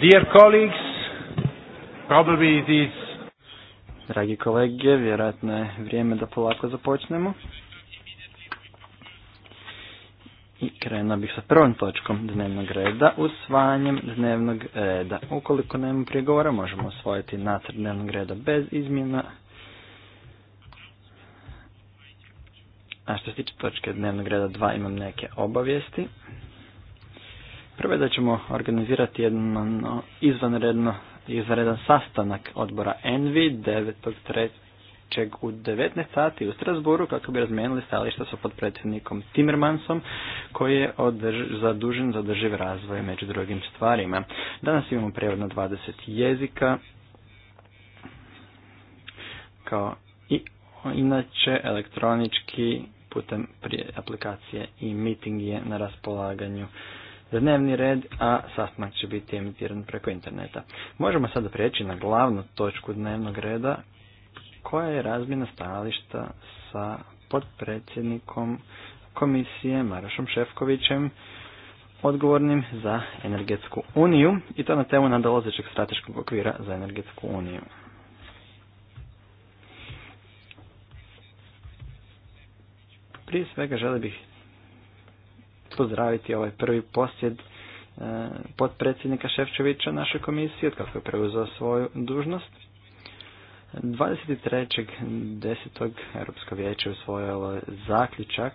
Dear colleagues, probably it is... Dragi kolege, vjerojatno je vrijeme da polako započnemo. I krenuo bih sa prvom točkom dnevnog reda, usvajanjem dnevnog reda. Ukoliko nema prigovora, možemo osvojiti nacrt dnevnog reda bez izmjena. A što se tiče točke dnevnog reda 2, imam neke obavijesti. Prvo je da ćemo organizirati jedan izvanredno, izvanredan sastanak odbora ENVI 9.3 u 19 sati u Strasburu kako bi razmijenili stajališta sa podpredsjednikom Timmermansom koji je zadužen za održiv razvoj među drugim stvarima. Danas imamo prijevod na 20 jezika kao i inače elektronički putem prije aplikacije i meeting je na raspolaganju za dnevni red, a sastanak će biti emitiran preko interneta. Možemo sada prijeći na glavnu točku dnevnog reda, koja je razmjena stajališta sa potpredsjednikom komisije Marašom Šefkovićem, odgovornim za energetsku uniju i to na temu nadalozećeg strateškog okvira za energetsku uniju. Prije svega žele bih pozdraviti ovaj prvi posjed e, potpredsjednika Ševčevića našoj komisiji, od kako je preuzeo svoju dužnost. 23.10. Europsko vijeće usvojilo zaključak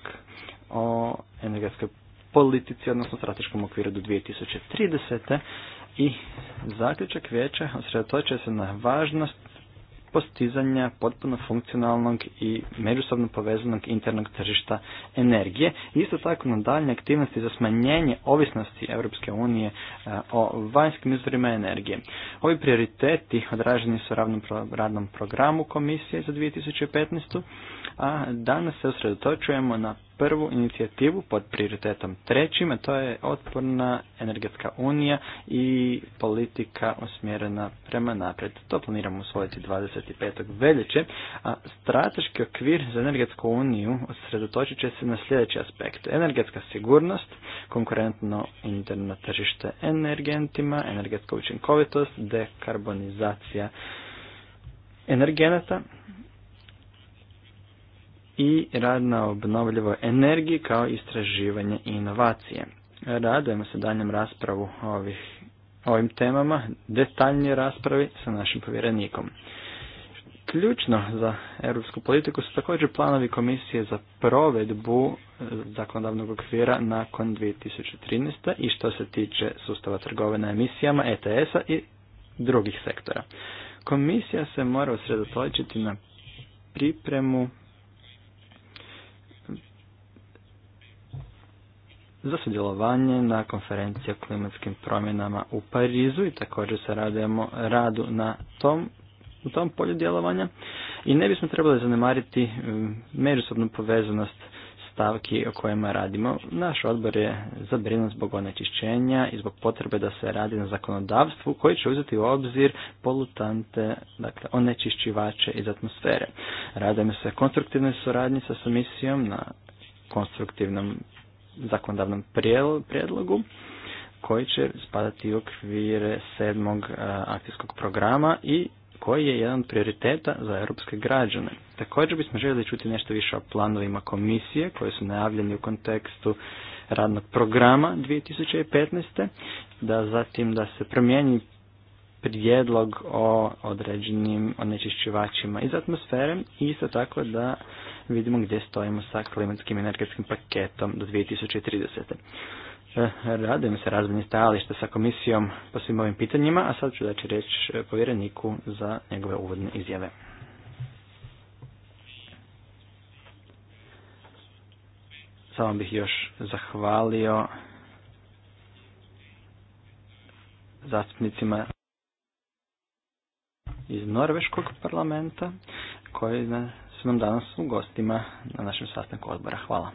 o energetskoj politici, odnosno strateškom okviru do 2030. I zaključak vijeća osredotočuje se na važnost postizanja potpuno funkcionalnog i međusobno povezanog internog tržišta energije. Isto tako na daljne aktivnosti za smanjenje ovisnosti Europske unije eh, o vanjskim izvorima energije. Ovi prioriteti odraženi su u radnom programu komisije za 2015 a danas se usredotočujemo na prvu inicijativu pod prioritetom trećim, a to je otporna energetska unija i politika osmjerena prema napred. To planiramo usvojiti 25. veljače, a strateški okvir za energetsku uniju usredotočit će se na sljedeći aspekt. Energetska sigurnost, konkurentno interno tržište energentima, energetska učinkovitost, dekarbonizacija energenata, i rad na obnovljivoj energiji kao istraživanje i inovacije. Radujemo se daljem raspravu ovih, ovim temama, detaljnije raspravi sa našim povjerenikom. Ključno za europsku politiku su također planovi komisije za provedbu zakonodavnog okvira nakon 2013. i što se tiče sustava trgovina emisijama, ETS-a i drugih sektora. Komisija se mora usredotočiti na pripremu za sudjelovanje na konferenciji o klimatskim promjenama u Parizu i također se radujemo radu na tom u tom polju djelovanja i ne bismo trebali zanemariti mm, međusobnu povezanost stavki o kojima radimo. Naš odbor je zabrinut zbog onečišćenja i zbog potrebe da se radi na zakonodavstvu koji će uzeti u obzir polutante, dakle onečišćivače iz atmosfere. Radimo se konstruktivnoj suradnji sa komisijom na konstruktivnom zakonodavnom prijedlogu koji će spadati u okvire sedmog e, akcijskog programa i koji je jedan od prioriteta za europske građane. Također bismo željeli čuti nešto više o planovima komisije koji su najavljeni u kontekstu radnog programa 2015. Da zatim da se promijeni prijedlog o određenim onečišćivačima iz atmosfere i isto tako da vidimo gdje stojimo sa klimatskim energetskim paketom do 2030. E, radujem se razvojni stajališta sa komisijom po svim ovim pitanjima, a sad ću daći reći e, povjereniku za njegove uvodne izjave. Samo bih još zahvalio zastupnicima iz Norveškog parlamenta koji nam danas u gostima na našem sastanku odbora. Hvala.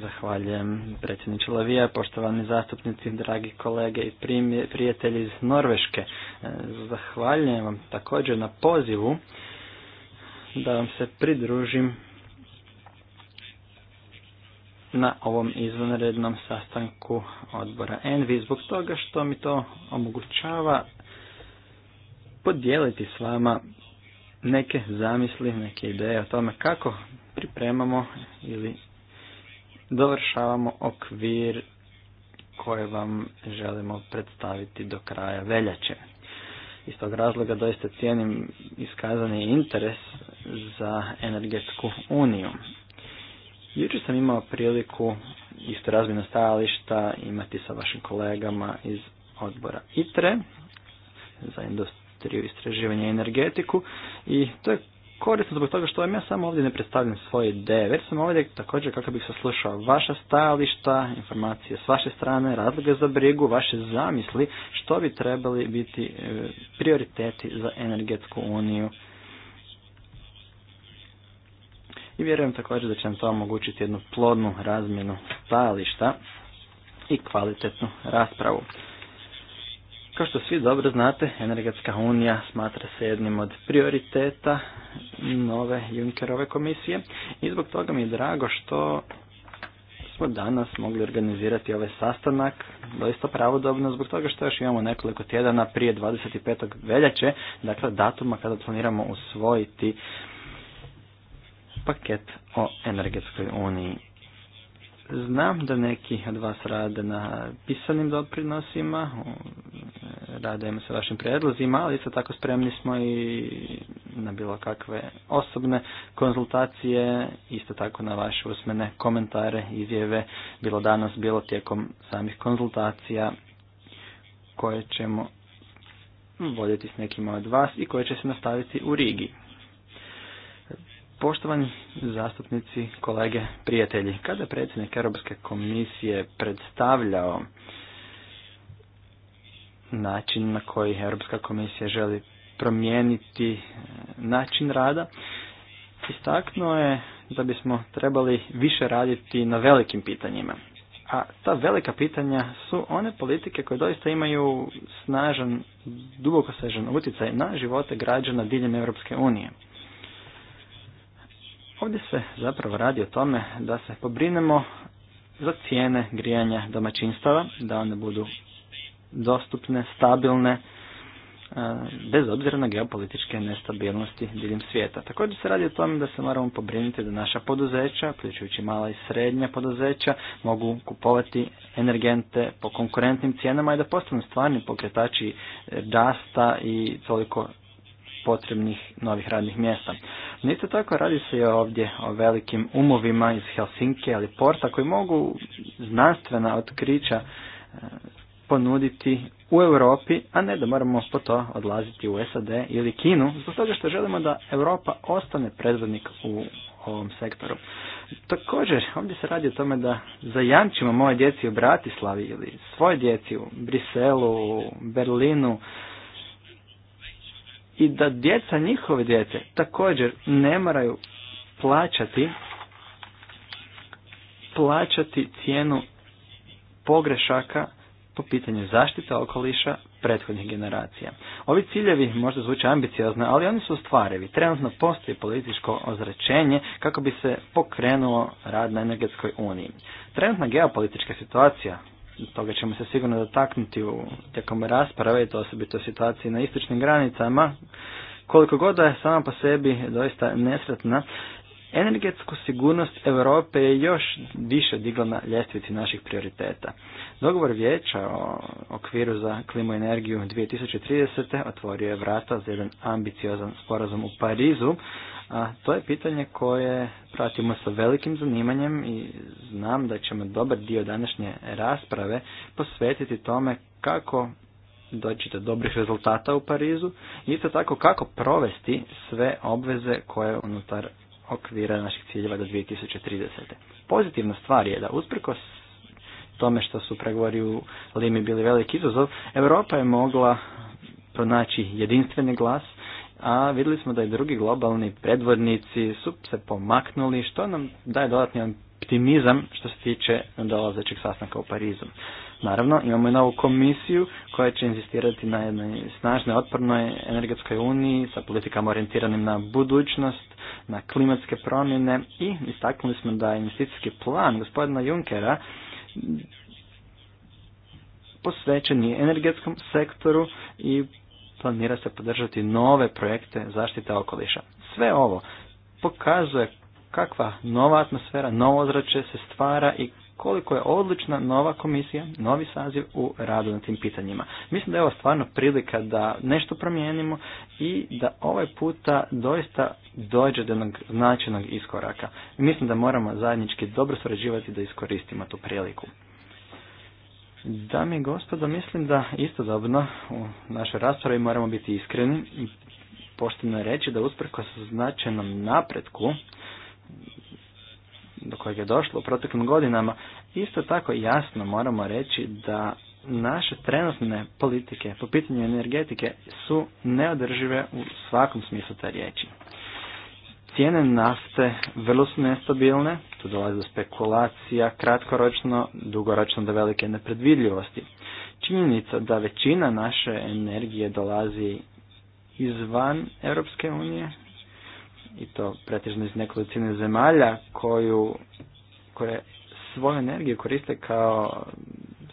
Zahvaljujem predsjedniče Lavija, poštovani zastupnici, dragi kolege i prijatelji iz Norveške. E, zahvaljujem vam također na pozivu da vam se pridružim na ovom izvanrednom sastanku odbora Envi zbog toga što mi to omogućava podijeliti s vama neke zamisli, neke ideje o tome kako pripremamo ili dovršavamo okvir koje vam želimo predstaviti do kraja veljače. Iz tog razloga doista cijenim iskazani interes za energetsku uniju. Jučer sam imao priliku isto razmjena stajališta imati sa vašim kolegama iz odbora ITRE za industriju istraživanja i energetiku i to je korisno zbog toga što vam ja samo ovdje ne predstavljam svoje ideje, već sam ovdje također kako bih saslušao vaša stajališta, informacije s vaše strane, razloge za brigu, vaše zamisli, što bi trebali biti e, prioriteti za energetsku uniju i vjerujem također da će nam to omogućiti jednu plodnu razmjenu stajališta i kvalitetnu raspravu. Kao što svi dobro znate, Energetska unija smatra se jednim od prioriteta nove Junkerove komisije i zbog toga mi je drago što smo danas mogli organizirati ovaj sastanak doista pravodobno zbog toga što još imamo nekoliko tjedana prije 25. veljače, dakle datuma kada planiramo usvojiti paket o energetskoj uniji. Znam da neki od vas rade na pisanim doprinosima, radujemo se vašim prijedlozima, ali isto tako spremni smo i na bilo kakve osobne konzultacije, isto tako na vaše usmene komentare, izjave, bilo danas, bilo tijekom samih konzultacija koje ćemo voditi s nekima od vas i koje će se nastaviti u Rigi. Poštovani zastupnici, kolege, prijatelji, kada je predsjednik Europske komisije predstavljao način na koji Europska komisija želi promijeniti e, način rada, istaknuo je da bismo trebali više raditi na velikim pitanjima. A ta velika pitanja su one politike koje doista imaju snažan, duboko sežan utjecaj na živote građana diljem Europske unije. Ovdje se zapravo radi o tome da se pobrinemo za cijene grijanja domaćinstava, da one budu dostupne, stabilne, e, bez obzira na geopolitičke nestabilnosti diljem svijeta. Također se radi o tome da se moramo pobrinuti da naša poduzeća, uključujući mala i srednja poduzeća, mogu kupovati energente po konkurentnim cijenama i da postanu stvarni pokretači rasta i toliko potrebnih novih radnih mjesta. Nito tako radi se i ovdje o velikim umovima iz Helsinki ali Porta koji mogu znanstvena otkrića e, ponuditi u Europi, a ne da moramo po to odlaziti u SAD ili Kinu, zbog toga što želimo da Europa ostane predvodnik u ovom sektoru. Također, ovdje se radi o tome da zajamčimo moje djeci u Bratislavi ili svoje djeci u Briselu, Berlinu, i da djeca njihove djece također ne moraju plaćati plaćati cijenu pogrešaka po pitanju zaštite okoliša prethodnih generacija. Ovi ciljevi možda zvuče ambiciozno, ali oni su stvarevi. Trenutno postoji političko ozračenje kako bi se pokrenulo rad na energetskoj uniji. Trenutna geopolitička situacija toga ćemo se sigurno dotaknuti u tijekom rasprave to osobito situaciji na istočnim granicama. Koliko god da je sama po sebi doista nesretna, energetsku sigurnost Europe je još više digla na ljestvici naših prioriteta. Dogovor vijeća o okviru za klimu i energiju 2030. otvorio je vrata za jedan ambiciozan sporazum u Parizu, a to je pitanje koje pratimo sa velikim zanimanjem i znam da ćemo dobar dio današnje rasprave posvetiti tome kako doći do dobrih rezultata u Parizu i isto tako kako provesti sve obveze koje unutar okvira naših ciljeva do 2030. Pozitivna stvar je da usprkos tome što su pregovori u Limi bili veliki izazov, Europa je mogla pronaći jedinstveni glas, a vidjeli smo da i drugi globalni predvodnici su se pomaknuli, što nam daje dodatni optimizam što se tiče dolazećeg sastanka u Parizu. Naravno, imamo i novu komisiju koja će insistirati na jednoj snažnoj, otpornoj energetskoj uniji sa politikama orijentiranim na budućnost, na klimatske promjene i istaknuli smo da je investicijski plan gospodina Junkera posvećen energetskom sektoru i planira se podržati nove projekte zaštite okoliša. Sve ovo pokazuje kakva nova atmosfera, novo ozračje se stvara i koliko je odlična nova komisija, novi saziv u radu na tim pitanjima. Mislim da je ovo stvarno prilika da nešto promijenimo i da ovaj puta doista dođe do jednog značajnog iskoraka. mislim da moramo zajednički dobro surađivati da iskoristimo tu priliku. Dame i gospodo, mislim da istodobno u našoj raspravi moramo biti iskreni i pošteno reći da usprkos značajnom napretku do kojeg je došlo u proteklim godinama, isto tako jasno moramo reći da naše trenutne politike po pitanju energetike su neodržive u svakom smislu te riječi. Cijene nafte vrlo su nestabilne, tu dolazi do spekulacija, kratkoročno, dugoročno do velike nepredvidljivosti. Činjenica da većina naše energije dolazi izvan Europske unije, i to pretežno iz nekolicine zemalja koju, koje svoju energiju koriste kao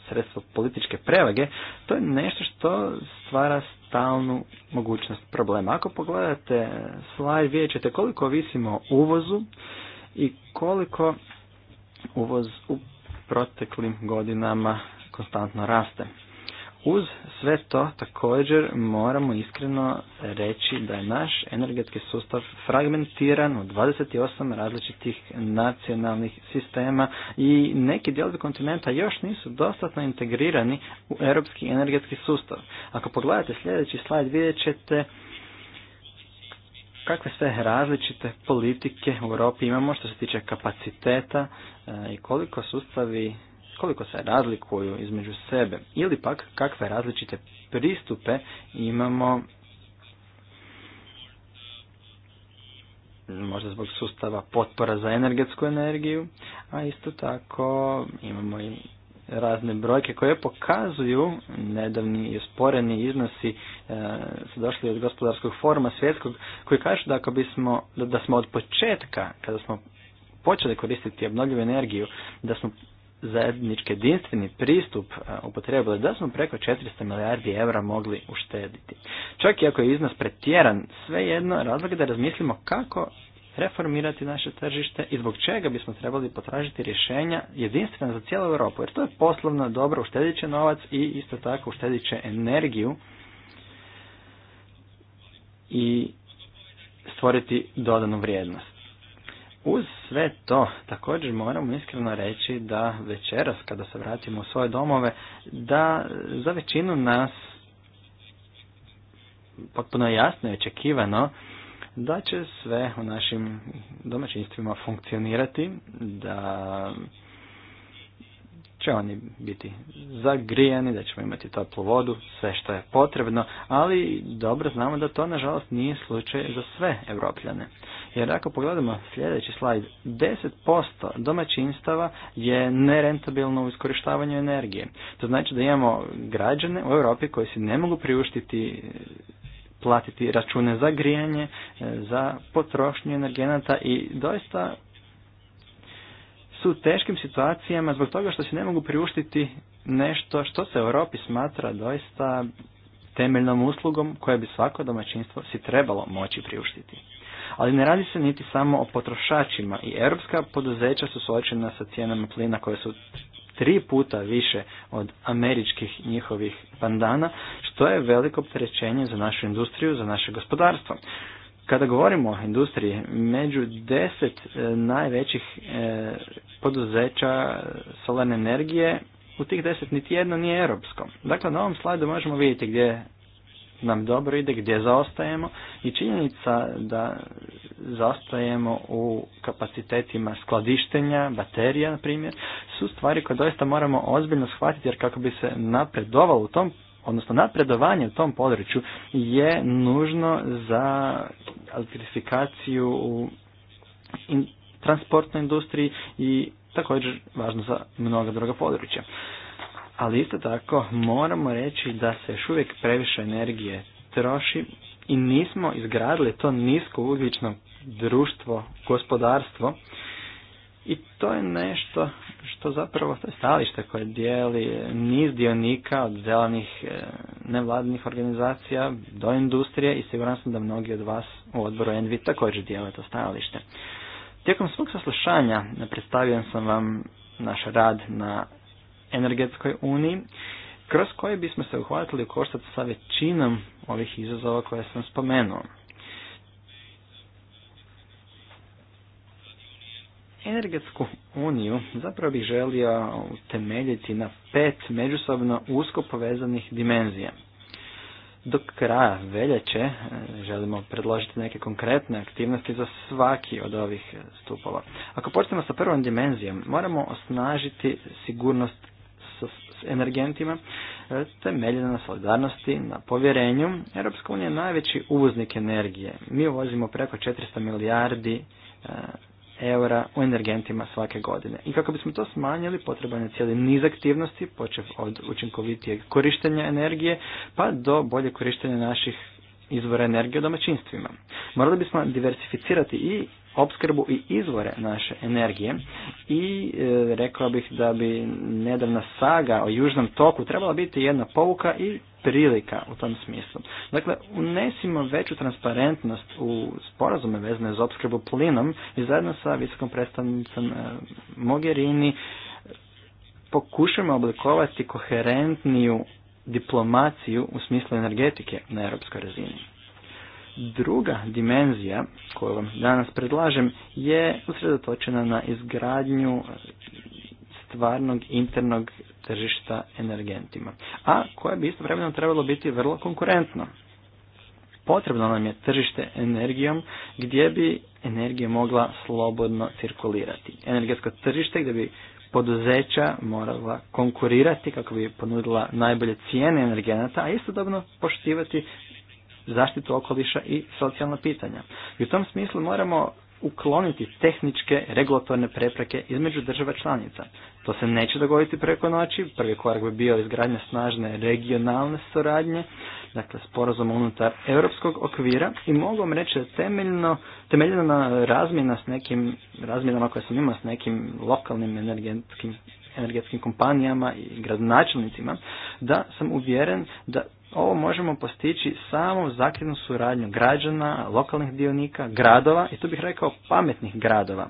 sredstvo političke prevage, to je nešto što stvara stalnu mogućnost problema. Ako pogledate slajd, vidjet ćete koliko visimo uvozu i koliko uvoz u proteklim godinama konstantno raste. Uz sve to također moramo iskreno reći da je naš energetski sustav fragmentiran u 28 različitih nacionalnih sistema i neki dijelovi kontinenta još nisu dostatno integrirani u europski energetski sustav. Ako pogledate sljedeći slajd vidjet ćete kakve sve različite politike u Europi imamo što se tiče kapaciteta e, i koliko sustavi koliko se razlikuju između sebe ili pak kakve različite pristupe imamo možda zbog sustava potpora za energetsku energiju, a isto tako imamo i razne brojke koje pokazuju nedavni i sporeni iznosi e, su došli od gospodarskog foruma svjetskog koji kaže da ako bismo da, da smo od početka kada smo počeli koristiti obnovljivu energiju da smo zajednički jedinstveni pristup e, upotrebili da smo preko 400 milijardi eura mogli uštediti. Čak i ako je iznos pretjeran, svejedno razlog je da razmislimo kako reformirati naše tržište i zbog čega bismo trebali potražiti rješenja jedinstvena za cijelu Europu, jer to je poslovno dobro, uštedit će novac i isto tako uštedit će energiju i stvoriti dodanu vrijednost. Uz sve to, također moramo iskreno reći da večeras kada se vratimo u svoje domove, da za većinu nas potpuno jasno i očekivano da će sve u našim domaćinstvima funkcionirati, da će oni biti zagrijani, da ćemo imati toplu vodu, sve što je potrebno, ali dobro znamo da to nažalost nije slučaj za sve evropljane. Jer ako pogledamo sljedeći slajd, 10% domaćinstava je nerentabilno u iskorištavanju energije. To znači da imamo građane u Europi koji si ne mogu priuštiti e, platiti račune za grijanje, e, za potrošnju energenata i doista su u teškim situacijama zbog toga što si ne mogu priuštiti nešto što se u Europi smatra doista temeljnom uslugom koje bi svako domaćinstvo si trebalo moći priuštiti. Ali ne radi se niti samo o potrošačima i europska poduzeća su suočena sa cijenama plina koje su tri puta više od američkih njihovih pandana, što je veliko opterećenje za našu industriju, za naše gospodarstvo. Kada govorimo o industriji, među deset e, najvećih e, poduzeća e, solarne energije, u tih deset niti jedno nije europsko. Dakle, na ovom slajdu možemo vidjeti gdje nam dobro ide, gdje zaostajemo i činjenica da zaostajemo u kapacitetima skladištenja, baterija na primjer, su stvari koje doista moramo ozbiljno shvatiti jer kako bi se napredovalo u tom odnosno napredovanje u tom području je nužno za elektrifikaciju u transportnoj industriji i također važno za mnoga druga područja ali isto tako moramo reći da se još uvijek previše energije troši i nismo izgradili to nisko ugljično društvo, gospodarstvo i to je nešto što zapravo to je stalište koje dijeli niz dionika od zelenih e, nevladnih organizacija do industrije i siguran sam da mnogi od vas u odboru Envi također dijele to stajalište. Tijekom svog saslušanja e, predstavio sam vam naš rad na energetskoj uniji, kroz koje bismo se uhvatili u koštac sa većinom ovih izazova koje sam spomenuo. Energetsku uniju zapravo bih želio utemeljiti na pet međusobno usko povezanih dimenzija. Do kraja veljače e, želimo predložiti neke konkretne aktivnosti za svaki od ovih stupova. Ako počnemo sa prvom dimenzijom, moramo osnažiti sigurnost s, s energentima e, temeljena na solidarnosti, na povjerenju. Europska unija je najveći uvoznik energije. Mi uvozimo preko 400 milijardi e, eura u energentima svake godine. I kako bismo to smanjili, potreban je cijeli niz aktivnosti, počev od učinkovitijeg korištenja energije, pa do bolje korištenja naših izvora energije u domaćinstvima. Morali bismo diversificirati i opskrbu i izvore naše energije i e, rekao bih da bi nedavna saga o južnom toku trebala biti jedna pouka i prilika u tom smislu. Dakle, unesimo veću transparentnost u sporazume vezane za opskrbu plinom i zajedno sa visokom predstavnicom e, Mogherini pokušamo oblikovati koherentniju diplomaciju u smislu energetike na europskoj razini. Druga dimenzija koju vam danas predlažem je usredotočena na izgradnju stvarnog internog tržišta energentima, a koje bi istovremeno trebalo biti vrlo konkurentno. Potrebno nam je tržište energijom gdje bi energija mogla slobodno cirkulirati. Energetsko tržište gdje bi poduzeća morala konkurirati kako bi ponudila najbolje cijene energenata, a istodobno poštivati zaštitu okoliša i socijalna pitanja. I u tom smislu moramo ukloniti tehničke regulatorne prepreke između država članica. To se neće dogoditi preko noći. Prvi korak bi bio izgradnja snažne regionalne suradnje, dakle sporazum unutar europskog okvira i mogu vam reći da temeljno, temeljno na razmjena s nekim razmjenama koje sam imao s nekim lokalnim energetskim energetskim kompanijama i gradonačelnicima, da sam uvjeren da ovo možemo postići samo zakljednu suradnju građana, lokalnih dionika, gradova i tu bih rekao pametnih gradova.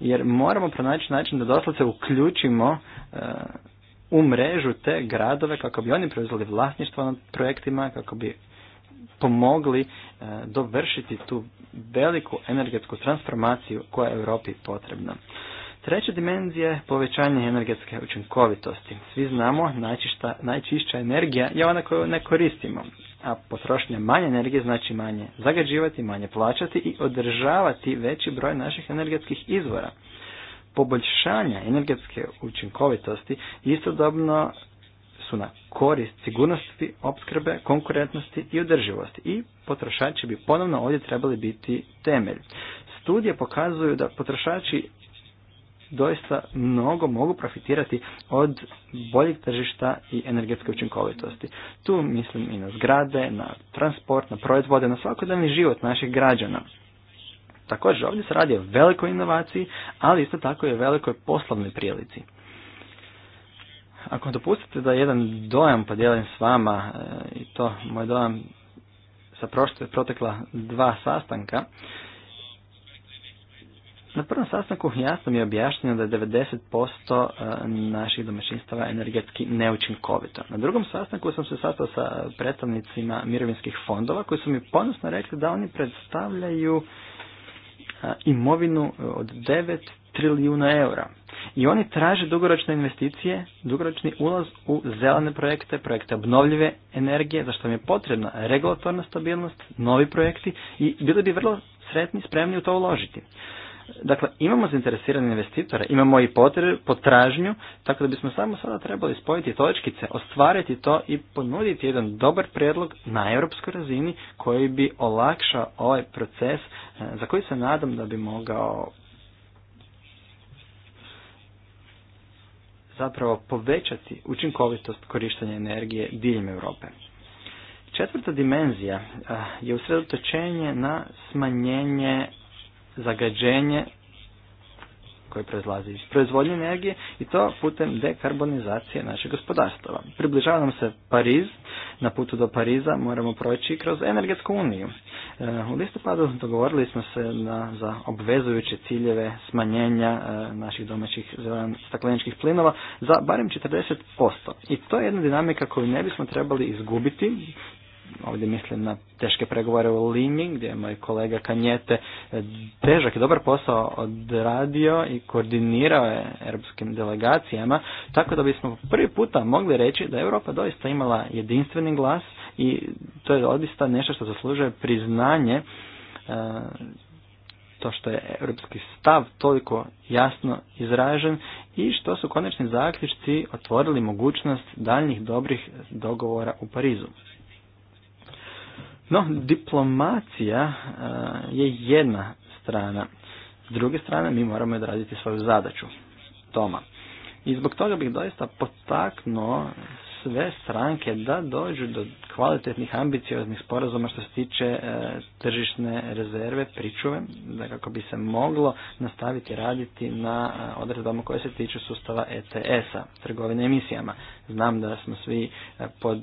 Jer moramo pronaći način da doslovce uključimo e, u mrežu te gradove kako bi oni preuzeli vlasništvo nad projektima, kako bi pomogli e, dovršiti tu veliku energetsku transformaciju koja je Europi potrebna. Treća dimenzija je povećanje energetske učinkovitosti. Svi znamo, najčišta, najčišća energija je ona koju ne koristimo, a potrošnja manje energije znači manje zagađivati, manje plaćati i održavati veći broj naših energetskih izvora. Poboljšanja energetske učinkovitosti istodobno su na korist sigurnosti opskrbe, konkurentnosti i održivosti i potrošači bi ponovno ovdje trebali biti temelj studije pokazuju da potrošači doista mnogo mogu profitirati od boljeg tržišta i energetske učinkovitosti. Tu mislim i na zgrade, na transport, na proizvode, na svakodnevni život naših građana. Također ovdje se radi o velikoj inovaciji, ali isto tako i o velikoj poslovnoj prilici. Ako dopustite da jedan dojam podijelim s vama, e, i to moj dojam sa protekla dva sastanka, na prvom sastanku jasno mi je objašnjeno da je 90% e, naših domaćinstava energetski neučinkovito. Na drugom sastanku sam se sastao sa predstavnicima mirovinskih fondova koji su mi ponosno rekli da oni predstavljaju e, imovinu od 9 trilijuna eura. I oni traže dugoročne investicije, dugoročni ulaz u zelene projekte, projekte obnovljive energije, za što im je potrebna regulatorna stabilnost, novi projekti i bili bi vrlo sretni, spremni u to uložiti. Dakle, imamo zainteresirane investitore, imamo i potražnju, tako da bismo samo sada trebali spojiti točkice, ostvariti to i ponuditi jedan dobar prijedlog na europskoj razini koji bi olakšao ovaj proces e, za koji se nadam da bi mogao zapravo povećati učinkovitost korištenja energije diljem Europe. Četvrta dimenzija e, je usredotočenje na smanjenje zagađenje koje proizlazi iz proizvodnje energije i to putem dekarbonizacije našeg gospodarstva. Približava nam se Pariz, na putu do Pariza moramo proći kroz energetsku uniju. E, u listopadu dogovorili smo se na, za obvezujuće ciljeve smanjenja e, naših domaćih stakleničkih plinova za barem 40%. I to je jedna dinamika koju ne bismo trebali izgubiti ovdje mislim na teške pregovore u Limi, gdje je moj kolega Kanjete e, težak i dobar posao odradio i koordinirao je europskim delegacijama, tako da bismo prvi puta mogli reći da je Europa doista imala jedinstveni glas i to je odista nešto što zaslužuje priznanje e, to što je europski stav toliko jasno izražen i što su konačni zaključci otvorili mogućnost daljnjih dobrih dogovora u Parizu. No, diplomacija e, je jedna strana. S druge strane, mi moramo odraditi svoju zadaću. Toma. I zbog toga bih doista potaknuo sve stranke da dođu do kvalitetnih ambicioznih sporazuma što se tiče e, tržišne rezerve, pričuve, da kako bi se moglo nastaviti raditi na e, odredbama koje se tiču sustava ETS-a, trgovine emisijama. Znam da smo svi pod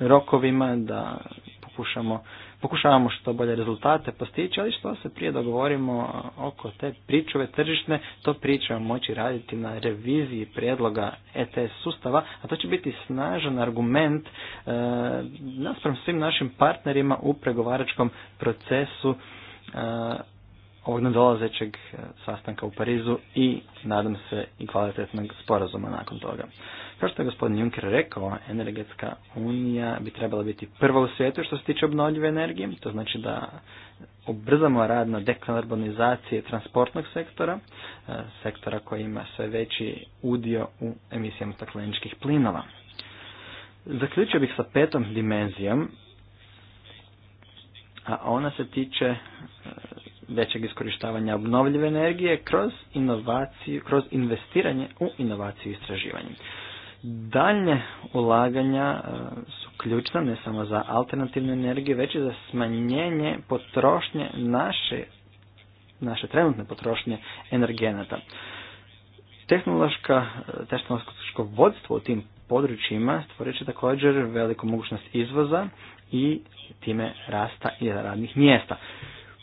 rokovima, da pokušamo, pokušavamo što bolje rezultate postići, ali što se prije dogovorimo oko te pričuve tržišne, to priča moći raditi na reviziji prijedloga ETS sustava, a to će biti snažan argument e, naspram svim našim partnerima u pregovaračkom procesu e, ovog nadolazećeg e, sastanka u Parizu i nadam se i kvalitetnog sporazuma nakon toga. Kao što je gospodin Juncker rekao, energetska unija bi trebala biti prva u svijetu što se tiče obnovljive energije. To znači da ubrzamo rad na dekarbonizaciji transportnog sektora, e, sektora koji ima sve veći udio u emisijama stakleničkih plinova. Zaključio bih sa petom dimenzijom, a ona se tiče e, većeg iskorištavanja obnovljive energije kroz inovaciju, kroz investiranje u inovaciju i istraživanje. Dalje ulaganja e, su ključna ne samo za alternativnu energiju, već i za smanjenje potrošnje naše, naše trenutne potrošnje energenata. Tehnološka, e, tehnološko vodstvo u tim područjima stvorit će također veliku mogućnost izvoza i time rasta i radnih mjesta.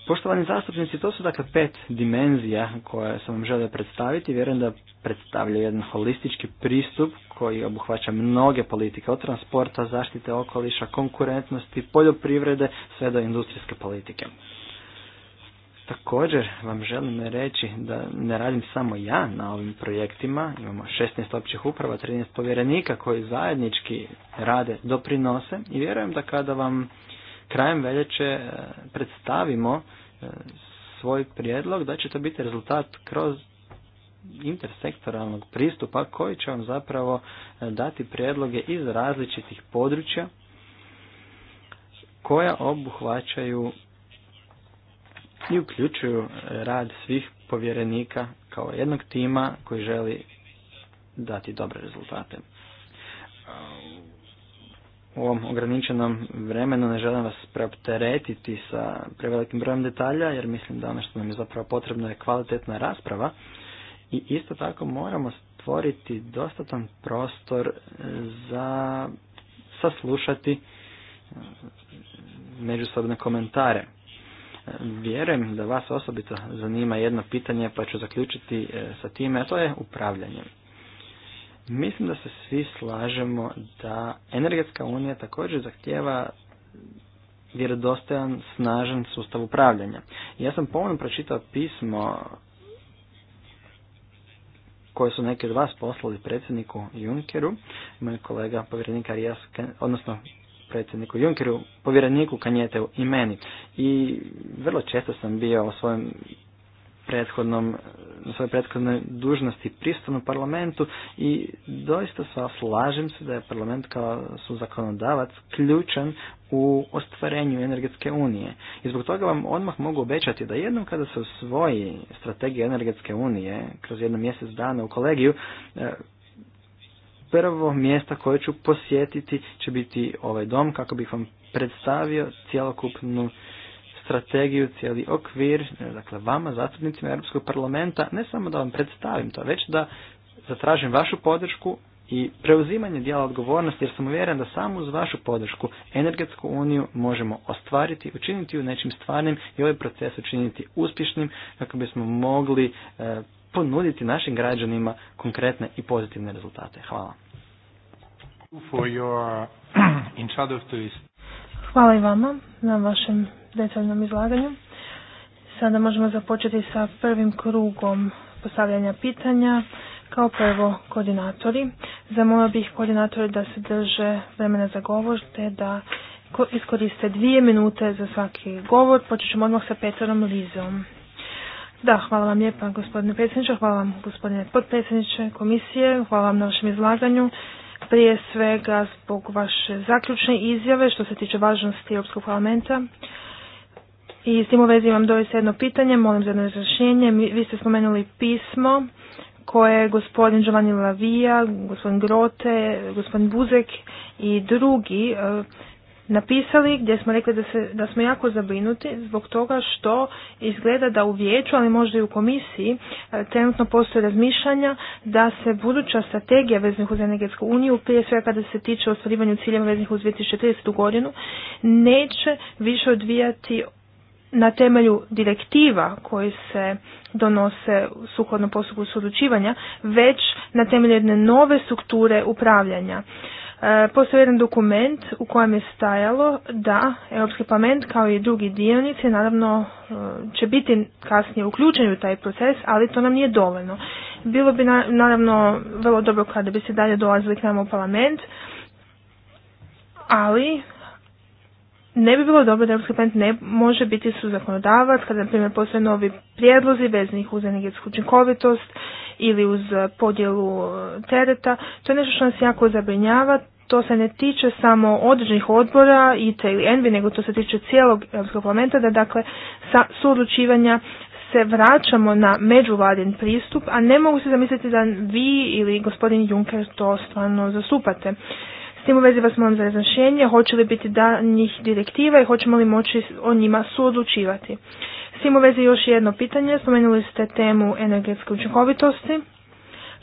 Poštovani zastupnici, to su dakle pet dimenzija koje sam vam želio predstaviti. Vjerujem da predstavljaju jedan holistički pristup koji obuhvaća mnoge politike od transporta, zaštite okoliša, konkurentnosti, poljoprivrede, sve do industrijske politike. Također vam želim reći da ne radim samo ja na ovim projektima, imamo 16 općih uprava, 13 povjerenika koji zajednički rade, doprinose i vjerujem da kada vam krajem veljače eh, predstavimo eh, svoj prijedlog da će to biti rezultat kroz intersektoralnog pristupa koji će vam zapravo e, dati prijedloge iz različitih područja koja obuhvaćaju i uključuju rad svih povjerenika kao jednog tima koji želi dati dobre rezultate. U ovom ograničenom vremenu ne želim vas preopteretiti sa prevelikim brojem detalja jer mislim da ono što nam je zapravo potrebno je kvalitetna rasprava i isto tako moramo stvoriti dostatan prostor e, za saslušati e, međusobne komentare. E, vjerujem da vas osobito zanima jedno pitanje pa ću zaključiti sa time, a to je upravljanje. Mislim da se svi slažemo da energetska unija također zahtjeva vjerodostojan, snažan sustav upravljanja. Ja sam pomno pročitao pismo koje su neki od vas poslali predsjedniku Junkeru, moj kolega povjerenika Rijas, odnosno predsjedniku Junkeru, povjereniku Kanjete i meni. I vrlo često sam bio o svojem prethodnom, na svoje prethodne dužnosti pristanu parlamentu i doista sva slažem se da je parlament kao su zakonodavac ključan u ostvarenju energetske unije. I zbog toga vam odmah mogu obećati da jednom kada se usvoji strategija energetske unije kroz jedno mjesec dana u kolegiju, e, prvo mjesta koje ću posjetiti će biti ovaj dom kako bih vam predstavio cjelokupnu strategiju, cijeli okvir, e, dakle vama, zastupnicima Europskog parlamenta, ne samo da vam predstavim to, već da zatražim vašu podršku i preuzimanje dijela odgovornosti jer sam uvjeren da samo uz vašu podršku energetsku uniju možemo ostvariti, učiniti u nečim stvarnim i ovaj proces učiniti uspješnim kako bismo mogli e, ponuditi našim građanima konkretne i pozitivne rezultate. Hvala. For your Hvala i vama na vašem detaljnom izlaganju. Sada možemo započeti sa prvim krugom postavljanja pitanja. Kao prvo koordinatori. Zamolio bih koordinatori da se drže vremena za govor te da iskoriste dvije minute za svaki govor. Počet ćemo odmah sa Petrom Lizom. Da, hvala vam lijepa gospodine predsjedniče, hvala vam gospodine potpredsjedniče komisije, hvala vam na vašem izlaganju prije svega zbog vaše zaključne izjave što se tiče važnosti Europskog parlamenta. I s tim u vezi vam doista jedno pitanje, molim za jedno izrašenje. Vi ste spomenuli pismo koje je gospodin Giovanni Lavija, gospodin Grote, gospodin Buzek i drugi eh, napisali gdje smo rekli da, se, da smo jako zabrinuti zbog toga što izgleda da u vijeću, ali možda i u komisiji, e, trenutno postoje razmišljanja da se buduća strategija veznih uz energetsku uniju, prije svega kada se tiče ostvarivanja ciljeva veznih uz 2030. godinu, neće više odvijati na temelju direktiva koji se donose sukladno postupku sudučivanja, već na temelju jedne nove strukture upravljanja. Postoji jedan dokument u kojem je stajalo da Europski parlament kao i drugi dionici naravno e, će biti kasnije uključeni u taj proces, ali to nam nije dovoljno. Bilo bi naravno vrlo dobro kada bi se dalje dolazili k nama u parlament, ali ne bi bilo dobro da Europski parlament ne može biti suzakonodavac kada, na primjer, postoje novi prijedlozi veznih uz energetsku učinkovitost ili uz eh, podjelu eh, tereta. To je nešto što nas jako zabrinjava. To se ne tiče samo određenih odbora, IT ili ENVI, nego to se tiče cijelog Europskog parlamenta, da dakle sa suodlučivanja se vraćamo na međuvladin pristup, a ne mogu se zamisliti da vi ili gospodin Juncker to stvarno zastupate. S tim u vezi vas molim za razrešenje, hoće li biti da njih direktiva i hoćemo li moći o njima suodlučivati. S tim u vezi još jedno pitanje, spomenuli ste temu energetske učinkovitosti.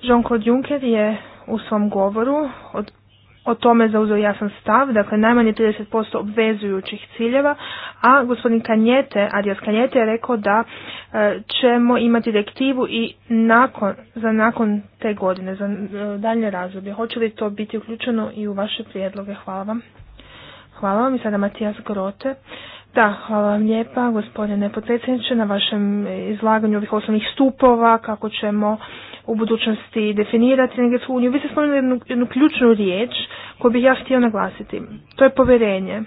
Jean-Claude Juncker je u svom govoru od o tome zauzeo jasan stav, dakle najmanje 30% obvezujućih ciljeva, a gospodin Kanjete, Adias Kanjete je rekao da e, ćemo imati direktivu i nakon, za nakon te godine, za e, daljnje dalje razdoblje. Hoće li to biti uključeno i u vaše prijedloge? Hvala vam. Hvala vam i sada Matijas Grote. Da, hvala vam lijepa gospodine potpredsjedniče na vašem izlaganju ovih osnovnih stupova, kako ćemo u budućnosti definirati energetsku uniju. Vi ste spomenuli jednu, jednu ključnu riječ koju bih ja htio naglasiti. To je povjerenje.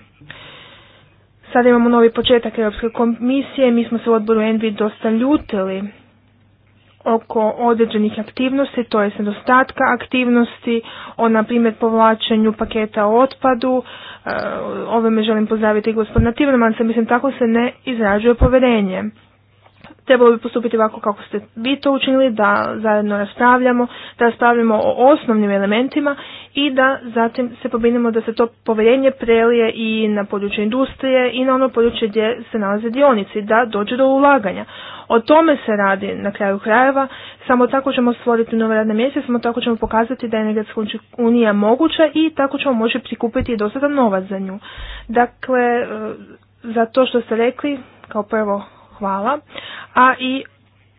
Sada imamo novi početak Europske komisije, mi smo se u odboru Envi dosta ljutili oko određenih aktivnosti, to je nedostatka aktivnosti, o na primjer povlačenju paketa o otpadu, e, ove me želim pozdraviti gospodina Tivrmansa, mislim tako se ne izražuje povjerenje trebalo bi postupiti ovako kako ste vi to učinili, da zajedno raspravljamo, da raspravljamo o osnovnim elementima i da zatim se pobinimo da se to povjerenje prelije i na područje industrije i na ono područje gdje se nalaze dionici, da dođe do ulaganja. O tome se radi na kraju krajeva, samo tako ćemo stvoriti nove radne mjesta, samo tako ćemo pokazati da je energetska unija moguća i tako ćemo moći prikupiti i dosadan novac za nju. Dakle, e, za to što ste rekli, kao prvo hvala. A i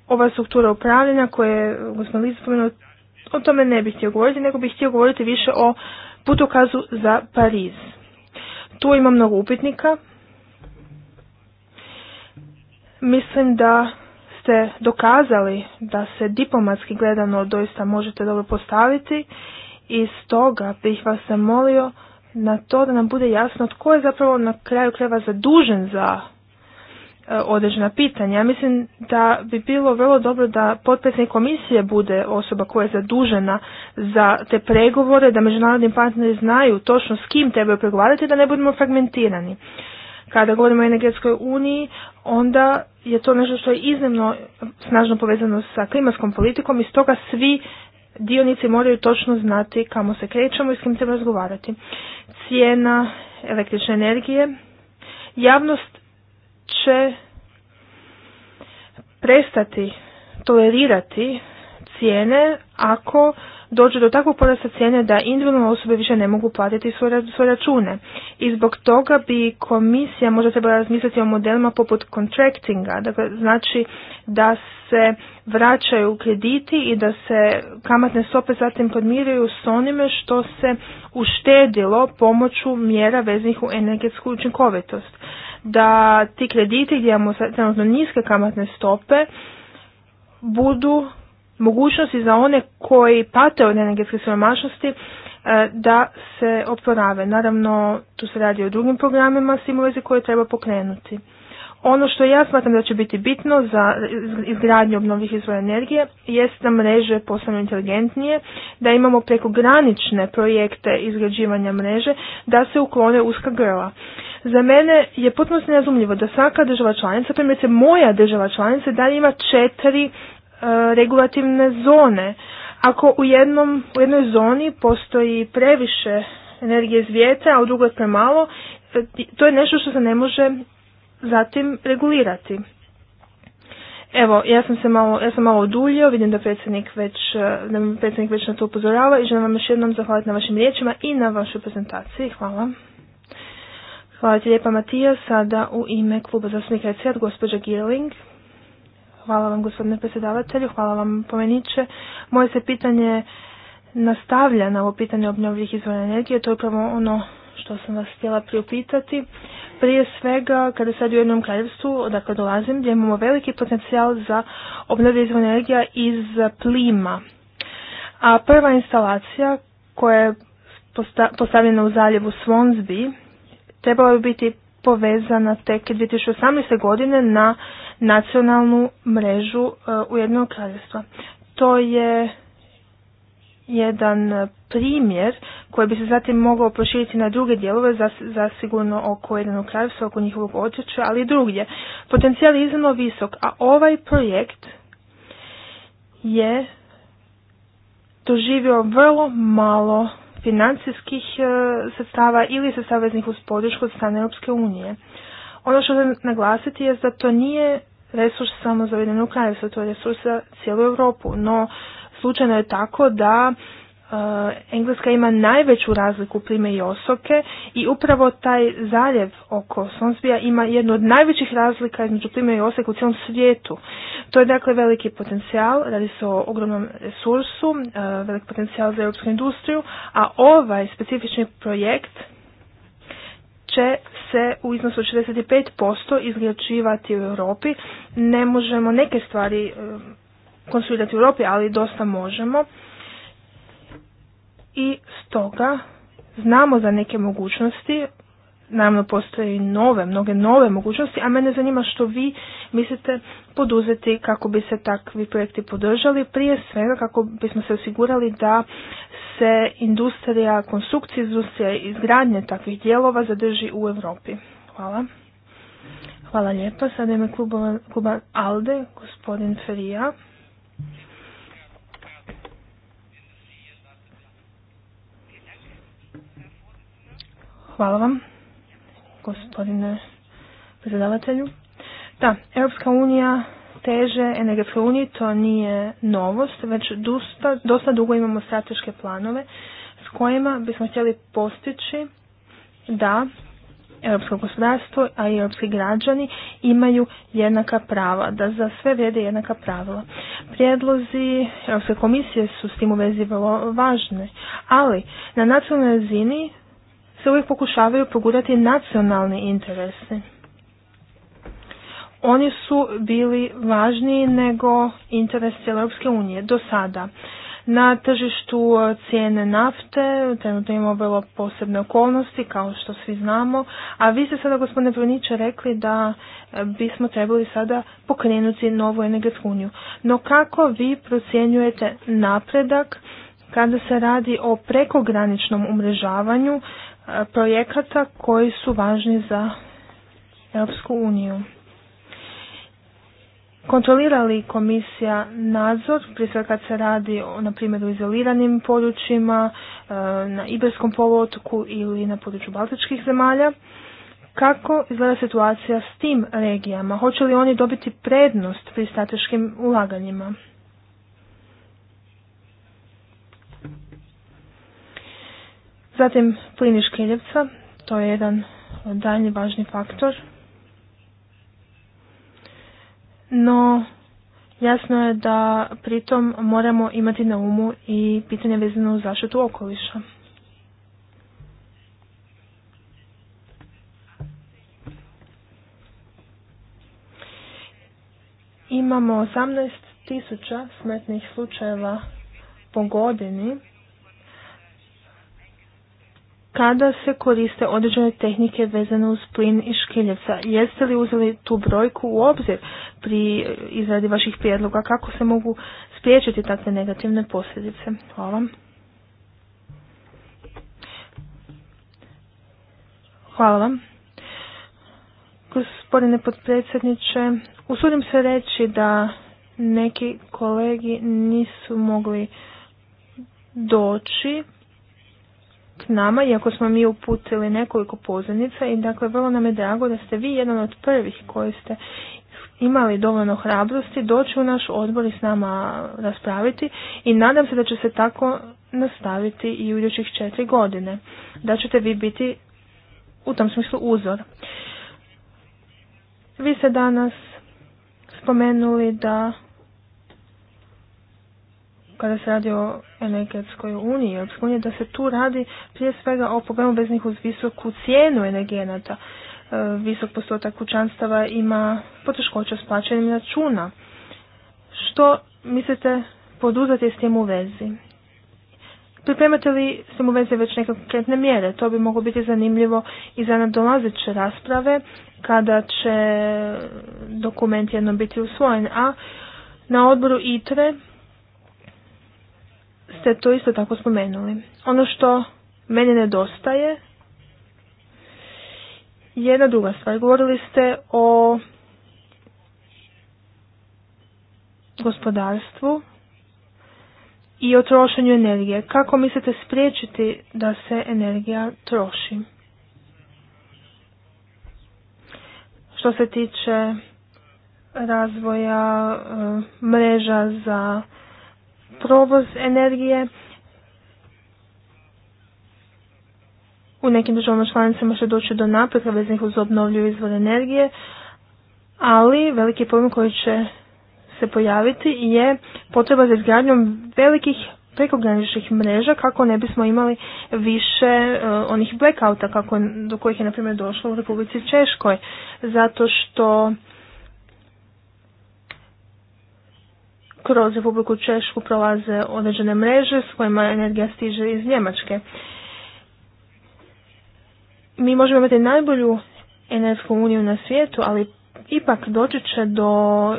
ova struktura upravljanja koje je gospodin Liza o tome ne bih htio govoriti, nego bih htio govoriti više o putokazu za Pariz. Tu ima mnogo upitnika. Mislim da ste dokazali da se diplomatski gledano doista možete dobro postaviti i stoga bih vas zamolio na to da nam bude jasno tko je zapravo na kraju kreva zadužen za E, određena pitanja. Ja mislim da bi bilo vrlo dobro da potpredsjednik komisije bude osoba koja je zadužena za te pregovore, da međunarodni partneri znaju točno s kim trebaju pregovarati, da ne budemo fragmentirani. Kada govorimo o energetskoj uniji, onda je to nešto što je iznimno snažno povezano sa klimatskom politikom i stoga svi dionici moraju točno znati kamo se krećemo i s kim treba razgovarati. Cijena električne energije, javnost će prestati tolerirati cijene ako dođe do takvog porasta cijene da individualne osobe više ne mogu platiti svoje, račune. I zbog toga bi komisija možda trebala razmisliti o modelima poput contractinga, dakle, znači da se vraćaju krediti i da se kamatne stope zatim podmiruju s onime što se uštedilo pomoću mjera veznih u energetsku učinkovitost da ti krediti gdje imamo trenutno niske kamatne stope budu mogućnosti za one koji pate od energetske siromašnosti e, da se oporave. Naravno, tu se radi o drugim programima s koje treba pokrenuti. Ono što ja smatram da će biti bitno za izgradnju obnovljivih izvora energije jest da mreže postanu inteligentnije, da imamo preko granične projekte izgrađivanja mreže, da se uklone uska grla. Za mene je potpuno nerazumljivo da svaka država članica, primjerice moja država članica, da ima četiri e, regulativne zone. Ako u, jednom, u jednoj zoni postoji previše energije iz vjetra, a u drugoj premalo, e, to je nešto što se ne može zatim regulirati. Evo, ja sam se malo, ja sam malo oduljio, vidim da predsjednik već, e, da predsjednik već na to upozorava i želim vam još jednom zahvaliti na vašim riječima i na vašoj prezentaciji. Hvala. Hvala ti lijepa Matija. Sada u ime kluba zastupnika recijat, gospođa Girling. Hvala vam gospodine predsjedavatelju, hvala vam pomeniče. Moje se pitanje nastavlja na ovo pitanje obnovljivih izvora energije, to je upravo ono što sam vas htjela priupitati. Prije svega, kada sad u jednom kraljevstvu, odakle dolazim, gdje imamo veliki potencijal za obnovljive izvore energija iz plima. A prva instalacija koja je postavljena u zaljevu Svonsby, trebala bi biti povezana tek 2018. godine na nacionalnu mrežu e, Ujednog kraljevstva. To je jedan primjer koji bi se zatim mogao proširiti na druge dijelove zasigurno oko jednog kraljevstva, oko njihovog očeća, ali i drugdje. Potencijal je iznimno visok, a ovaj projekt je doživio vrlo malo financijskih e, sredstava ili sredstava saveznih uz podršku od strane Europske unije. Ono što želim naglasiti je da to nije resurs samo za Ujedinjenu kraljevstvo, to je resurs za cijelu Europu, no slučajno je tako da Eh, Engleska ima najveću razliku plime i osoke i upravo taj zaljev oko Sonsbija ima jednu od najvećih razlika između plime i osoke u cijelom svijetu. To je dakle veliki potencijal, radi se o ogromnom resursu, eh, velik potencijal za europsku industriju, a ovaj specifični projekt će se u iznosu 65% izgrađivati u Europi. Ne možemo neke stvari eh, konsolidati u Europi, ali dosta možemo i stoga znamo za neke mogućnosti, naravno postoje i nove, mnoge nove mogućnosti, a mene zanima što vi mislite poduzeti kako bi se takvi projekti podržali, prije svega kako bismo se osigurali da se industrija konstrukcija industrija izgradnje takvih dijelova zadrži u Europi. Hvala. Hvala lijepa. Sada ime kluba, kluba Alde, gospodin Ferija. Hvala vam, gospodine predsjedavatelju. Da, Europska unija teže energetske unije, to nije novost, već dosta, dosta dugo imamo strateške planove s kojima bismo htjeli postići da europsko gospodarstvo, a i europski građani imaju jednaka prava, da za sve vrede jednaka pravila. Prijedlozi Europske komisije su s tim u vezi vrlo važne, ali na nacionalnoj razini se uvijek pokušavaju pogurati nacionalni interesi. Oni su bili važniji nego interes cijele Europske unije do sada. Na tržištu uh, cijene nafte trenutno imamo bilo posebne okolnosti, kao što svi znamo, a vi ste sada, gospodine Bruniće, rekli da uh, bismo trebali sada pokrenuti novu energetsku uniju. No kako vi procjenjujete napredak kada se radi o prekograničnom umrežavanju e, projekata koji su važni za Europsku uniju. Kontrolira li komisija nadzor, prije svega kad se radi o, na primjer, o izoliranim područjima, e, na Iberskom poluotoku ili na području Baltičkih zemalja? Kako izgleda situacija s tim regijama? Hoće li oni dobiti prednost pri strateškim ulaganjima? Zatim plin iz to je jedan daljnji važni faktor. No, jasno je da pritom moramo imati na umu i pitanje vezano uz zaštitu okoliša. Imamo 18.000 smetnih slučajeva po godini kada se koriste određene tehnike vezane uz plin i Škiljevca. Jeste li uzeli tu brojku u obzir pri izradi vaših prijedloga? Kako se mogu spriječiti takve negativne posljedice? Hvala. Hvala vam. Gospodine potpredsjedniče, usudim se reći da neki kolegi nisu mogli doći nama, iako smo mi uputili nekoliko pozornica i dakle vrlo nam je drago da ste vi jedan od prvih koji ste imali dovoljno hrabrosti doći u naš odbor i s nama raspraviti i nadam se da će se tako nastaviti i u idućih četiri godine. Da ćete vi biti u tom smislu uzor. Vi ste danas spomenuli da kada se radi o energetskoj uniji, Europskoj uniji, da se tu radi prije svega o problemu veznih uz visoku cijenu energenata. E, visok postotak kućanstava ima poteškoća s plaćanjem računa. Što mislite poduzeti s tim u vezi? Pripremate li s tim u vezi već neke konkretne mjere? To bi moglo biti zanimljivo i za nadolazeće rasprave kada će dokument jednom biti usvojen. A na odboru ITRE ste to isto tako spomenuli. Ono što meni nedostaje jedna druga stvar. Govorili ste o gospodarstvu i o trošenju energije. Kako mislite spriječiti da se energija troši? Što se tiče razvoja e, mreža za provoz energije u nekim državama članicama će doći do napreka veznih uz obnovljive izvore energije, ali veliki problem koji će se pojaviti je potreba za izgradnjom velikih prekograničnih mreža kako ne bismo imali više e, onih blackouta kako, do kojih je na primjer došlo u Republici Češkoj zato što kroz Republiku Češku prolaze određene mreže s kojima energija stiže iz Njemačke. Mi možemo imati najbolju energetsku uniju na svijetu, ali ipak doći će do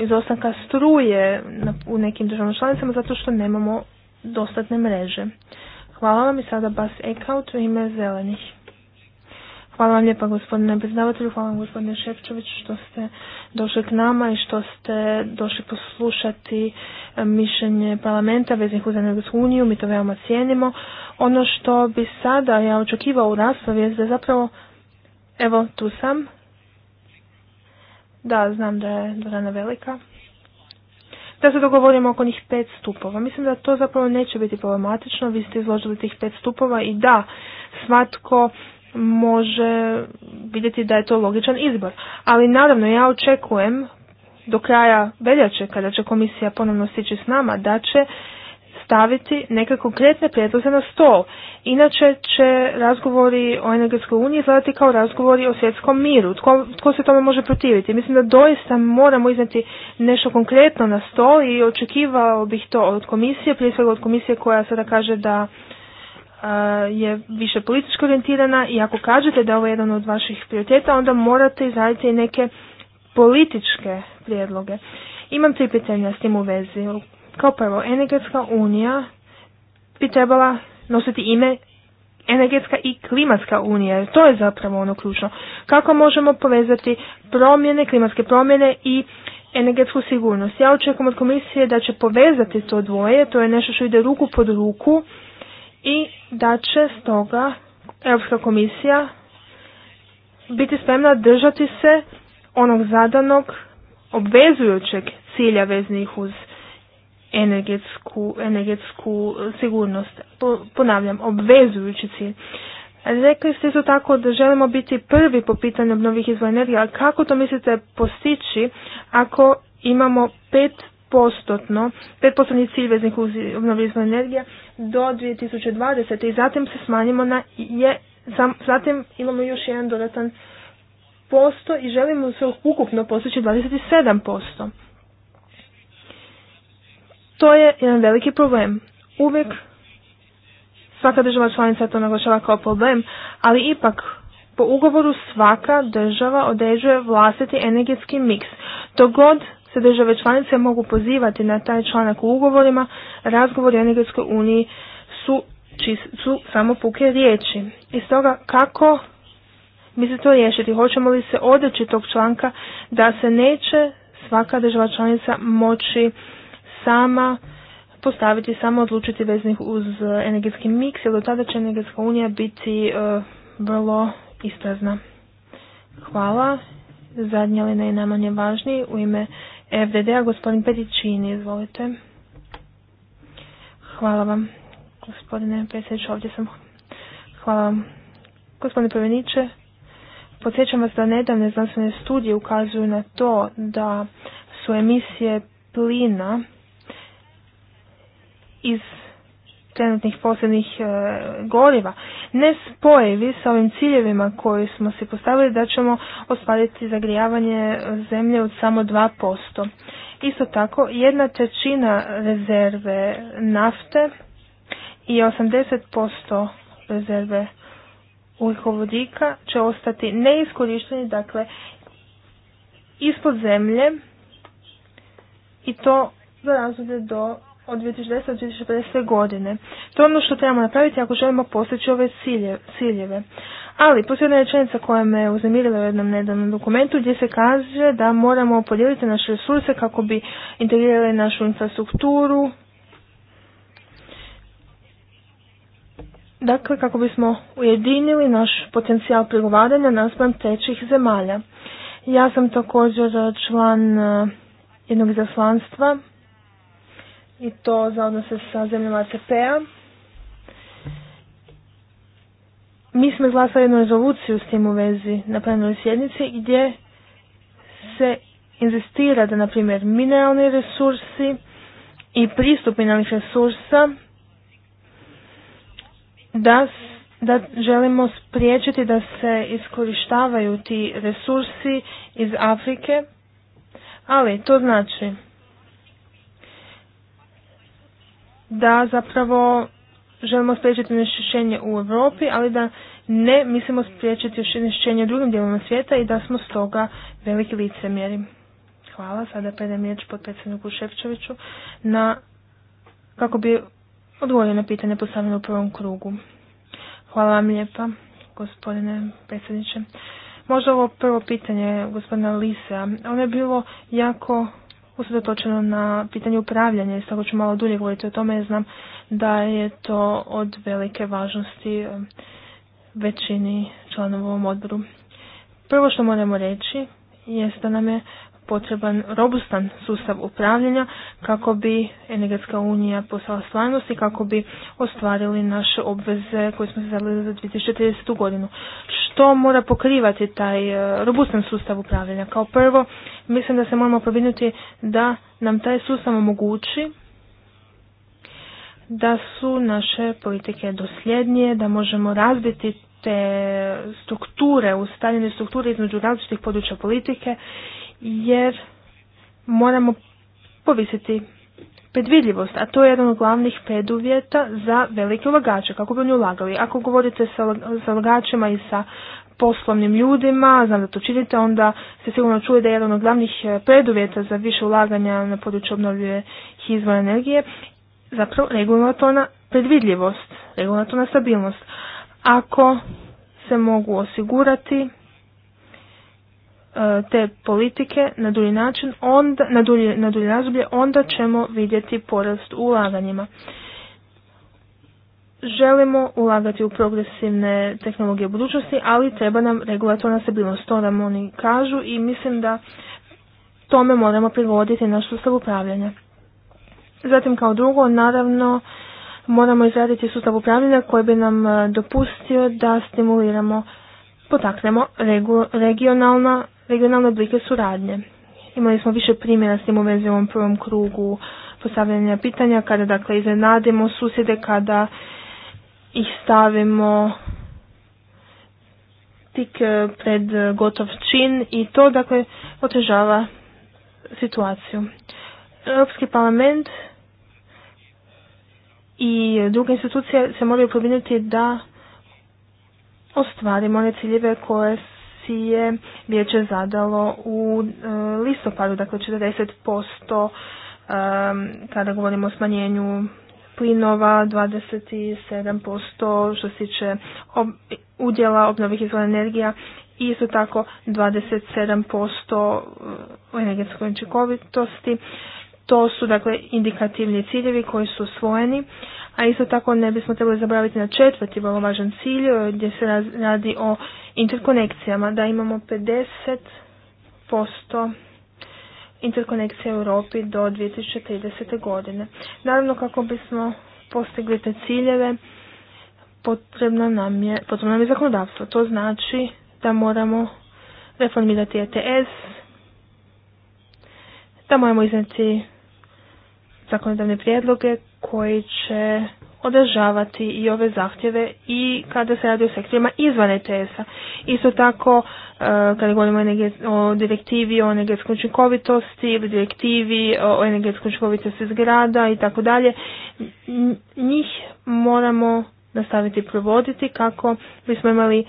izostanka struje u nekim državama članicama zato što nemamo dostatne mreže. Hvala vam i sada Bas Ekaut u ime zelenih. Hvala vam lijepa gospodine predsjedavatelju, hvala vam gospodine Ševčević što ste došli k nama i što ste došli poslušati eh, mišljenje parlamenta veznih uz Energetsku uniju, mi to veoma cijenimo. Ono što bi sada ja očekivao u raspravi je da zapravo, evo tu sam, da znam da je dvorana velika, da se dogovorimo oko njih pet stupova. Mislim da to zapravo neće biti problematično, vi ste izložili tih pet stupova i da, svatko može vidjeti da je to logičan izbor. Ali naravno ja očekujem do kraja veljače kada će komisija ponovno stići s nama da će staviti neke konkretne prijedloze na stol. Inače će razgovori o energetskoj uniji izgledati kao razgovori o svjetskom miru. Tko, tko se tome može protiviti? Mislim da doista moramo izneti nešto konkretno na stol i očekivao bih to od komisije, prije svega od komisije koja sada kaže da je više politički orijentirana i ako kažete da je ovo jedan od vaših prioriteta, onda morate izraditi i neke političke prijedloge. Imam tri pitanja s tim u vezi. Kao prvo, energetska unija bi trebala nositi ime energetska i klimatska unija. To je zapravo ono ključno. Kako možemo povezati promjene, klimatske promjene i energetsku sigurnost. Ja očekujem od komisije da će povezati to dvoje, to je nešto što ide ruku pod ruku i da će stoga Europska komisija biti spremna držati se onog zadanog obvezujućeg cilja veznih uz energetsku, energetsku sigurnost. Ponavljam, obvezujući cilj. Rekli ste isto tako da želimo biti prvi po pitanju obnovih izvora energije, ali kako to mislite postići ako imamo pet postotno 5% cilj veznih obnovljivih energija do 2020. i zatim se smanjimo na je, zatim imamo još jedan dodatan posto i želimo se ukupno postići 27%. To je jedan veliki problem. Uvijek svaka država članica to naglašava kao problem, ali ipak po ugovoru svaka država određuje vlastiti energetski miks. To god se države članice mogu pozivati na taj članak u ugovorima, razgovori o energetskoj uniji su, su samo puke riječi. I stoga kako mi to riješiti? Hoćemo li se odreći tog članka da se neće svaka država članica moći sama postaviti, samo odlučiti veznih uz energetski miks, jer do tada će energetska unija biti e, vrlo isprazna. Hvala. Zadnja je najmanje važniji u ime FDD-a, gospodin Petićini, izvolite. Hvala vam, gospodine predsjedniče, ovdje sam. Hvala vam, gospodine Prveniče. Podsjećam vas da nedavne znanstvene studije ukazuju na to da su emisije plina iz trenutnih posljednih e, goriva ne spojevi sa ovim ciljevima koji smo si postavili da ćemo ostvariti zagrijavanje zemlje od samo 2%. Isto tako, jedna trećina rezerve nafte i 80% rezerve ugljikovodika će ostati neiskorišteni, dakle ispod zemlje i to za do od 2010. do 2050. godine. To je ono što trebamo napraviti ako želimo postići ove ciljeve. Ali, postoji jedna rečenica koja me uzemirila u jednom nedavnom dokumentu gdje se kaže da moramo podijeliti naše resurse kako bi integrirali našu infrastrukturu, dakle kako bismo ujedinili naš potencijal pregovaranja naspram trećih zemalja. Ja sam također član eh, jednog zaslanstva i to za odnose sa zemljama ACP-a. Mi smo izglasali jednu rezoluciju s tim u vezi na plenarnoj sjednici gdje se inzistira da, na primjer, mineralni resursi i pristup mineralnih resursa da, da želimo spriječiti da se iskorištavaju ti resursi iz Afrike, ali to znači da zapravo želimo spriječiti onečišćenje u Europi, ali da ne mislimo spriječiti onečišćenje u drugim dijelovima svijeta i da smo stoga veliki licemjeri. Hvala, sada predajem riječ potpredsjedniku Ševčeviću na, kako bi odgovorio na pitanje postavljeno u prvom krugu. Hvala vam lijepa, gospodine predsjedniče. Možda ovo prvo pitanje gospodina Lisea. ono je bilo jako usredotočeno na pitanje upravljanja i stoga ću malo dulje govoriti o tome znam da je to od velike važnosti eh, većini članova u ovom odboru. Prvo što moramo reći jest da nam je potreban robustan sustav upravljanja kako bi energetska unija postala stvarnost i kako bi ostvarili naše obveze koje smo se zadali za 2030. godinu. Što mora pokrivati taj e, robustan sustav upravljanja? Kao prvo, mislim da se moramo probinuti da nam taj sustav omogući da su naše politike dosljednije, da možemo razbiti te strukture, ustaljene strukture između različitih područja politike jer moramo povisiti predvidljivost, a to je jedan od glavnih preduvjeta za velike ulagače, kako bi oni ulagali. Ako govorite sa ulagačima i sa poslovnim ljudima, znam da to činite, onda ste sigurno čuli da je jedan od glavnih e, preduvjeta za više ulaganja na području obnovljive izvora energije zapravo regulatorna predvidljivost, regulatorna stabilnost. Ako se mogu osigurati E, te politike na dulji način, onda, na dulje, na razdoblje, onda ćemo vidjeti porast u ulaganjima. Želimo ulagati u progresivne tehnologije budućnosti, ali treba nam regulatorna stabilnost. To nam oni kažu i mislim da tome moramo privoditi naš sustav upravljanja. Zatim kao drugo, naravno, moramo izraditi sustav upravljanja koji bi nam e, dopustio da stimuliramo, potaknemo regionalna regionalne oblike suradnje. Imali smo više primjera s tim u vezi u ovom prvom krugu postavljanja pitanja, kada dakle iznenadimo susjede, kada ih stavimo tik eh, pred gotov čin i to dakle otežava situaciju. Europski parlament i druge institucije se moraju pobrinuti da ostvarimo one ciljeve koje je vijeće zadalo u e, listopadu, dakle 40% kada govorimo o smanjenju plinova, 27% što se tiče udjela obnovih izvora energija i isto tako 27% e, energetskoj učinkovitosti to su dakle indikativni ciljevi koji su usvojeni, a isto tako ne bismo trebali zaboraviti na četvrti vrlo važan cilj e, gdje se radi o interkonekcijama, da imamo 50% interkonekcija u Europi do 2030. godine. Naravno kako bismo postigli te ciljeve potrebno nam je, potrebno nam je zakonodavstvo. To znači da moramo reformirati ETS, da moramo izneti zakonodavne prijedloge koji će održavati i ove zahtjeve i kada se radi o sektorima izvan ETS-a. Isto tako, e, kada govorimo o direktivi o energetskoj učinkovitosti ili direktivi o energetskoj učinkovitosti zgrada i tako dalje, njih moramo nastaviti provoditi kako bismo imali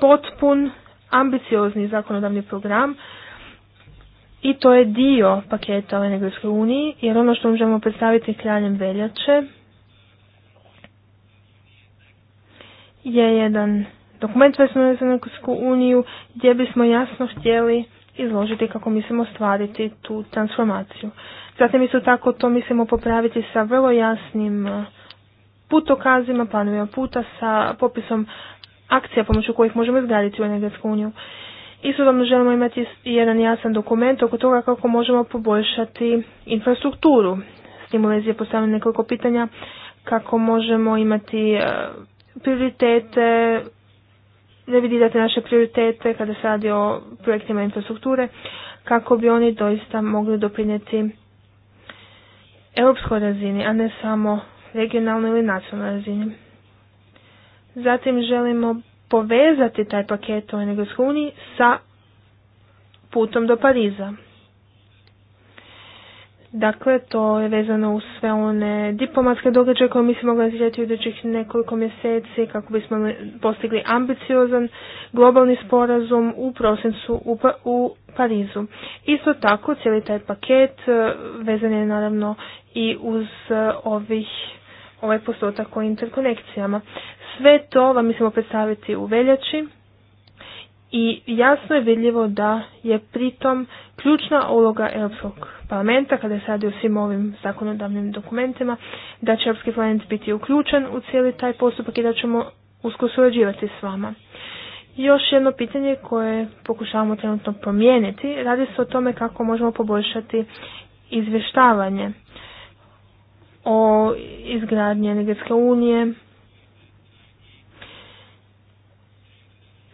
potpun ambiciozni zakonodavni program i to je dio paketa u energetskoj uniji, jer ono što možemo predstaviti krajem veljače je jedan dokument vezano za EU uniju gdje bismo jasno htjeli izložiti kako mislimo stvariti tu transformaciju. Zatim isto tako to mislimo popraviti sa vrlo jasnim eh, putokazima, planovima puta, sa popisom akcija pomoću kojih možemo izgraditi u energetsku uniju. Istodobno želimo imati jedan jasan dokument oko toga kako možemo poboljšati infrastrukturu. S tim u vezi je postavljeno nekoliko pitanja kako možemo imati e, prioritete, revidirati naše prioritete kada se radi o projektima infrastrukture, kako bi oni doista mogli doprinijeti europskoj razini, a ne samo regionalnoj ili nacionalnoj razini. Zatim želimo povezati taj paket u EU sa putom do Pariza. Dakle, to je vezano uz sve one diplomatske događaje koje mi se mogli izgledati u idućih nekoliko mjeseci kako bismo postigli ambiciozan globalni sporazum u prosincu u, pa-, Parizu. Isto tako, cijeli taj paket e, vezan je naravno i uz e, ovih ovaj postotak o interkonekcijama. Sve to vam mislimo predstaviti u veljači i jasno je vidljivo da je pritom ključna uloga Europskog parlamenta kada se radi o svim ovim zakonodavnim dokumentima da će Europski parlament biti uključen u cijeli taj postupak i da ćemo usko surađivati s vama. Još jedno pitanje koje pokušavamo trenutno promijeniti radi se o tome kako možemo poboljšati izvještavanje o izgradnji energetske unije,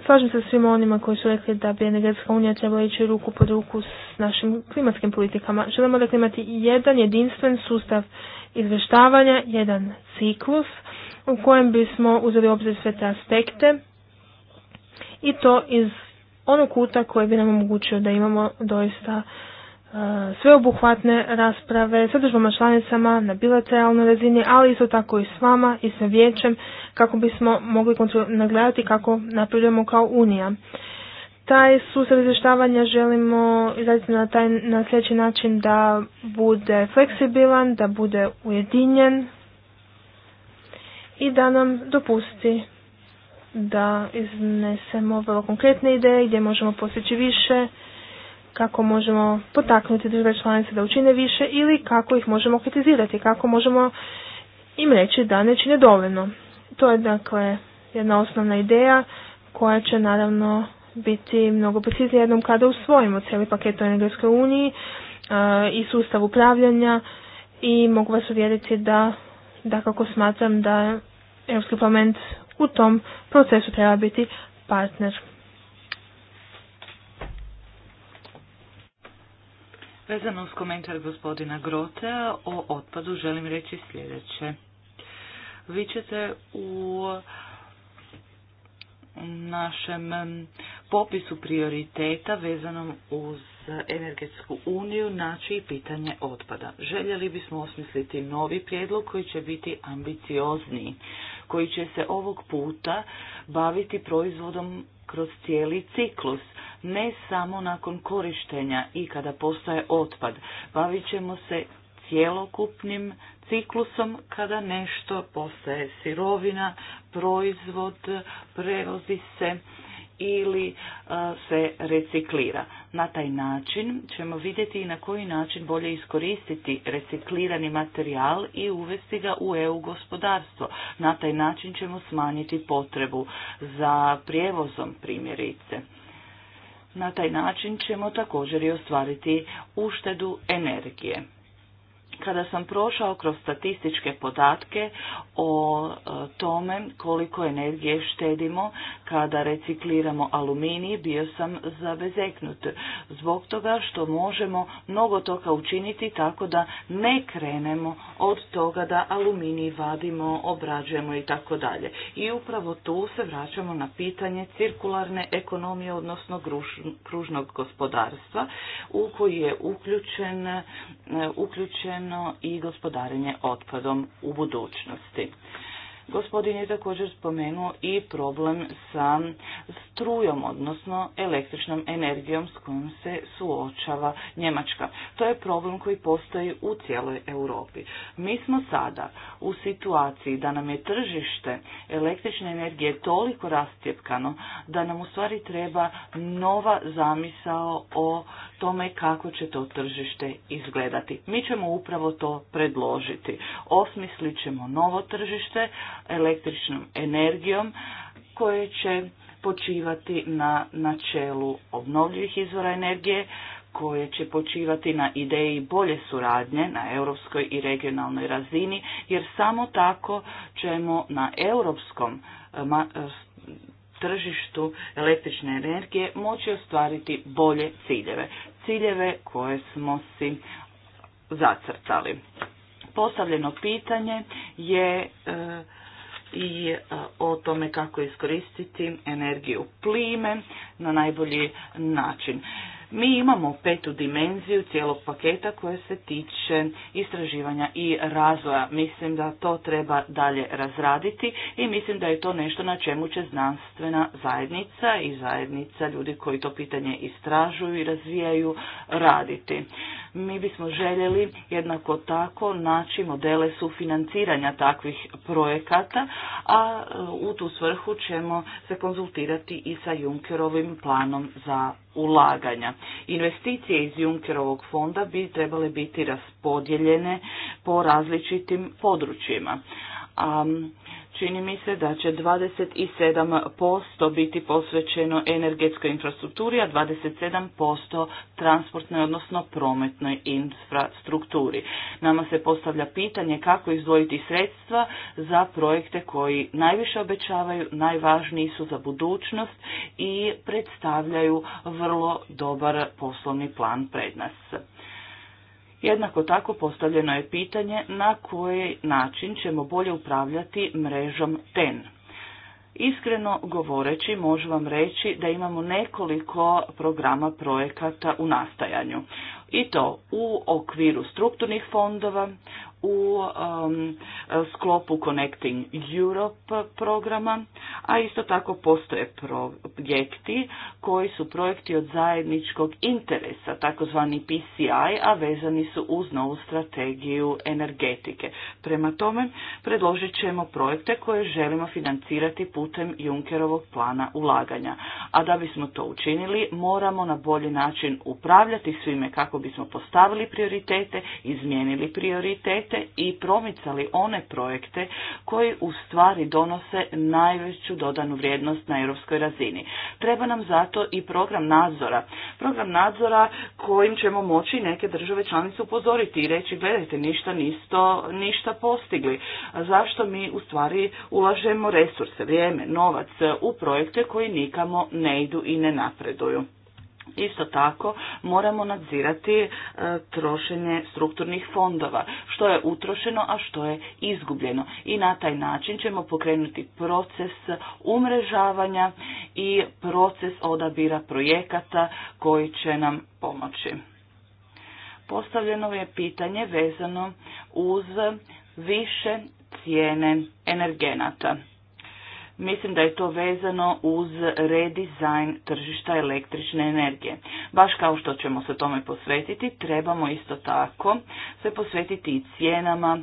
Slažem se svima onima koji su rekli da bi energetska unija trebala ići ruku pod ruku s našim klimatskim politikama. Želimo dakle imati jedan jedinstven sustav izvještavanja, jedan ciklus u kojem bismo uzeli obzir sve te aspekte i to iz onog kuta koji bi nam omogućio da imamo doista sveobuhvatne rasprave sa državama članicama na bilateralnoj razini, ali isto tako i s vama i sa vijećem kako bismo mogli nagledati kako napredujemo kao Unija. Taj sustav izvještavanja želimo izraditi na, taj, na sljedeći način da bude fleksibilan, da bude ujedinjen i da nam dopusti da iznesemo vrlo konkretne ideje gdje možemo postići više kako možemo potaknuti države članice da učine više ili kako ih možemo kritizirati, kako možemo im reći da ne čine dovoljno. To je dakle jedna osnovna ideja koja će naravno biti mnogo preciznija jednom kada usvojimo cijeli paket o Energetskoj uniji e, i sustav upravljanja i mogu vas uvjeriti da, da kako smatram da Europski parlament u tom procesu treba biti partner. Vezano uz komentar gospodina Grotea o otpadu želim reći sljedeće. Vi ćete u našem popisu prioriteta vezanom uz energetsku uniju naći i pitanje otpada. Željeli bismo osmisliti novi prijedlog koji će biti ambiciozniji, koji će se ovog puta baviti proizvodom kroz cijeli ciklus, ne samo nakon korištenja i kada postaje otpad. Bavit ćemo se cjelokupnim ciklusom kada nešto postaje sirovina, proizvod, prevozi se ili e, se reciklira. Na taj način ćemo vidjeti i na koji način bolje iskoristiti reciklirani materijal i uvesti ga u EU gospodarstvo. Na taj način ćemo smanjiti potrebu za prijevozom primjerice. Na taj način ćemo također i ostvariti uštedu energije kada sam prošao kroz statističke podatke o e, tome koliko energije štedimo kada recikliramo aluminij, bio sam zabezeknut. Zbog toga što možemo mnogo toga učiniti tako da ne krenemo od toga da aluminij vadimo, obrađujemo i tako dalje. I upravo tu se vraćamo na pitanje cirkularne ekonomije, odnosno kružnog gospodarstva u koji je uključen, e, uključen i gospodarenje otpadom u budućnosti. Gospodin je također spomenuo i problem sa strujom, odnosno električnom energijom s kojom se suočava Njemačka. To je problem koji postoji u cijeloj Europi. Mi smo sada u situaciji da nam je tržište električne energije toliko rastjepkano da nam u stvari treba nova zamisao o tome kako će to tržište izgledati. Mi ćemo upravo to predložiti. Osmislit ćemo novo tržište električnom energijom koje će počivati na načelu obnovljivih izvora energije, koje će počivati na ideji bolje suradnje na europskoj i regionalnoj razini, jer samo tako ćemo na europskom eh, eh, tržištu električne energije moći ostvariti bolje ciljeve ciljeve koje smo si zacrtali. Postavljeno pitanje je e, i e, o tome kako iskoristiti energiju plime na najbolji način. Mi imamo petu dimenziju cijelog paketa koja se tiče istraživanja i razvoja. Mislim da to treba dalje razraditi i mislim da je to nešto na čemu će znanstvena zajednica i zajednica ljudi koji to pitanje istražuju i razvijaju raditi. Mi bismo željeli jednako tako naći modele sufinanciranja takvih projekata, a e, u tu svrhu ćemo se konzultirati i sa Junkerovim planom za ulaganja. Investicije iz Junkerovog fonda bi trebale biti raspodijeljene po različitim područjima. Čini mi se da će 27% biti posvećeno energetskoj infrastrukturi, a 27% transportnoj, odnosno prometnoj infrastrukturi. Nama se postavlja pitanje kako izdvojiti sredstva za projekte koji najviše obećavaju, najvažniji su za budućnost i predstavljaju vrlo dobar poslovni plan pred nas. Jednako tako postavljeno je pitanje na koji način ćemo bolje upravljati mrežom TEN. Iskreno govoreći, možu vam reći da imamo nekoliko programa projekata u nastajanju. I to u okviru strukturnih fondova, u um, sklopu Connecting Europe programa, a isto tako postoje projekti koji su projekti od zajedničkog interesa, takozvani PCI, a vezani su uz novu strategiju energetike. Prema tome, predložit ćemo projekte koje želimo financirati putem Junkerovog plana ulaganja. A da bismo to učinili, moramo na bolji način upravljati svime kako bismo postavili prioritete, izmijenili prioritete, i promicali one projekte koji u stvari donose najveću dodanu vrijednost na europskoj razini. Treba nam zato i program nadzora. Program nadzora kojim ćemo moći neke države članice upozoriti i reći gledajte ništa nisto, ništa postigli. Zašto mi u stvari ulažemo resurse, vrijeme, novac u projekte koji nikamo ne idu i ne napreduju. Isto tako moramo nadzirati e, trošenje strukturnih fondova, što je utrošeno, a što je izgubljeno. I na taj način ćemo pokrenuti proces umrežavanja i proces odabira projekata koji će nam pomoći. Postavljeno je pitanje vezano uz više cijene energenata. Mislim da je to vezano uz redizajn tržišta električne energije. Baš kao što ćemo se tome posvetiti, trebamo isto tako se posvetiti i cijenama,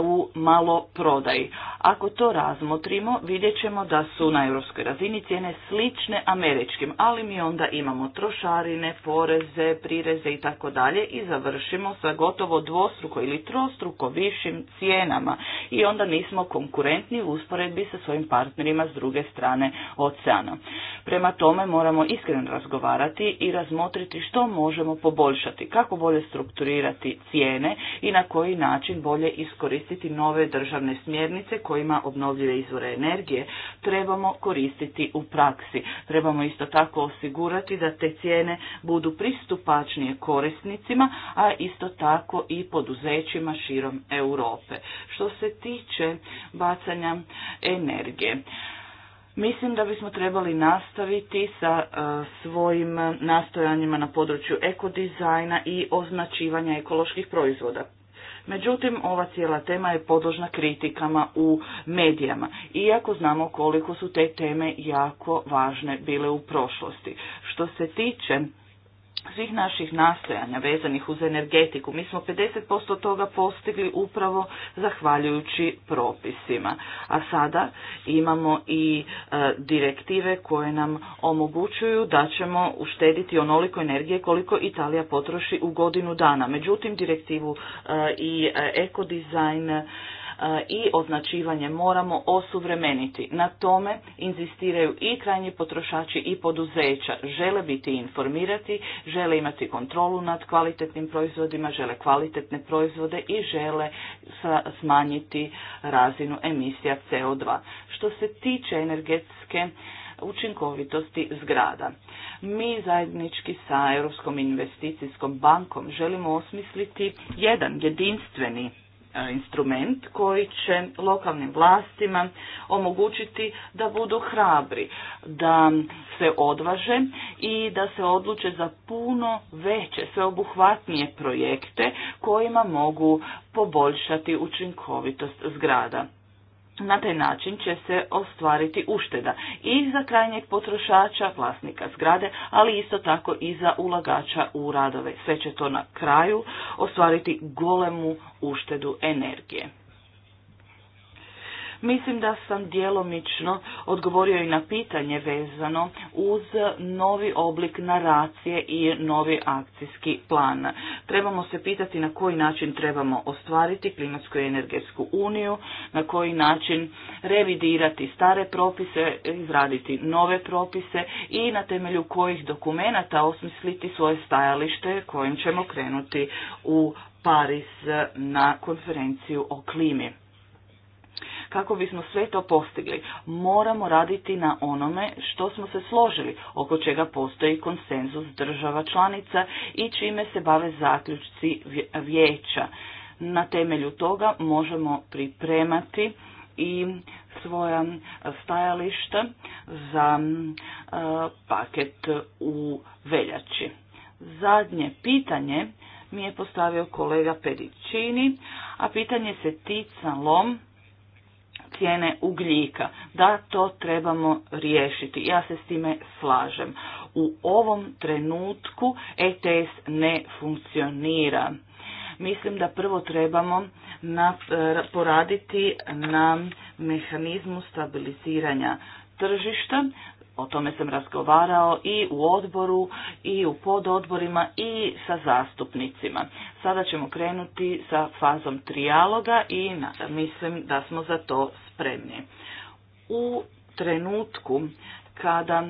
u malo prodaji. Ako to razmotrimo, vidjet ćemo da su na europskoj razini cijene slične američkim, ali mi onda imamo trošarine, poreze, prireze i tako dalje i završimo sa gotovo dvostruko ili trostruko višim cijenama i onda nismo konkurentni u usporedbi sa svojim partnerima s druge strane oceana. Prema tome moramo iskreno razgovarati i razmotriti što možemo poboljšati, kako bolje strukturirati cijene i na koji način bolje iskoristiti koristiti nove državne smjernice kojima obnovljive izvore energije trebamo koristiti u praksi. Trebamo isto tako osigurati da te cijene budu pristupačnije korisnicima, a isto tako i poduzećima širom Europe. Što se tiče bacanja energije, Mislim da bismo trebali nastaviti sa e, svojim nastojanjima na području ekodizajna i označivanja ekoloških proizvoda. Međutim, ova cijela tema je podložna kritikama u medijama, iako znamo koliko su te teme jako važne bile u prošlosti. Što se tiče svih naših nastojanja vezanih uz energetiku. Mi smo 50% toga postigli upravo zahvaljujući propisima. A sada imamo i e, direktive koje nam omogućuju da ćemo uštediti onoliko energije koliko Italija potroši u godinu dana. Međutim, direktivu e, i e, ekodizajn i označivanje moramo osuvremeniti. Na tome inzistiraju i krajnji potrošači i poduzeća. Žele biti informirati, žele imati kontrolu nad kvalitetnim proizvodima, žele kvalitetne proizvode i žele smanjiti razinu emisija CO2. Što se tiče energetske učinkovitosti zgrada. Mi zajednički sa Europskom investicijskom bankom želimo osmisliti jedan jedinstveni E, instrument koji će lokalnim vlastima omogućiti da budu hrabri, da se odvaže i da se odluče za puno veće, sveobuhvatnije projekte kojima mogu poboljšati učinkovitost zgrada. Na taj način će se ostvariti ušteda i za krajnjeg potrošača, vlasnika zgrade, ali isto tako i za ulagača u radove. Sve će to na kraju ostvariti golemu uštedu energije. Mislim da sam djelomično odgovorio i na pitanje vezano uz novi oblik naracije i novi akcijski plan. Trebamo se pitati na koji način trebamo ostvariti klimatsku i energetsku uniju, na koji način revidirati stare propise, izraditi nove propise i na temelju kojih dokumenata osmisliti svoje stajalište kojim ćemo krenuti u Paris na konferenciju o klimi kako bismo sve to postigli, moramo raditi na onome što smo se složili, oko čega postoji konsenzus država članica i čime se bave zaključci vijeća. Na temelju toga možemo pripremati i svoja stajališta za e, paket u veljači. Zadnje pitanje mi je postavio kolega Pedicini, a pitanje se ticalo cijene ugljika. Da, to trebamo riješiti. Ja se s time slažem. U ovom trenutku ETS ne funkcionira. Mislim da prvo trebamo eh, poraditi na mehanizmu stabiliziranja tržišta o tome sam razgovarao i u odboru i u pododborima i sa zastupnicima. Sada ćemo krenuti sa fazom trijaloga i mislim da smo za to spremni. U trenutku kada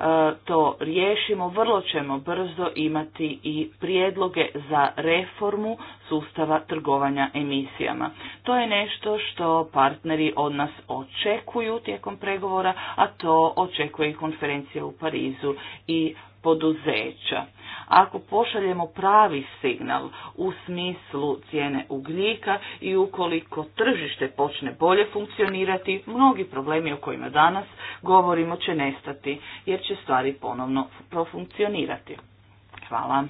E, to riješimo, vrlo ćemo brzo imati i prijedloge za reformu sustava trgovanja emisijama. To je nešto što partneri od nas očekuju tijekom pregovora, a to očekuje i konferencija u Parizu i poduzeća. Ako pošaljemo pravi signal u smislu cijene ugljika i ukoliko tržište počne bolje funkcionirati, mnogi problemi o kojima danas govorimo će nestati jer će stvari ponovno profunkcionirati. Hvala.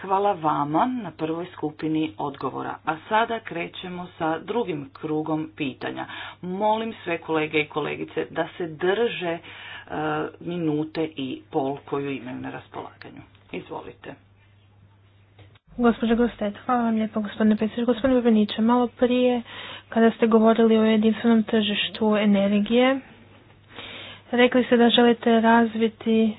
Hvala vama na prvoj skupini odgovora. A sada krećemo sa drugim krugom pitanja. Molim sve kolege i kolegice da se drže E, minute i pol koju imaju na raspolaganju. Izvolite. Gospođa Grostet, hvala vam lijepo gospodine Pesir. Gospodine Bobiniće, malo prije kada ste govorili o jedinstvenom tržištu energije, rekli ste da želite razviti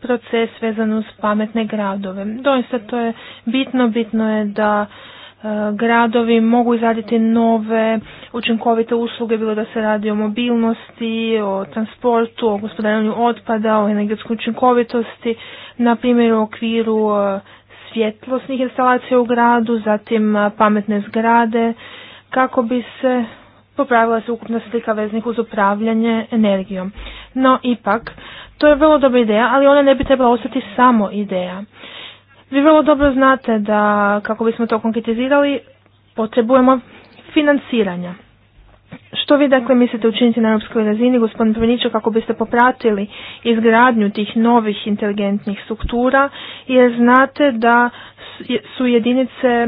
proces vezan uz pametne gradove. Doista to je bitno, bitno je da E, gradovi mogu izraditi nove učinkovite usluge, bilo da se radi o mobilnosti, o transportu, o gospodaranju otpada, o energetskoj učinkovitosti, na primjer u okviru e, svjetlosnih instalacija u gradu, zatim e, pametne zgrade, kako bi se popravila se ukupna slika veznih uz upravljanje energijom. No ipak, to je vrlo dobra ideja, ali ona ne bi trebala ostati samo ideja. Vi vrlo dobro znate da kako bismo to konkretizirali potrebujemo financiranja. Što vi dakle mislite učiniti na europskoj razini, gospodin kako biste popratili izgradnju tih novih inteligentnih struktura, jer znate da su jedinice e,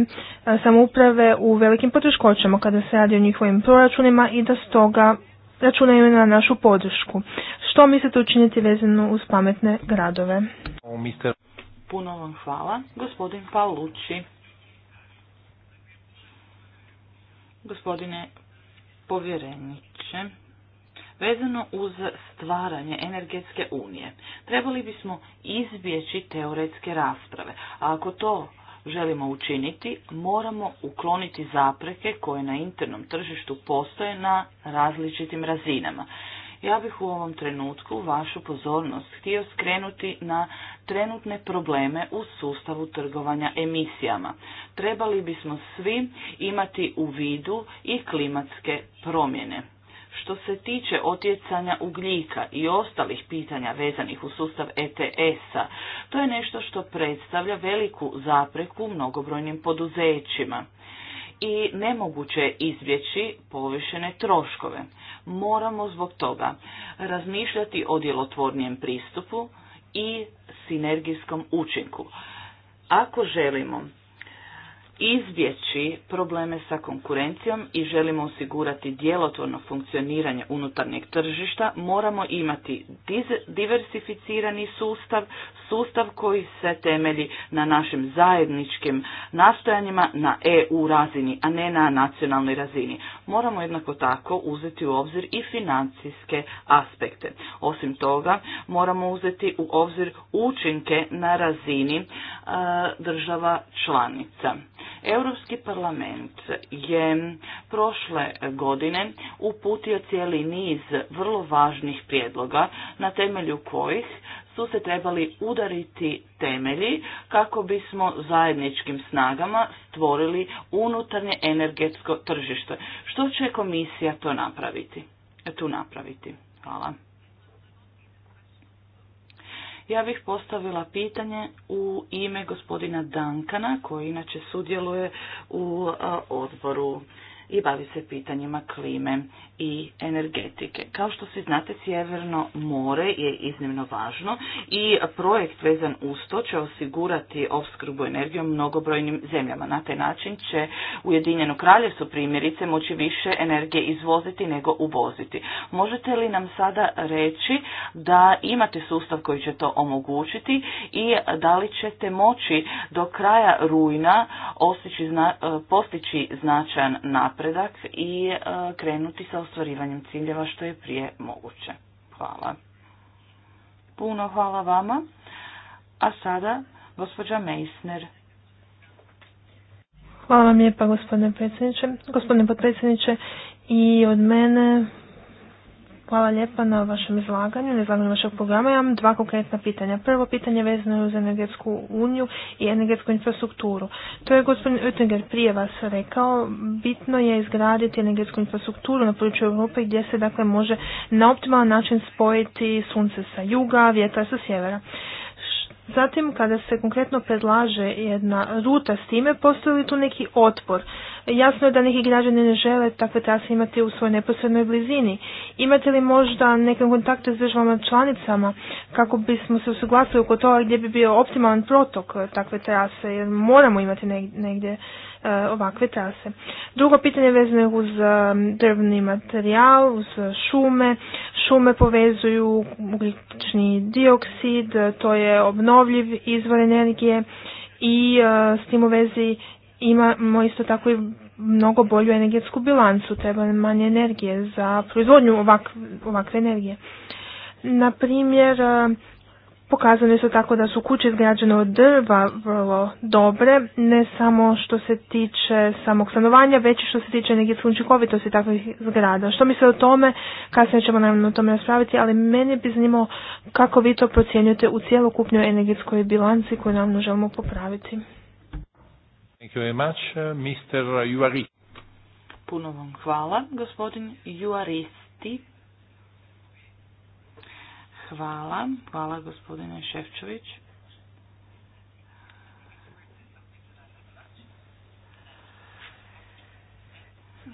samouprave u velikim poteškoćama kada se radi o njihovim proračunima i da stoga računaju na našu podršku. Što mislite učiniti vezano uz pametne gradove? Puno vam hvala. Gospodin Paolucci. Gospodine povjereniče, vezano uz stvaranje energetske unije, trebali bismo izbjeći teoretske rasprave. A ako to želimo učiniti, moramo ukloniti zapreke koje na internom tržištu postoje na različitim razinama. Ja bih u ovom trenutku vašu pozornost htio skrenuti na trenutne probleme u sustavu trgovanja emisijama. Trebali bismo svi imati u vidu i klimatske promjene. Što se tiče otjecanja ugljika i ostalih pitanja vezanih u sustav ETS-a, to je nešto što predstavlja veliku zapreku mnogobrojnim poduzećima i nemoguće je izbjeći povišene troškove. Moramo zbog toga razmišljati o djelotvornijem pristupu i sinergijskom učinku. Ako želimo izbjeći probleme sa konkurencijom i želimo osigurati djelotvorno funkcioniranje unutarnjeg tržišta, moramo imati diversificirani sustav, sustav koji se temelji na našim zajedničkim nastojanjima na EU razini, a ne na nacionalnoj razini. Moramo jednako tako uzeti u obzir i financijske aspekte. Osim toga, moramo uzeti u obzir učinke na razini e, država članica. Europski parlament je prošle godine uputio cijeli niz vrlo važnih prijedloga na temelju kojih su se trebali udariti temelji kako bismo zajedničkim snagama stvorili unutarnje energetsko tržište. Što će komisija to napraviti? Tu napraviti. Hvala. Ja bih postavila pitanje u ime gospodina Dankana, koji inače sudjeluje u odboru i bavi se pitanjima klime i energetike. Kao što svi znate, Sjeverno more je iznimno važno i projekt vezan uz to će osigurati opskrbu energijom mnogobrojnim zemljama. Na taj način će Ujedinjeno kraljevstvo primjerice moći više energije izvoziti nego uvoziti. Možete li nam sada reći da imate sustav koji će to omogućiti i da li ćete moći do kraja rujna postići značajan napredak napredak i e, krenuti sa ostvarivanjem ciljeva što je prije moguće. Hvala. Puno hvala vama. A sada gospođa Meisner. Hvala vam lijepa gospodine predsjedniče. Gospodine potpredsjedniče i od mene Hvala lijepa na vašem izlaganju, na izlaganju vašeg programa. Ja imam dva konkretna pitanja. Prvo pitanje vezano je uz energetsku uniju i energetsku infrastrukturu. To je gospodin Oettinger prije vas rekao, bitno je izgraditi energetsku infrastrukturu na području Europe gdje se dakle može na optimalan način spojiti sunce sa juga, vjetra sa sjevera. Zatim, kada se konkretno predlaže jedna ruta s time, postoji li tu neki otpor? Jasno je da neki građani ne žele takve trase imati u svojoj neposrednoj blizini. Imate li možda neke kontakte s državama članicama kako bismo se usuglasili oko toga gdje bi bio optimalan protok takve trase, jer moramo imati negdje E, ovakve trase. Drugo pitanje vezano je uz e, drvni materijal, uz šume. Šume povezuju ugljični dioksid, to je obnovljiv izvor energije i e, s tim u vezi imamo isto tako i mnogo bolju energetsku bilancu, treba manje energije za proizvodnju ovakve, ovakve energije. Na primjer, Pokazano su tako da su kuće izgrađene od drva vrlo dobre, ne samo što se tiče samog stanovanja, već i što se tiče energetske učinkovitosti takvih zgrada. Što misle o tome, kasnije ćemo naravno o tome raspraviti, ali meni bi zanimalo kako vi to procjenjujete u cjelokupnoj energetskoj bilanci koju nam želimo popraviti. Thank you very much, uh, Mr. Puno vam hvala, gospodin Juaristi. Hvala. Hvala gospodine Ševčević.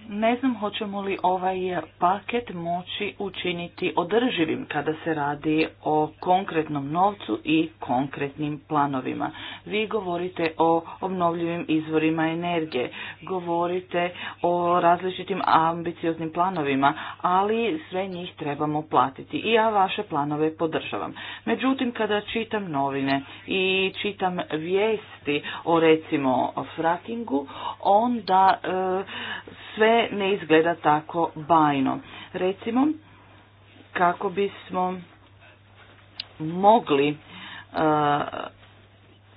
Ne znam hoćemo li ovaj paket moći učiniti održivim kada se radi o konkretnom novcu i konkretnim planovima. Vi govorite o obnovljivim izvorima energije, govorite o različitim ambicioznim planovima, ali sve njih trebamo platiti i ja vaše planove podržavam. Međutim, kada čitam novine i čitam vijesti, o recimo o frakingu, onda e, sve ne izgleda tako bajno. Recimo, kako bismo mogli e,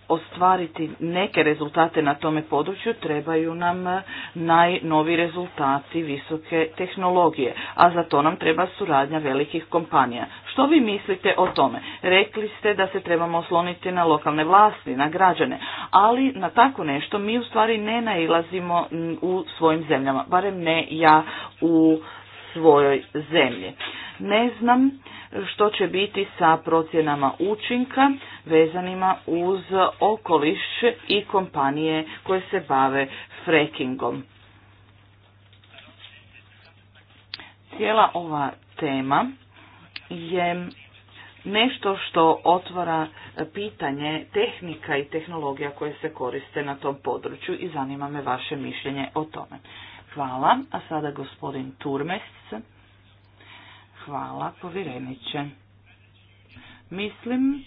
ostvariti neke rezultate na tome području trebaju nam e, najnovi rezultati visoke tehnologije, a za to nam treba suradnja velikih kompanija. Što vi mislite o tome? Rekli ste da se trebamo osloniti na lokalne vlasti, na građane, ali na tako nešto mi u stvari ne nailazimo u svojim zemljama, barem ne ja u svojoj zemlji. Ne znam što će biti sa procjenama učinka vezanima uz okoliš i kompanije koje se bave frekingom. Cijela ova tema je nešto što otvara pitanje tehnika i tehnologija koje se koriste na tom području i zanima me vaše mišljenje o tome. Hvala. A sada gospodin Turmes. Hvala povjereniče. Mislim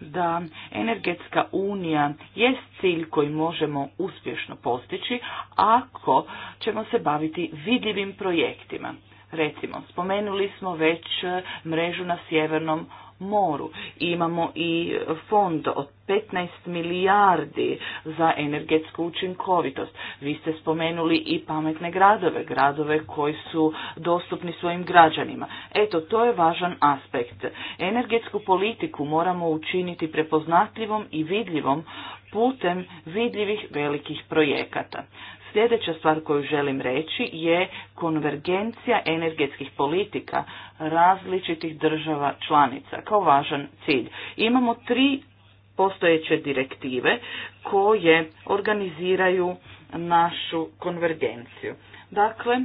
da energetska unija jest cilj koji možemo uspješno postići ako ćemo se baviti vidljivim projektima. Recimo, spomenuli smo već e, mrežu na Sjevernom moru. Imamo i fond od 15 milijardi za energetsku učinkovitost. Vi ste spomenuli i pametne gradove, gradove koji su dostupni svojim građanima. Eto, to je važan aspekt. Energetsku politiku moramo učiniti prepoznatljivom i vidljivom putem vidljivih velikih projekata. Sljedeća stvar koju želim reći je konvergencija energetskih politika različitih država članica kao važan cilj. Imamo tri postojeće direktive koje organiziraju našu konvergenciju. Dakle,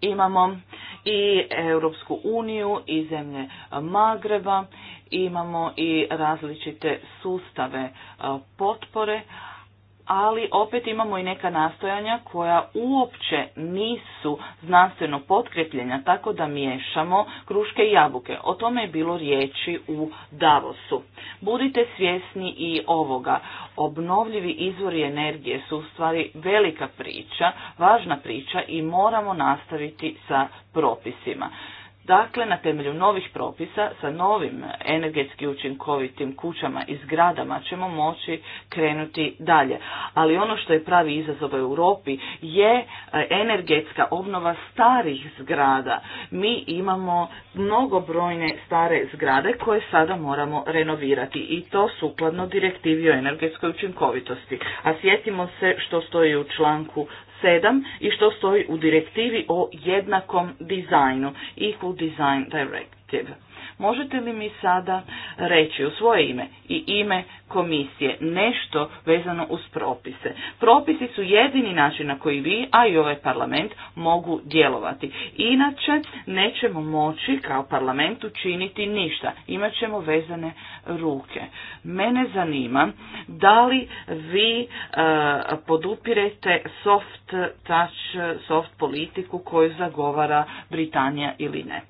imamo i Europsku uniju i zemlje Magreba, imamo i različite sustave potpore, ali opet imamo i neka nastojanja koja uopće nisu znanstveno potkrepljenja, tako da miješamo kruške i jabuke. O tome je bilo riječi u Davosu. Budite svjesni i ovoga. Obnovljivi izvori energije su u stvari velika priča, važna priča i moramo nastaviti sa propisima. Dakle, na temelju novih propisa sa novim energetski učinkovitim kućama i zgradama ćemo moći krenuti dalje. Ali ono što je pravi izazov u Europi je e, energetska obnova starih zgrada. Mi imamo mnogobrojne stare zgrade koje sada moramo renovirati i to sukladno direktivi o energetskoj učinkovitosti. A sjetimo se što stoji u članku 7 i što stoji u direktivi o jednakom dizajnu, Equal Design Directive. Možete li mi sada reći u svoje ime i ime komisije nešto vezano uz propise? Propisi su jedini način na koji vi, a i ovaj parlament, mogu djelovati. Inače, nećemo moći kao parlament učiniti ništa. Imaćemo vezane ruke. Mene zanima da li vi e, podupirete soft touch, soft politiku koju zagovara Britanija ili ne.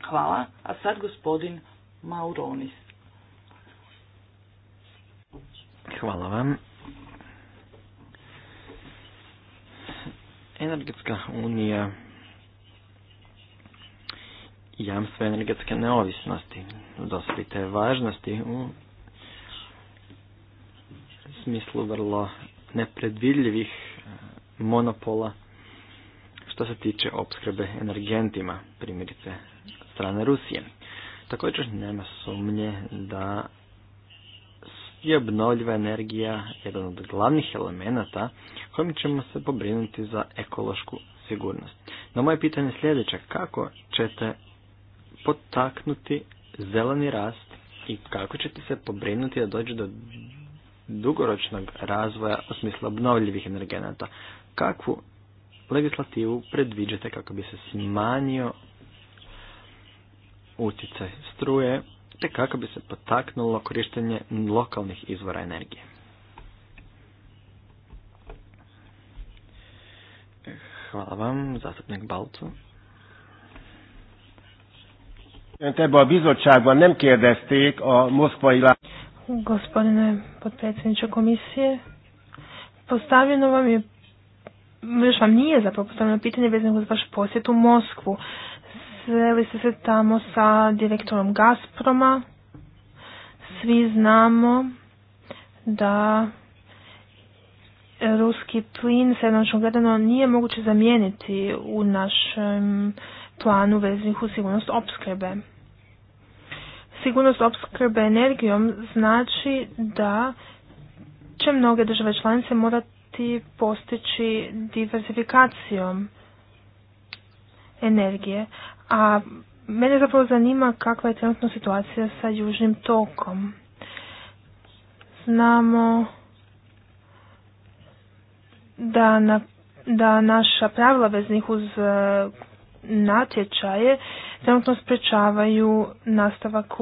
Hvala. A sad gospodin Mauronis. Hvala vam. Energetska unija jamstva energetske neovisnosti, dospite važnosti u smislu vrlo nepredvidljivih eh, monopola što se tiče opskrbe energentima, primjerice strane Rusije. Također nema sumnje da je obnovljiva energija jedan od glavnih elemenata kojim ćemo se pobrinuti za ekološku sigurnost. No moje pitanje je sljedeće, kako ćete potaknuti zeleni rast i kako ćete se pobrinuti da dođe do dugoročnog razvoja u smislu obnovljivih energenata? Kakvu legislativu predviđate kako bi se smanjio utjecaj struje, te kako bi se potaknulo korištenje lokalnih izvora energije. Hvala vam, zastupnik Balcu. a bizottságban nem kérdezték a Gospodine potpredsjedniče komisije, postavljeno vam je, još vam nije zapravo postavljeno pitanje vezano za vaš posjet u Moskvu sreli ste se tamo sa direktorom Gazproma. Svi znamo da ruski plin jednočno gledano nije moguće zamijeniti u našem planu veznih u sigurnost opskrbe. Sigurnost opskrbe energijom znači da će mnoge države članice morati postići diversifikacijom energije, a mene zapravo zanima kakva je trenutno situacija sa južnim tokom. Znamo da, na, da naša pravila veznih uz e, natječaje trenutno sprečavaju nastavak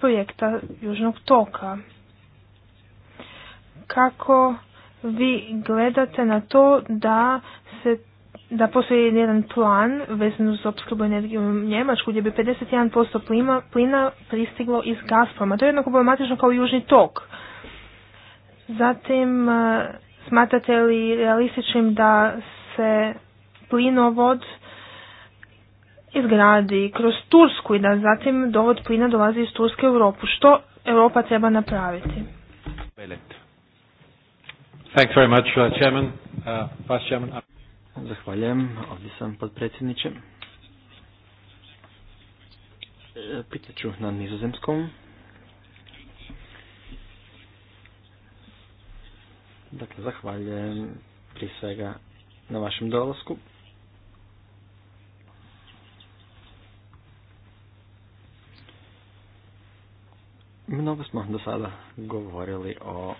projekta Južnog toka. Kako vi gledate na to da da postoji jedan plan vezan uz opskrbu energijom u Njemačku gdje bi 51% plima, plina pristiglo iz Gazproma. To je jednako problematično kao južni tok. Zatim, eh, smatrate li realističnim da se plinovod izgradi kroz Tursku i da zatim dovod plina dolazi iz Turske u Europu? Što Europa treba napraviti? very much, uh, chairman. Uh, chairman. Zahvaljujem, ovdje sam podpredsjedniče. E, ću na nizozemskom. Dakle, zahvaljujem prije svega na vašem dolasku. Mnogo smo do sada govorili o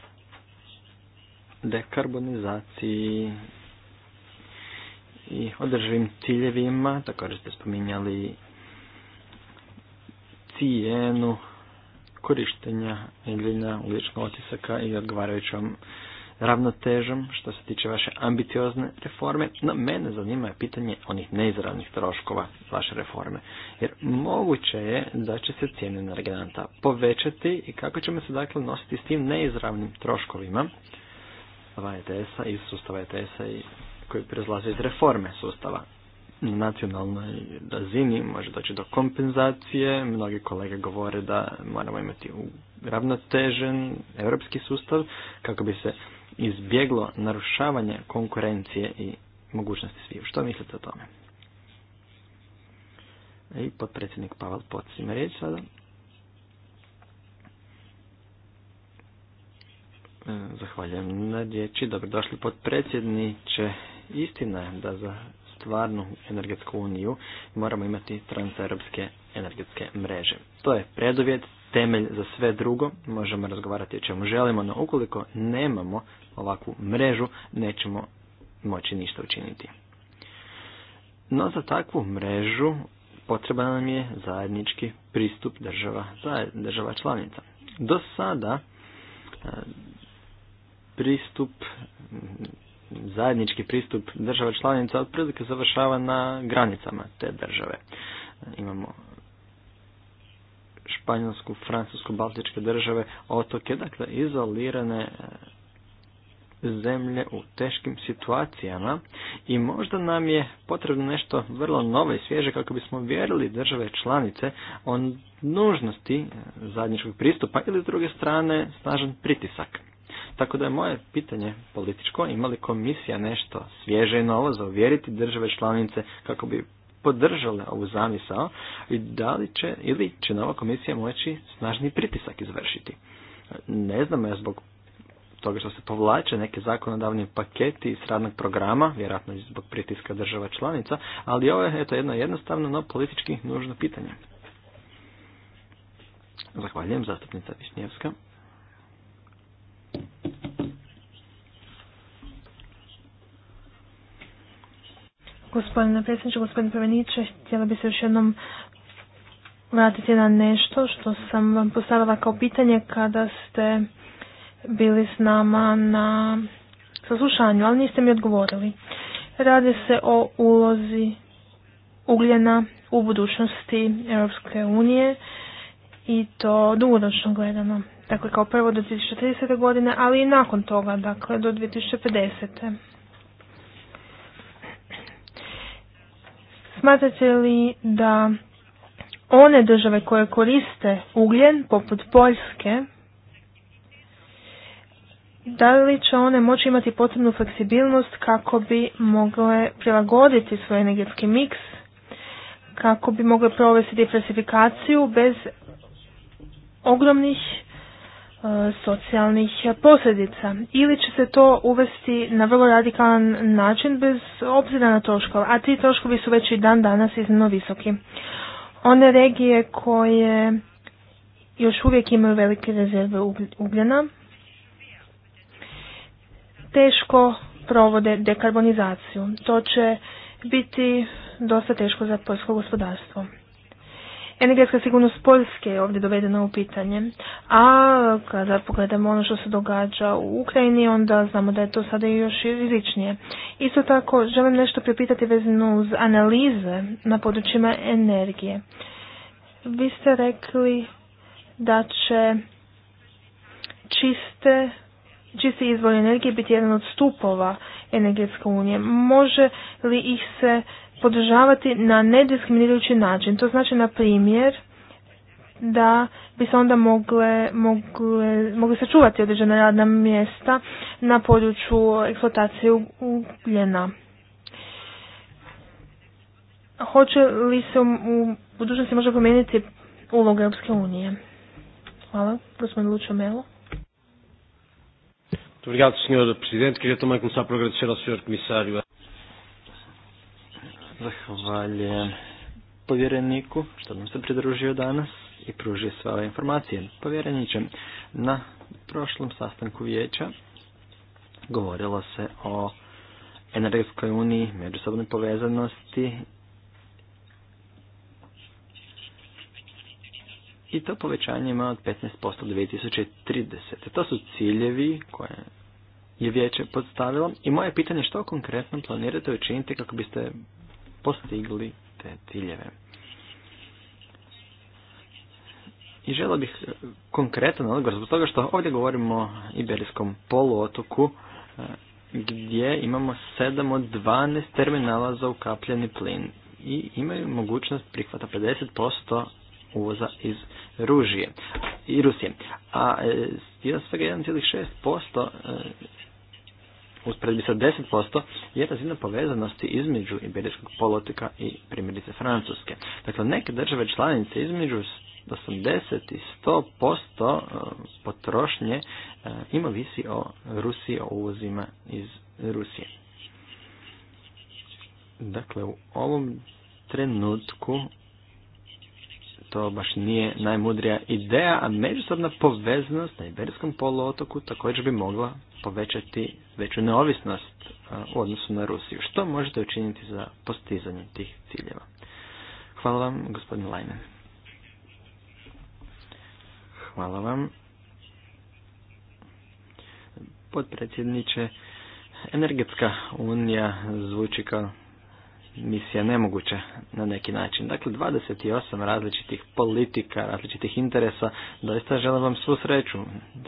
dekarbonizaciji i održivim ciljevima, također ste spominjali cijenu korištenja ljena uličnog otisaka i odgovarajućom ravnotežom što se tiče vaše ambiciozne reforme, no mene zanima je pitanje onih neizravnih troškova vaše reforme. Jer moguće je da će se cijene energenata povećati i kako ćemo se dakle nositi s tim neizravnim troškovima ETS-a, iz sustava ETS-a i koji proizlaze iz reforme sustava. Na nacionalnoj razini može doći do kompenzacije, mnogi kolege govore da moramo imati ravnotežen europski sustav kako bi se izbjeglo narušavanje konkurencije i mogućnosti sviju. Što mislite o tome? I potpredsjednik Pavel Poc ima riječ sada. Zahvaljujem na riječi. Dobrodošli potpredsjedniče. Istina je da za stvarnu energetsku uniju moramo imati transeuropske energetske mreže. To je preduvjet, temelj za sve drugo, možemo razgovarati o čemu želimo, no ukoliko nemamo ovakvu mrežu, nećemo moći ništa učiniti. No za takvu mrežu potreban nam je zajednički pristup država, država članica. Do sada e, pristup zajednički pristup država članica otprilike završava na granicama te države. Imamo Španjolsku, Francusku, Baltičke države, otoke, dakle izolirane e, zemlje u teškim situacijama i možda nam je potrebno nešto vrlo novo i svježe kako bismo vjerili države članice o nužnosti e, zajedničkog pristupa ili s druge strane snažan pritisak. Tako da je moje pitanje političko, ima li komisija nešto svježe i novo za uvjeriti države članice kako bi podržale ovu zamisao i da li će, ili će nova komisija moći snažni pritisak izvršiti. Ne znam ja zbog toga što se povlače neke zakonodavni paketi iz radnog programa, vjerojatno zbog pritiska država članica, ali ovo je eto jedno jednostavno, no politički nužno pitanje. Zahvaljujem, zastupnica Višnjevska. Gospodine predsjedniče, gospodine Prveniče, htjela bi se još jednom vratiti na nešto što sam vam postavila kao pitanje kada ste bili s nama na saslušanju, ali niste mi odgovorili. Radi se o ulozi ugljena u budućnosti Europske unije i to dugoročno gledano. Dakle, kao prvo do 2030. godine, ali i nakon toga, dakle, do 2050. Smatrate li da one države koje koriste ugljen, poput Poljske, da li će one moći imati potrebnu fleksibilnost kako bi mogle prilagoditi svoj energetski miks, kako bi mogle provesti diversifikaciju bez ogromnih E, socijalnih posljedica ili će se to uvesti na vrlo radikalan način bez obzira na troškova, a ti troškovi su već i dan danas iznimno visoki. One regije koje još uvijek imaju velike rezerve ugljena teško provode dekarbonizaciju. To će biti dosta teško za poljsko gospodarstvo energetska sigurnost Poljske je ovdje dovedena u pitanje. A kada pogledamo ono što se događa u Ukrajini, onda znamo da je to sada još i rizičnije. Isto tako, želim nešto pripitati vezano uz analize na područjima energije. Vi ste rekli da će čiste čisti izvor energije biti jedan od stupova energetske unije. Može li ih se podržavati na nediskriminirajući način. To znači, na primjer, da bi se onda mogle, mogle, mogle sačuvati određena radna mjesta na području eksploatacije ugljena. Hoće li se u budućnosti možda promijeniti uloga Europske unije? Hvala, gospodin Lučo Melo. Muito obrigado, prezident. Presidente. Queria também começar por agradecer ao senhor Comissário Zahvaljujem povjereniku što nam se pridružio danas i pružio sve ove informacije. Povjereničem, na prošlom sastanku vijeća govorilo se o energetskoj uniji, međusobnoj povezanosti i to povećanje ima od 15% do 2030. To su ciljevi koje je vijeće podstavilo i moje pitanje što konkretno planirate učiniti kako biste postigli te ciljeve. I želio bih konkretan odgovor zbog toga što ovdje govorimo o Iberijskom poluotoku e, gdje imamo 7 od 12 terminala za ukapljeni plin i imaju mogućnost prihvata 50% uvoza iz Ružije i Rusije. A 1,6% e, usporedbi sa 10% je razina povezanosti između Iberijskog polotoka i primjerice Francuske. Dakle, neke države članice između 80 i 100% e, potrošnje e, ima visi o Rusiji, o uvozima iz Rusije. Dakle, u ovom trenutku to baš nije najmudrija ideja, a međusobna povezanost na Iberijskom poluotoku također bi mogla povećati veću neovisnost e, u odnosu na Rusiju. Što možete učiniti za postizanje tih ciljeva? Hvala vam, gospodin Lajnen. Hvala vam. Podpredsjedniče, Energetska unija zvuči kao misija nemoguća na neki način. Dakle, 28 različitih politika, različitih interesa, doista želim vam svu sreću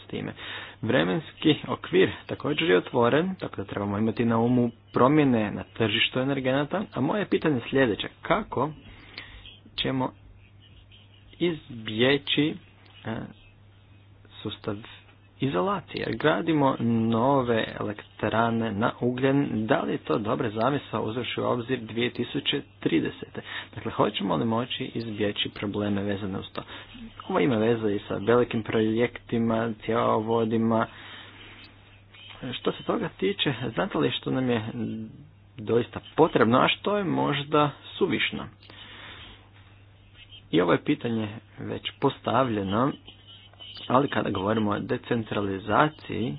s time. Vremenski okvir također je otvoren, tako da trebamo imati na umu promjene na tržištu energenata, a moje pitanje je sljedeće, kako ćemo izbjeći e, sustav izolacije. Gradimo nove elektrane na ugljen. Da li je to dobra zamisla uzvrši u obzir 2030. Dakle, hoćemo li moći izbjeći probleme vezane uz to? Ovo ima veze i sa velikim projektima, cjevovodima. Što se toga tiče, znate li što nam je doista potrebno, a što je možda suvišno? I ovo je pitanje već postavljeno ali kada govorimo o decentralizaciji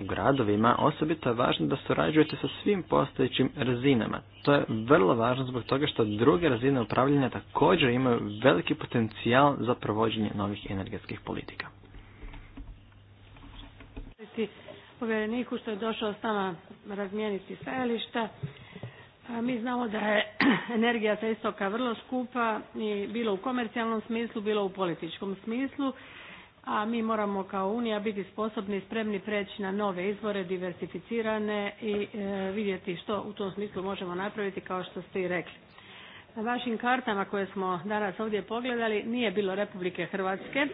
u gradovima, osobito je važno da surađujete sa svim postojećim razinama. To je vrlo važno zbog toga što druge razine upravljanja također imaju veliki potencijal za provođenje novih energetskih politika. Povjereniku što je došao s nama razmijeniti stajališta. Mi znamo da je energija sa istoka vrlo skupa, i bilo u komercijalnom smislu, bilo u političkom smislu a mi moramo kao unija biti sposobni i spremni preći na nove izvore diversificirane i e, vidjeti što u tom smislu možemo napraviti kao što ste i rekli na vašim kartama koje smo danas ovdje pogledali nije bilo republike hrvatske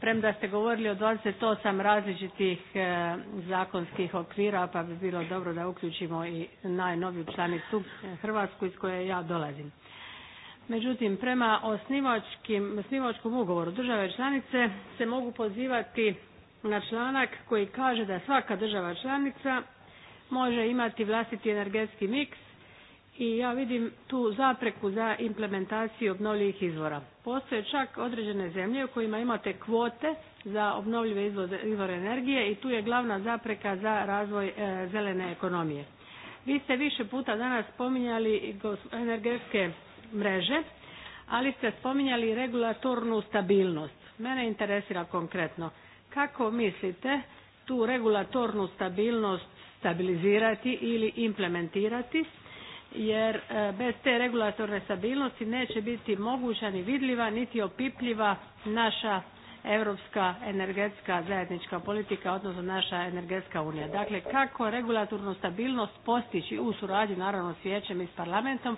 premda ste govorili o dvadeset osam različitih e, zakonskih okvira pa bi bilo dobro da uključimo i najnoviju članicu e, hrvatsku iz koje ja dolazim Međutim, prema osnivačkom ugovoru države članice se mogu pozivati na članak koji kaže da svaka država članica može imati vlastiti energetski miks i ja vidim tu zapreku za implementaciju obnovljivih izvora. Postoje čak određene zemlje u kojima imate kvote za obnovljive izvore energije i tu je glavna zapreka za razvoj e, zelene ekonomije. Vi ste više puta danas spominjali energetske mreže, ali ste spominjali regulatornu stabilnost. Mene interesira konkretno kako mislite tu regulatornu stabilnost stabilizirati ili implementirati jer e, bez te regulatorne stabilnosti neće biti moguća ni vidljiva niti opipljiva naša europska energetska zajednička politika odnosno naša energetska unija. Dakle, kako regulatornu stabilnost postići u suradnji naravno s vijećem i s parlamentom,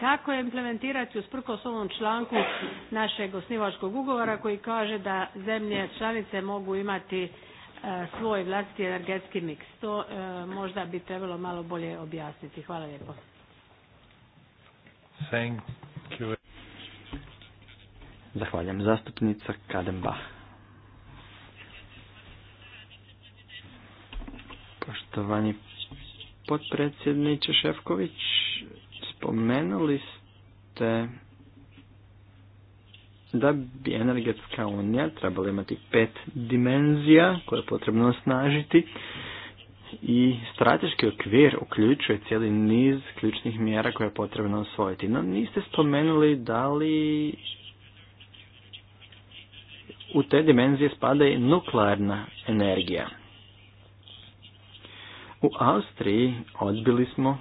kako je implementirati usprkos ovom članku našeg osnivačkog ugovora koji kaže da zemlje članice mogu imati e, svoj vlastiti energetski miks. To e, možda bi trebalo malo bolje objasniti. Hvala lijepo. Zahvaljam. Zastupnica Kadenbach. Poštovani potpredsjedniče Šefković, spomenuli ste da bi energetska unija trebala imati pet dimenzija koje je potrebno osnažiti i strateški okvir uključuje cijeli niz ključnih mjera koje je potrebno osvojiti. No niste spomenuli da li u te dimenzije spada i nuklearna energija. U Austriji odbili smo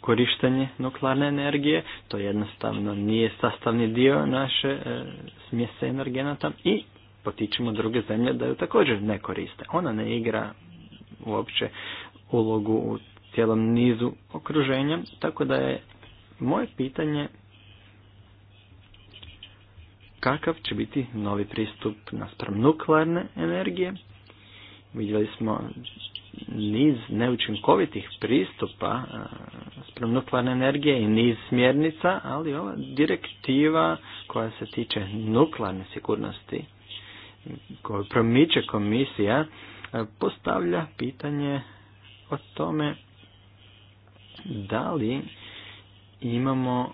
korištenje nuklearne energije, to jednostavno nije sastavni dio naše e, smjese energenata i potičemo druge zemlje da ju također ne koriste. Ona ne igra uopće ulogu u cijelom nizu okruženja, tako da je moje pitanje kakav će biti novi pristup naspram nuklearne energije. Vidjeli smo niz neučinkovitih pristupa e, sprem nuklearne energije i niz smjernica, ali ova direktiva koja se tiče nuklearne sigurnosti koju promiče komisija e, postavlja pitanje o tome da li imamo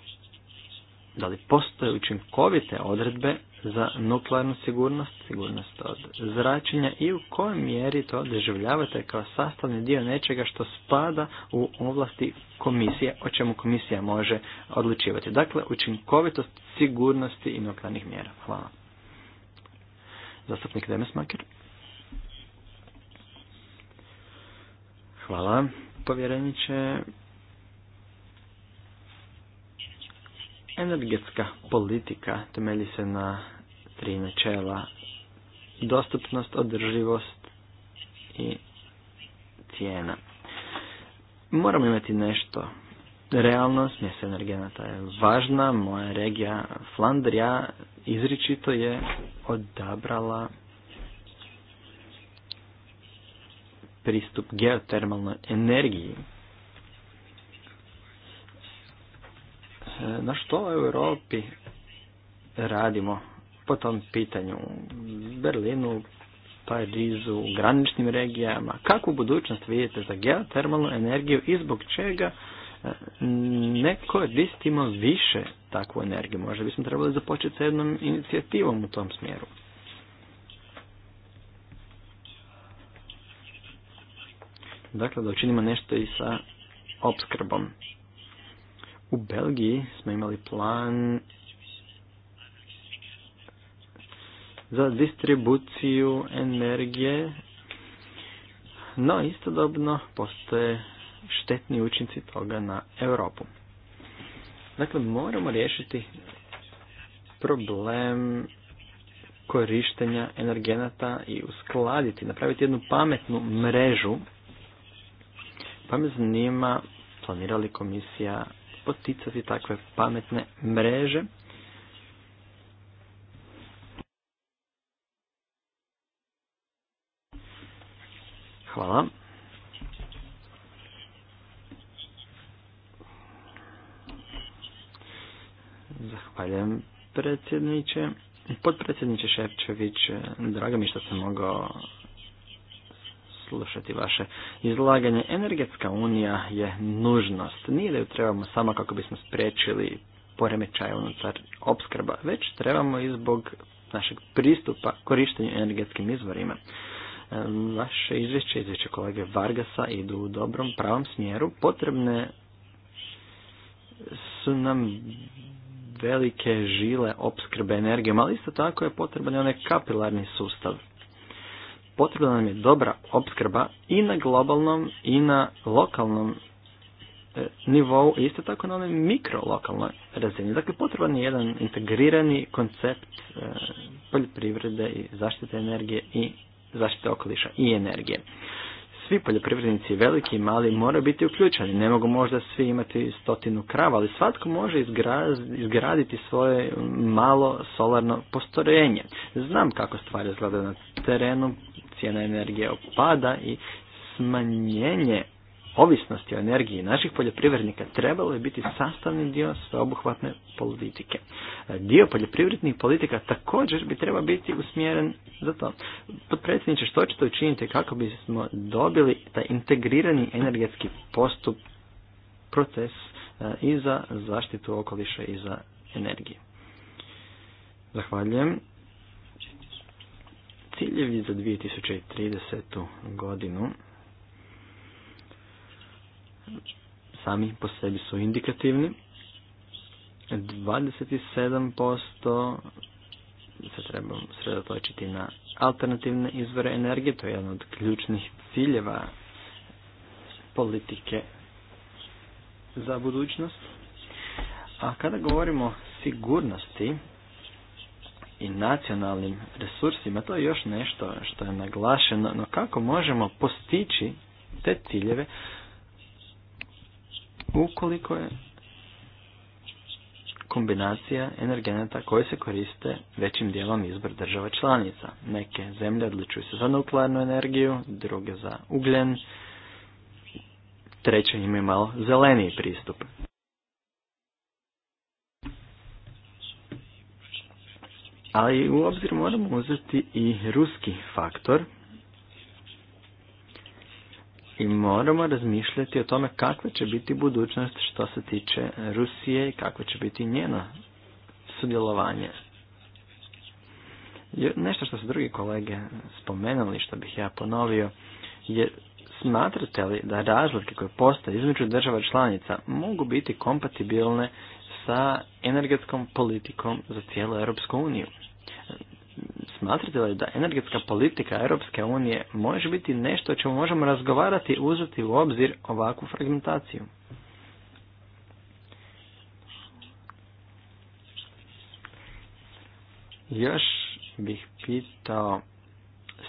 da li postoje učinkovite odredbe za nuklearnu sigurnost, sigurnost od zračenja i u kojoj mjeri to doživljavate kao sastavni dio nečega što spada u ovlasti komisije, o čemu komisija može odlučivati. Dakle, učinkovitost sigurnosti i nuklearnih mjera. Hvala. Zastupnik Demesmaker. Hvala, povjereniće. Energetska politika temelji se na tri načela. Dostupnost, održivost i cijena. Moramo imati nešto realno, smjesa energenata je važna. Moja regija Flandrija izričito je odabrala pristup geotermalnoj energiji na što u Europi radimo po tom pitanju Berlinu, Parizu, graničnim regijama, kakvu budućnost vidite za geotermalnu energiju i zbog čega e, ne koristimo više takvu energiju. Možda bismo trebali započeti sa jednom inicijativom u tom smjeru. Dakle, da učinimo nešto i sa opskrbom u Belgiji smo imali plan za distribuciju energije, no istodobno postoje štetni učinci toga na Europu. Dakle, moramo riješiti problem korištenja energenata i uskladiti, napraviti jednu pametnu mrežu. Pa me zanima, planira li komisija poticati takve pametne mreže. Hvala. Zahvaljujem predsjedniče. Potpredsjedniče Šepčević, drago mi što sam mogao slušati vaše izlaganje. Energetska unija je nužnost. Nije da ju trebamo samo kako bismo spriječili poremećaj unutar opskrba, već trebamo i zbog našeg pristupa korištenju energetskim izvorima. Vaše izvješće, izvješće kolege Vargasa idu u dobrom pravom smjeru. Potrebne su nam velike žile opskrbe energijom, ali isto tako je potreban onaj kapilarni sustav potrebna nam je dobra opskrba i na globalnom i na lokalnom e, nivou isto tako na onoj mikrolokalnoj razini. Dakle, potreban je jedan integrirani koncept e, poljoprivrede i zaštite energije i zaštite okoliša i energije. Svi poljoprivrednici, veliki i mali, moraju biti uključeni. Ne mogu možda svi imati stotinu krava, ali svatko može izgraditi svoje malo solarno postrojenje. Znam kako stvari izgledaju na terenu, cijena energije opada i smanjenje ovisnosti o energiji naših poljoprivrednika trebalo je biti sastavni dio sveobuhvatne politike. Dio poljoprivrednih politika također bi trebao biti usmjeren za to. Podpredsjedniče, što ćete učiniti kako bismo dobili taj integrirani energetski postup, proces e, i za zaštitu okoliša i za energiju? Zahvaljujem. Ciljevi za 2030. godinu sami po sebi su indikativni. 27% se treba sredotočiti na alternativne izvore energije, to je jedan od ključnih ciljeva politike za budućnost. A kada govorimo o sigurnosti, i nacionalnim resursima, to je još nešto što je naglašeno, no kako možemo postići te ciljeve ukoliko je kombinacija energenata koje se koriste većim dijelom izbor država članica. Neke zemlje odličuju se za nuklearnu energiju, druge za ugljen, treće imaju malo zeleniji pristup. Ali u obzir moramo uzeti i ruski faktor i moramo razmišljati o tome kakva će biti budućnost što se tiče Rusije i kakvo će biti njeno sudjelovanje. Nešto što su drugi kolege spomenuli, što bih ja ponovio, je smatrate li da razlike koje postoje između država članica mogu biti kompatibilne sa energetskom politikom za cijelu Europsku uniju? Smatrate li da energetska politika Europske unije može biti nešto o čemu možemo razgovarati i uzeti u obzir ovakvu fragmentaciju? Još bih pitao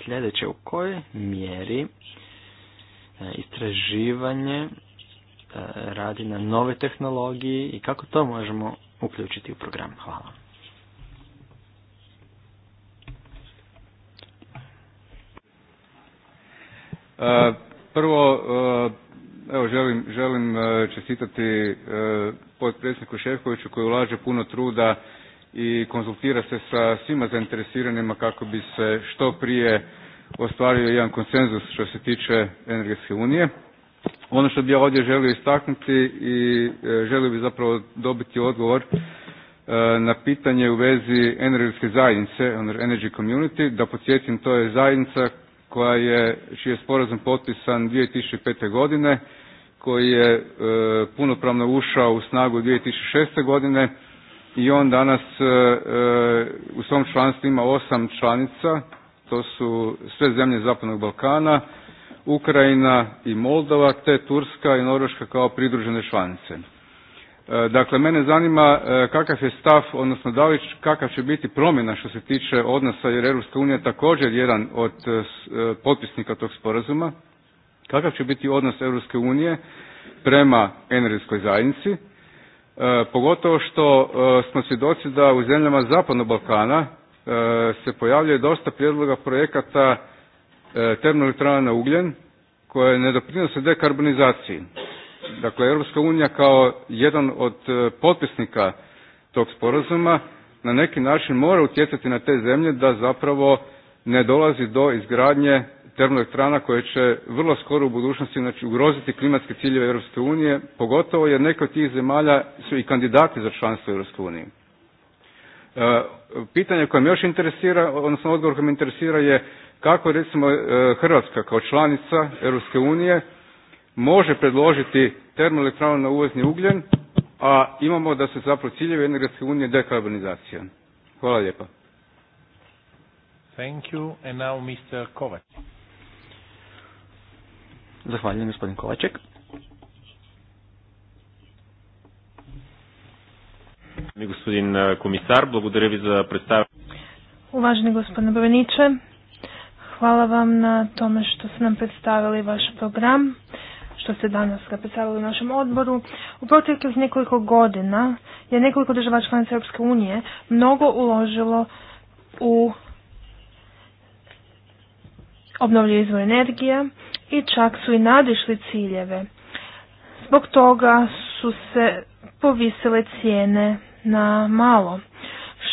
sljedeće, u kojoj mjeri e, istraživanje e, radi na nove tehnologiji i kako to možemo uključiti u program? Hvala. E, prvo, e, evo želim, želim e, čestitati potpredsjedniku Šefkoviću koji ulaže puno truda i konzultira se sa svima zainteresiranima kako bi se što prije ostvario jedan konsenzus što se tiče energetske unije. Ono što bih ja ovdje želio istaknuti i želio bih zapravo dobiti odgovor na pitanje u vezi energetske zajednice, Energy Community. Da podsjetim, to je zajednica koja je, čiji je sporazum potpisan 2005. godine, koji je e, punopravno ušao u snagu 2006. godine i on danas e, e, u svom članstvu ima osam članica, to su sve zemlje Zapadnog Balkana, Ukrajina i Moldova, te Turska i Norveška kao pridružene članice. E, dakle, mene zanima e, kakav je stav, odnosno da li kakav će biti promjena što se tiče odnosa, jer Europska unija je također jedan od e, potpisnika tog sporazuma. Kakav će biti odnos Europske unije prema energetskoj zajednici, pogotovo što smo svjedoci da u zemljama Zapadnog Balkana se pojavljuje dosta prijedloga projekata termoelektrana na ugljen koje ne doprinose dekarbonizaciji Dakle, Europska unija kao jedan od e, potpisnika tog sporazuma na neki način mora utjecati na te zemlje da zapravo ne dolazi do izgradnje termoelektrana koje će vrlo skoro u budućnosti znači, ugroziti klimatske ciljeve Europske unije, pogotovo jer neke od tih zemalja su i kandidati za članstvo u unije. Pitanje koje me još interesira, odnosno odgovor koji me interesira je kako recimo e, Hrvatska kao članica Europske unije može predložiti termoelektranu na uvozni ugljen, a imamo da se zapravo ciljevi energetske unije dekarbonizacija. Hvala lijepa. Thank you. And now Mr. Kovac. Zahvaljujem gospodin Kovaček. gospodin eh, komisar, благодаря ви za Uvaženi gospodine Boveniče, hvala vam na tome što ste nam predstavili vaš program što se danas napisalo u našem odboru. U proteklih nekoliko godina je nekoliko država članica Europske unije mnogo uložilo u obnovljive izvor energije i čak su i nadišli ciljeve. Zbog toga su se povisile cijene na malo.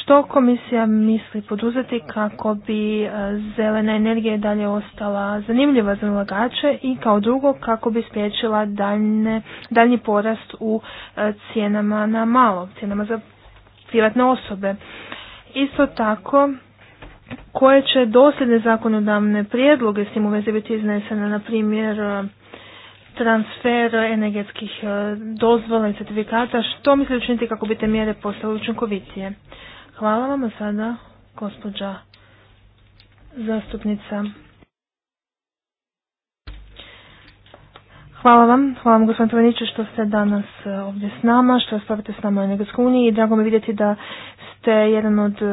Što komisija misli poduzeti kako bi e, zelena energija dalje ostala zanimljiva za ulagače i kao drugo kako bi spriječila daljne, daljnji porast u e, cijenama na malo, cijenama za privatne osobe. Isto tako, koje će dosljedne zakonodavne prijedloge s tim u biti iznesene, na primjer e, transfer energetskih dozvola i certifikata, što misli učiniti kako bi te mjere postale učinkovitije? Hvala vam, sada gospođa zastupnica. Hvala vam, hvala vam gospodin što ste danas e, ovdje s nama, što ste s nama u Energetskoj uniji i drago mi vidjeti da ste jedan od e,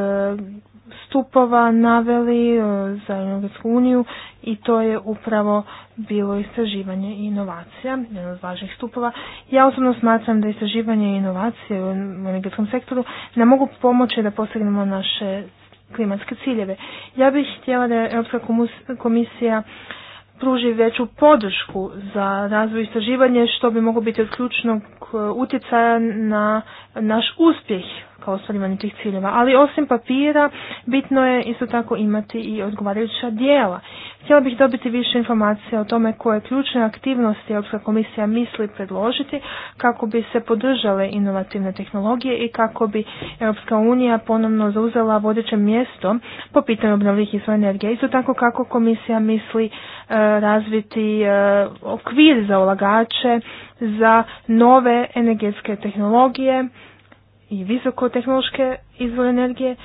stupova naveli e, za uniju i to je upravo bilo istraživanje i inovacija, jedan od važnih stupova. Ja osobno smatram da istraživanje i inovacije u energetskom sektoru nam mogu pomoći da postignemo naše klimatske ciljeve. Ja bih htjela da je Europska komisija pruži veću podršku za razvoj istraživanja što bi moglo biti od ključnog e, utjecaja na naš uspjeh ka tih ciljeva. Ali osim papira bitno je isto tako imati i odgovarajuća dijela. Htjela bih dobiti više informacija o tome koje ključne aktivnosti Europska komisija misli predložiti kako bi se podržale inovativne tehnologije i kako bi Europska unija ponovno zauzela vodeće mjesto po pitanju obnovljivih izvora energije. Isto tako kako komisija misli e, razviti e, okvir za ulagače, za nove energetske tehnologije i visokotehnološke izvore energije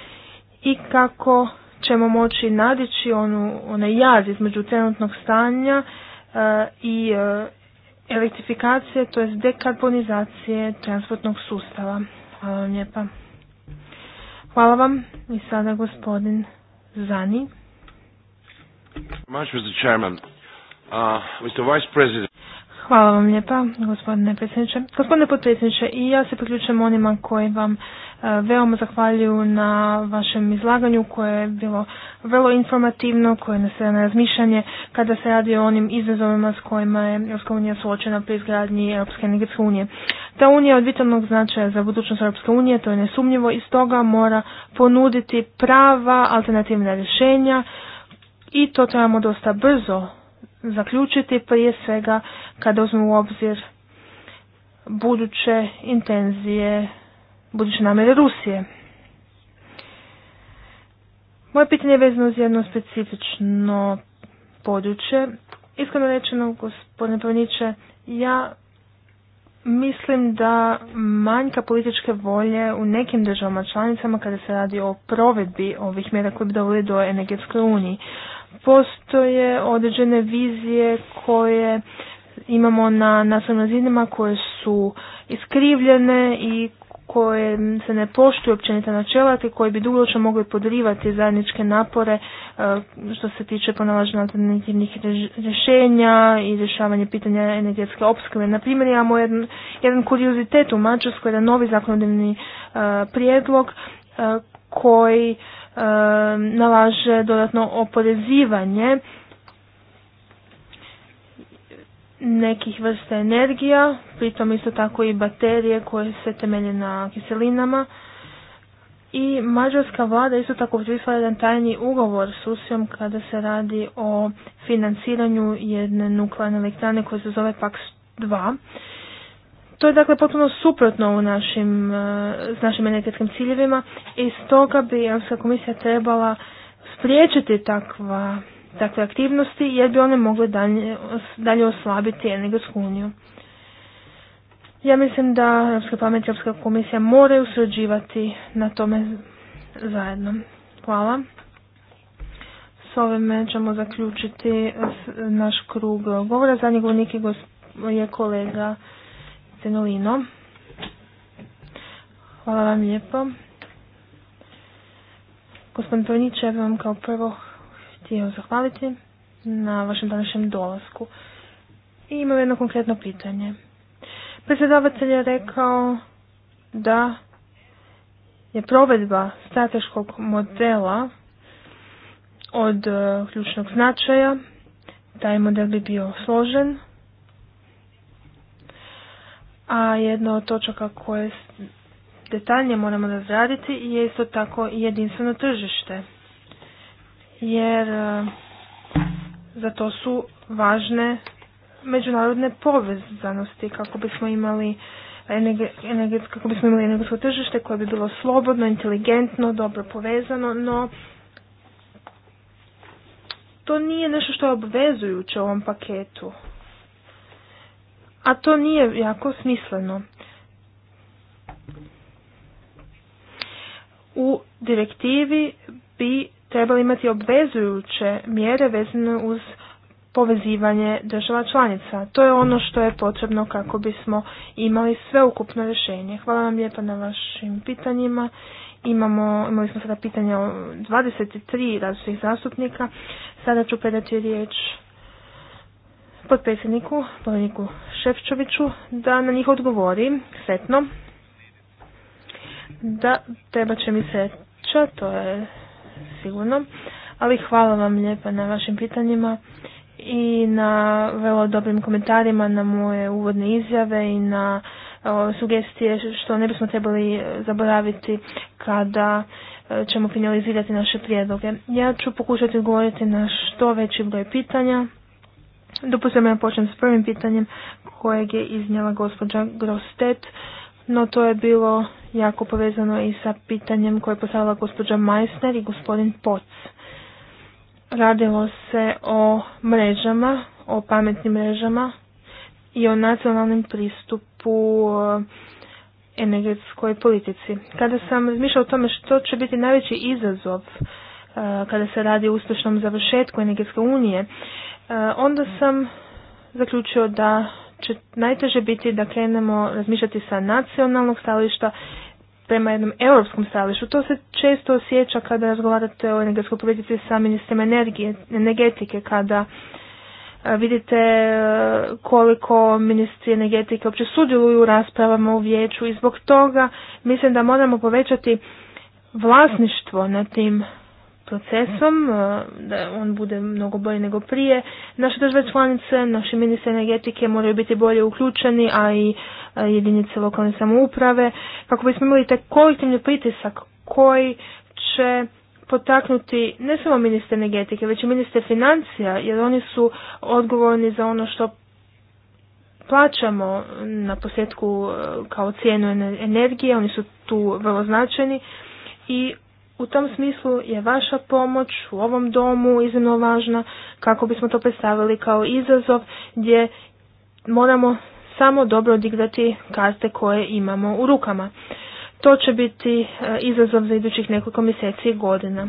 i kako ćemo moći nadići onu, onaj jaz između trenutnog stanja e, i e, elektrifikacije, to jest dekarbonizacije transportnog sustava. Hvala vam lijepa. Hvala vam i sada gospodin Zani. Chairman. Uh, Hvala vam lijepa, gospodine predsjedniče. Gospodine potpredsjedniče, i ja se priključujem onima koji vam e, veoma zahvaljuju na vašem izlaganju koje je bilo vrlo informativno, koje nas je na razmišljanje kada se radi o onim izazovima s kojima je Europska unija suočena pri izgradnji Europske energetske unije. Ta unija je od vitalnog značaja za budućnost Europske unije, to je nesumnjivo i stoga mora ponuditi prava alternativna rješenja i to trebamo dosta brzo zaključiti prije svega kada uzmemo u obzir buduće intenzije, buduće namjere Rusije. Moje pitanje je vezano uz jedno specifično područje. Iskreno rečeno, gospodine Pavniče, ja mislim da manjka političke volje u nekim državama članicama kada se radi o provedbi ovih mjera koje bi doveli do energetske unije postoje određene vizije koje imamo na nacionalnim razinama koje su iskrivljene i koje se ne poštuju općenita načela te koje bi dugoročno mogli podrivati zajedničke napore e, što se tiče ponalaženja alternativnih rješenja i rješavanja pitanja energetske opskrbe. Na primjer imamo jedan, jedan kuriozitet u Mađarskoj, jedan novi zakonodavni e, prijedlog e, koji nalaže dodatno oporezivanje nekih vrsta energija, pritom isto tako i baterije koje se temelje na kiselinama. I mađarska vlada isto tako potpisala jedan tajni ugovor s Rusijom kada se radi o financiranju jedne nuklearne elektrane koja se zove Pax 2 to je dakle potpuno suprotno u našim, eh, s našim energetskim ciljevima i stoga bi Europska komisija trebala spriječiti takva, takve aktivnosti jer bi one mogle dalje, dalje oslabiti energetsku uniju. Ja mislim da Europska pamet i Europska komisija moraju surađivati na tome zajedno. Hvala. S ovime ćemo zaključiti naš krug govora. Zadnji govornik je kolega Hvala vam lijepo. Gospodin Tojnić, ja bih vam kao prvo htio zahvaliti na vašem današnjem dolasku. I imam jedno konkretno pitanje. Predsjedavatelj je rekao da je provedba strateškog modela od e, ključnog značaja. Taj model bi bio složen, a jedna od točaka koje detaljnije moramo razraditi je isto tako i jedinstveno tržište. Jer e, za to su važne međunarodne povezanosti kako bismo imali kako bismo imali energetsko tržište koje bi bilo slobodno, inteligentno, dobro povezano, no to nije nešto što je obvezujuće u ovom paketu a to nije jako smisleno. U direktivi bi trebali imati obvezujuće mjere vezane uz povezivanje država članica. To je ono što je potrebno kako bismo imali sveukupno rješenje. Hvala vam lijepa na vašim pitanjima. Imamo, imali smo sada pitanja o 23 različitih zastupnika. Sada ću predati riječ potpredsjedniku, povjereniku Ševčoviću, da na njih odgovori setno da treba će mi sreća, to je sigurno, ali hvala vam lijepa na vašim pitanjima i na vrlo dobrim komentarima na moje uvodne izjave i na sugestije što ne bismo trebali zaboraviti kada e, ćemo finalizirati naše prijedloge. Ja ću pokušati odgovoriti na što veći broj pitanja Dopustite me da počnem s prvim pitanjem kojeg je iznijela gospođa Grostet, no to je bilo jako povezano i sa pitanjem koje je postavila gospođa Meissner i gospodin Poc. Radilo se o mrežama, o pametnim mrežama i o nacionalnom pristupu eh, energetskoj politici. Kada sam razmišljala o tome što će biti najveći izazov eh, kada se radi o uspješnom završetku energetske unije, E, onda sam zaključio da će najteže biti da krenemo razmišljati sa nacionalnog stajališta prema jednom europskom stajalištu. To se često osjeća kada razgovarate o energetskoj politici sa ministrem energije, energetike, kada e, vidite e, koliko ministri energetike uopće sudjeluju u raspravama u vijeću i zbog toga mislim da moramo povećati vlasništvo na tim procesom, e, da on bude mnogo bolji nego prije. Naše države članice, naši ministri energetike moraju biti bolje uključeni, a i e, jedinice lokalne samouprave, kako bismo imali taj kolektivni pritisak koji će potaknuti ne samo ministre energetike, već i ministre financija, jer oni su odgovorni za ono što plaćamo na posjetku e, kao cijenu energije, oni su tu vrlo značajni i u tom smislu je vaša pomoć u ovom domu iznimno važna kako bismo to predstavili kao izazov gdje moramo samo dobro odigrati karte koje imamo u rukama. To će biti e, izazov za idućih nekoliko mjeseci i godina.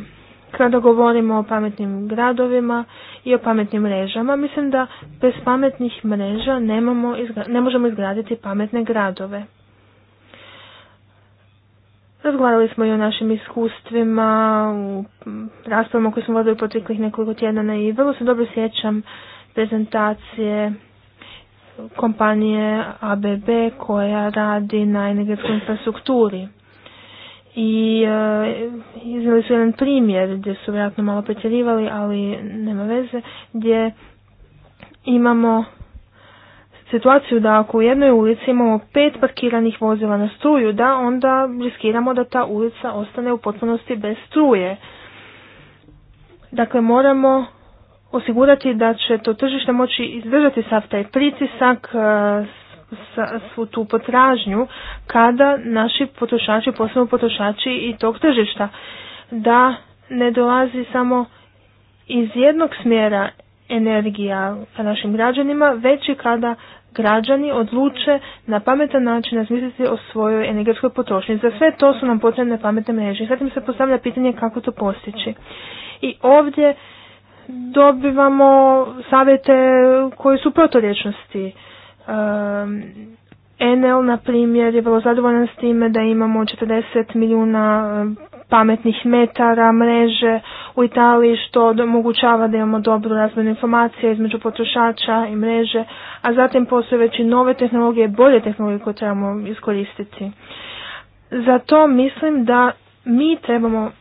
Kada govorimo o pametnim gradovima i o pametnim mrežama, mislim da bez pametnih mreža ne možemo izgraditi pametne gradove. Razgovarali smo i o našim iskustvima, u raspravama koje smo vodili proteklih nekoliko tjedana i vrlo se dobro sjećam prezentacije kompanije ABB koja radi na energetskoj infrastrukturi. I e, iznijeli su jedan primjer gdje su vjerojatno malo pretjerivali, ali nema veze, gdje imamo situaciju da ako u jednoj ulici imamo pet parkiranih vozila na struju, da onda riskiramo da ta ulica ostane u potpunosti bez struje. Dakle, moramo osigurati da će to tržište moći izdržati sav taj pritisak, e, svu tu potražnju kada naši potrošači, posebno potrošači i tog tržišta, da ne dolazi samo iz jednog smjera energija našim građanima, već i kada građani odluče na pametan način razmisliti o svojoj energetskoj potrošnji. Za sve to su nam potrebne pametne mreže. Zatim se postavlja pitanje kako to postići. I ovdje dobivamo savjete koje su protorječnosti. Ehm, Enel, na primjer, je vrlo zadovoljan s time da imamo 40 milijuna pametnih metara, mreže u Italiji što omogućava da imamo dobru razmjenu informacija između potrošača i mreže, a zatim postoje već i nove tehnologije, bolje tehnologije koje trebamo iskoristiti. Zato mislim da mi trebamo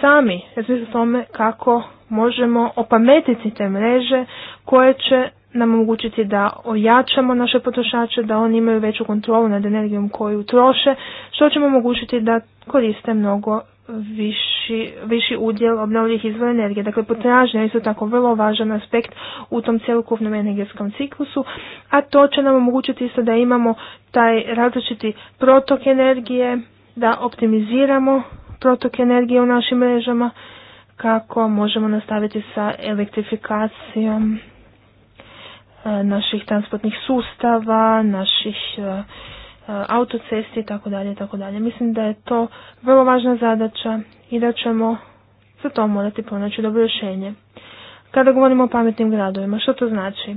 sami razmisliti o tome kako možemo opametiti te mreže koje će nam omogućiti da ojačamo naše potrošače, da oni imaju veću kontrolu nad energijom koju troše, što ćemo omogućiti da koriste mnogo viši, viši udjel obnovljivih izvora energije. Dakle, potražnja je isto tako vrlo važan aspekt u tom cjelokupnom energetskom ciklusu, a to će nam omogućiti isto da imamo taj različiti protok energije, da optimiziramo protok energije u našim mrežama, kako možemo nastaviti sa elektrifikacijom Eh, naših transportnih sustava, naših eh, autocesti i tako dalje i tako dalje. Mislim da je to vrlo važna zadaća i da ćemo za to morati pronaći dobro rješenje. Kada govorimo o pametnim gradovima, što to znači?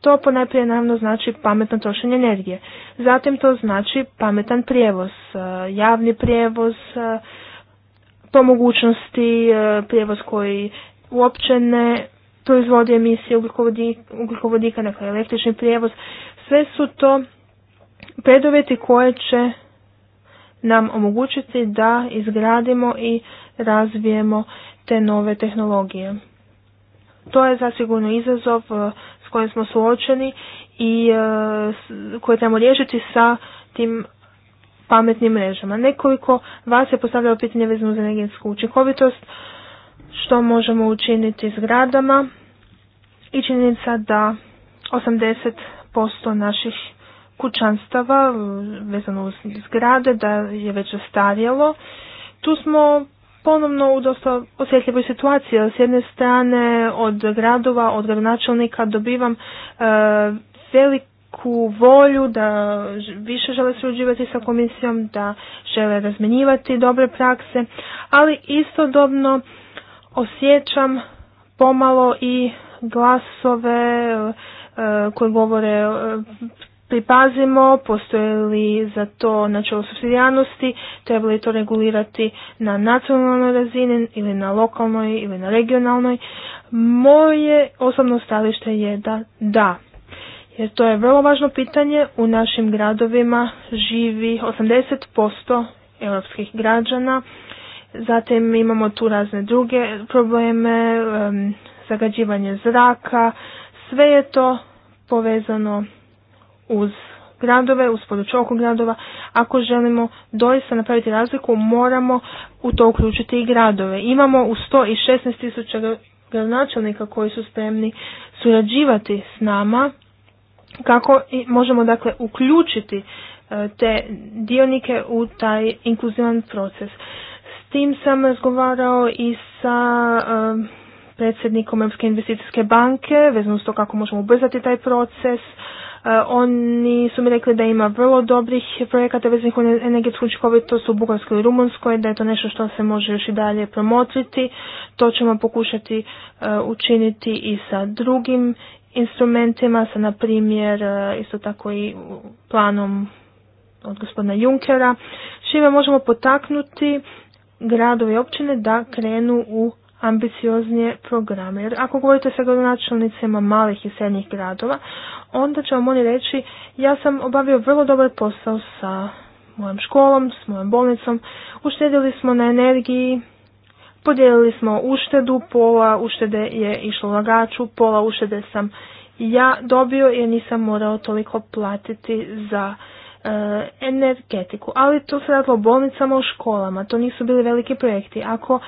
To ponajprije naravno znači pametno trošenje energije. Zatim to znači pametan prijevoz, eh, javni prijevoz, po mogućnosti prijevoz koji uopće ne proizvodi emisije ugljikovodika, dakle električni prijevoz, sve su to preduvjeti koje će nam omogućiti da izgradimo i razvijemo te nove tehnologije. To je zasigurno izazov e, s kojim smo suočeni i e, koje trebamo riješiti sa tim pametnim mrežama. Nekoliko vas je postavljalo pitanje vezano za energetsku učinkovitost što možemo učiniti zgradama i činjenica da 80% naših kućanstava e, vezano uz zgrade da je već ostarjelo. Tu smo ponovno u dosta osjetljivoj situaciji. S jedne strane od gradova, od gradonačelnika dobivam e, veliku volju da više žele surađivati sa komisijom, da žele razmenjivati dobre prakse, ali istodobno osjećam pomalo i glasove e, koji govore e, pripazimo, postoje li za to načelo subsidijarnosti, treba li to regulirati na nacionalnoj razini ili na lokalnoj ili na regionalnoj. Moje osobno stavište je da da. Jer to je vrlo važno pitanje, u našim gradovima živi 80% europskih građana, Zatim imamo tu razne druge probleme, zagađivanje zraka, sve je to povezano uz gradove, uz područje oko gradova. Ako želimo doista napraviti razliku, moramo u to uključiti i gradove. Imamo u 116 tisuća gradonačelnika koji su spremni surađivati s nama, kako možemo dakle uključiti e, te dionike u taj inkluzivan proces tim sam razgovarao i sa um, predsjednikom Europske investicijske banke, vezano s to kako možemo ubrzati taj proces. Uh, oni su mi rekli da ima vrlo dobrih projekata vezanih u energetsku učinkovitost u Bugarskoj i Rumunskoj, da je to nešto što se može još i dalje promotriti. To ćemo pokušati uh, učiniti i sa drugim instrumentima, sa na primjer uh, isto tako i planom od gospodina Junkera, čime možemo potaknuti gradove i općine da krenu u ambicioznije programe. Jer ako govorite sa gradonačelnicima malih i srednjih gradova, onda će vam oni reći ja sam obavio vrlo dobar posao sa mojom školom, s mojom bolnicom, uštedili smo na energiji, podijelili smo uštedu, pola uštede je išlo lagaču, pola uštede sam ja dobio jer nisam morao toliko platiti za E, energetiku, ali to se radilo o bolnicama, o školama, to nisu bili veliki projekti. Ako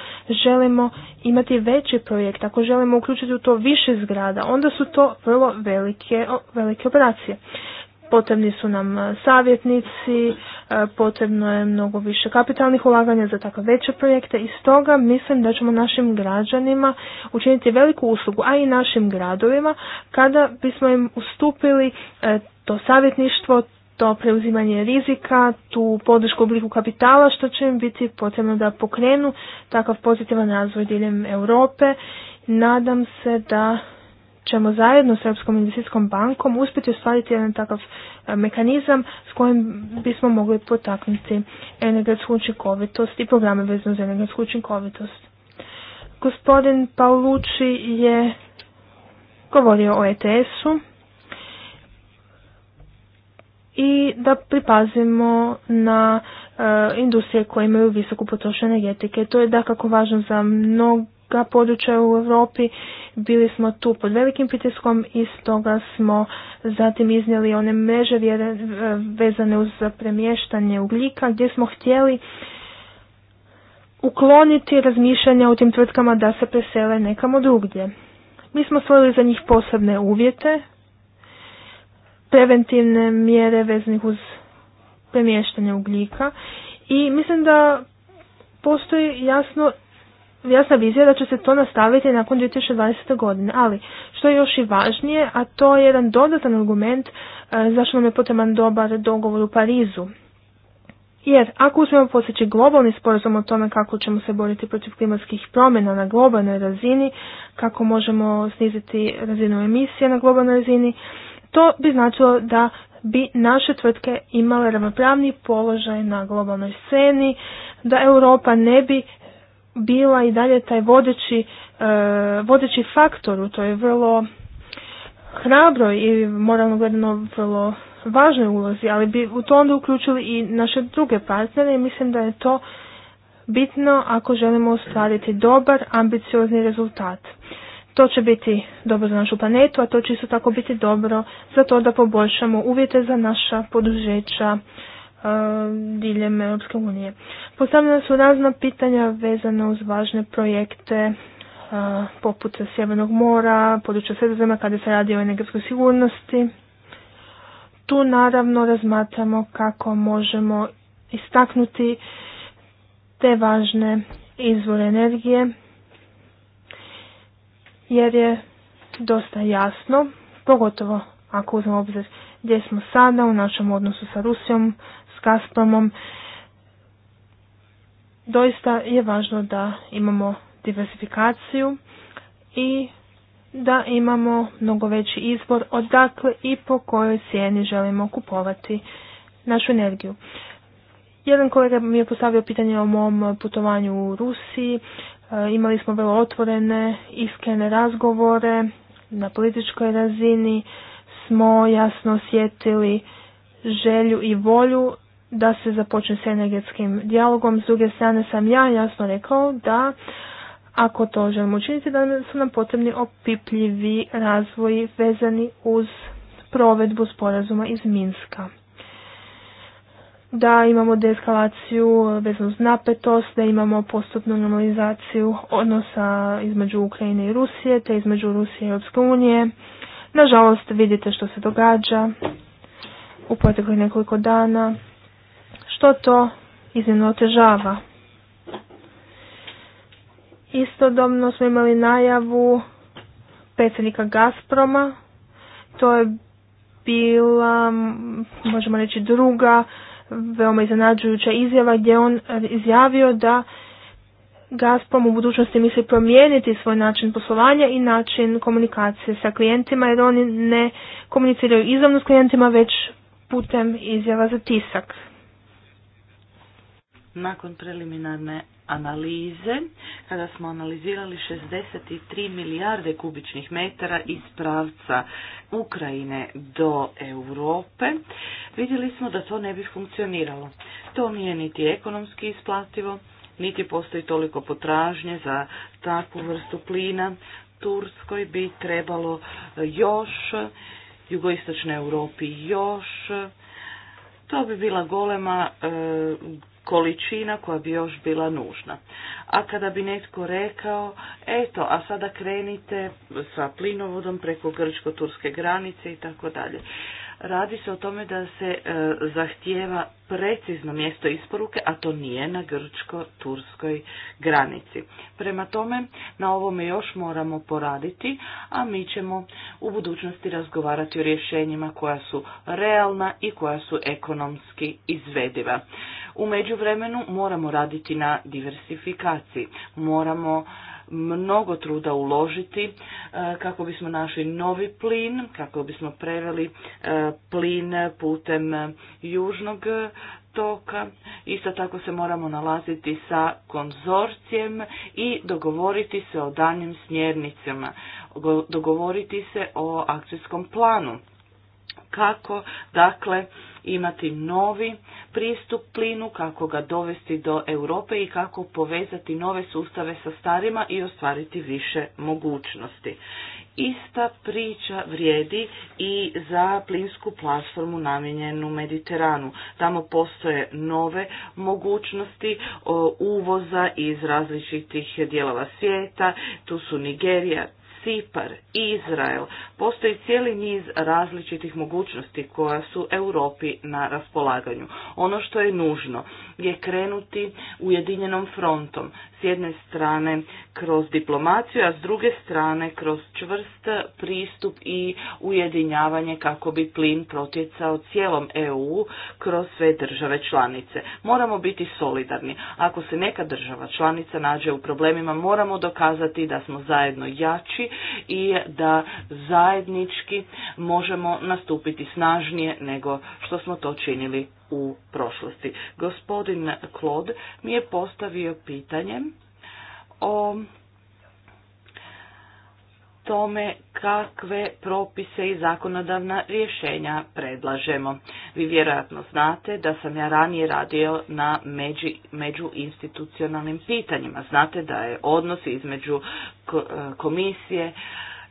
želimo imati veći projekt, ako želimo uključiti u to više zgrada, onda su to vrlo velike, velike operacije. Potrebni su nam e, savjetnici, e, potrebno je mnogo više kapitalnih ulaganja za takve veće projekte i stoga mislim da ćemo našim građanima učiniti veliku uslugu, a i našim gradovima kada bismo im ustupili to savjetništvo, to preuzimanje rizika, tu podršku u obliku kapitala, što će im biti potrebno da pokrenu takav pozitivan razvoj diljem Europe. Nadam se da ćemo zajedno s Europskom investicijskom bankom uspjeti ostvariti jedan takav e, mehanizam s kojim bismo mogli potaknuti energetsku učinkovitost i programe vezano za energetsku učinkovitost. Gospodin Paulucci je govorio o ETS-u i da pripazimo na e, industrije koje imaju visoku potrošnju energetike. To je dakako važno za mnoga područja u Europi. Bili smo tu pod velikim pritiskom i stoga smo zatim iznijeli one mreže e, vezane uz premještanje ugljika gdje smo htjeli ukloniti razmišljanja u tim tvrtkama da se presele nekamo drugdje. Mi smo stvorili za njih posebne uvjete preventivne mjere veznih uz premještanje ugljika i mislim da postoji jasno jasna vizija da će se to nastaviti nakon 2020. godine. Ali što je još i važnije, a to je jedan dodatan argument e, zašto nam je potreban dobar dogovor u Parizu. Jer ako uspijemo posjeći globalni sporazum o tome kako ćemo se boriti protiv klimatskih promjena na globalnoj razini, kako možemo sniziti razinu emisije na globalnoj razini, to bi značilo da bi naše tvrtke imale ravnopravni položaj na globalnoj sceni, da Europa ne bi bila i dalje taj vodeći, e, vodeći faktor u toj vrlo hrabroj i moralno gledano vrlo važnoj ulozi, ali bi u to onda uključili i naše druge partnere i mislim da je to bitno ako želimo ostvariti dobar, ambiciozni rezultat. To će biti dobro za našu planetu, a to će isto tako biti dobro za to da poboljšamo uvjete za naša poduzeća e, diljem Europske unije. Postavljena su razna pitanja vezana uz važne projekte e, poput Sjevernog mora, područja sredozema kada se radi o energetskoj sigurnosti. Tu naravno razmatramo kako možemo istaknuti te važne izvore energije jer je dosta jasno, pogotovo ako uzmemo obzir gdje smo sada u našem odnosu sa Rusijom, s Gazpromom, doista je važno da imamo diversifikaciju i da imamo mnogo veći izbor odakle i po kojoj cijeni želimo kupovati našu energiju. Jedan kolega mi je postavio pitanje o mom putovanju u Rusiji, E, imali smo vrlo otvorene, iskrene razgovore na političkoj razini, smo jasno osjetili želju i volju da se započne s energetskim dijalogom. S druge strane sam ja jasno rekao da ako to želimo učiniti, da su nam potrebni opipljivi razvoji vezani uz provedbu sporazuma iz Minska da imamo deeskalaciju vezano uz napetost, da imamo postupnu normalizaciju odnosa između Ukrajine i Rusije, te između Rusije i Europske unije. Nažalost, vidite što se događa u proteklih nekoliko dana, što to iznimno otežava. Istodobno smo imali najavu predsjednika Gazproma, to je bila, možemo reći, druga veoma iznenađujuća izjava gdje on izjavio da Gazprom u budućnosti misli promijeniti svoj način poslovanja i način komunikacije sa klijentima jer oni ne komuniciraju izravno s klijentima već putem izjava za tisak. Nakon preliminarne analize, kada smo analizirali 63 milijarde kubičnih metara iz pravca Ukrajine do Europe, vidjeli smo da to ne bi funkcioniralo. To nije niti ekonomski isplativo, niti postoji toliko potražnje za takvu vrstu plina. Turskoj bi trebalo još, jugoistočnoj Europi još, to bi bila golema e, količina koja bi još bila nužna. A kada bi netko rekao, eto, a sada krenite sa plinovodom preko grčko-turske granice i tako dalje. Radi se o tome da se e, zahtijeva precizno mjesto isporuke, a to nije na grčko-turskoj granici. Prema tome, na ovome još moramo poraditi, a mi ćemo u budućnosti razgovarati o rješenjima koja su realna i koja su ekonomski izvediva. U međuvremenu moramo raditi na diversifikaciji, moramo mnogo truda uložiti e, kako bismo našli novi plin, kako bismo preveli e, plin putem južnog toka. Isto tako se moramo nalaziti sa konzorcijem i dogovoriti se o danjim smjernicama, dogovoriti se o akcijskom planu. Kako, dakle, imati novi pristup plinu, kako ga dovesti do Europe i kako povezati nove sustave sa starima i ostvariti više mogućnosti. Ista priča vrijedi i za plinsku platformu namijenjenu Mediteranu. Tamo postoje nove mogućnosti uvoza iz različitih dijelova svijeta. Tu su Nigerija, Cipar, Izrael, postoji cijeli niz različitih mogućnosti koja su Europi na raspolaganju. Ono što je nužno je krenuti ujedinjenom frontom, s jedne strane kroz diplomaciju, a s druge strane kroz čvrst pristup i ujedinjavanje kako bi plin protjecao cijelom EU kroz sve države članice. Moramo biti solidarni. Ako se neka država članica nađe u problemima, moramo dokazati da smo zajedno jači i da zajednički možemo nastupiti snažnije nego što smo to činili u prošlosti. Gospodin Klod mi je postavio pitanje o tome kakve propise i zakonodavna rješenja predlažemo. Vi vjerojatno znate da sam ja ranije radio na međuinstitucionalnim pitanjima. Znate da je odnos između e, komisije,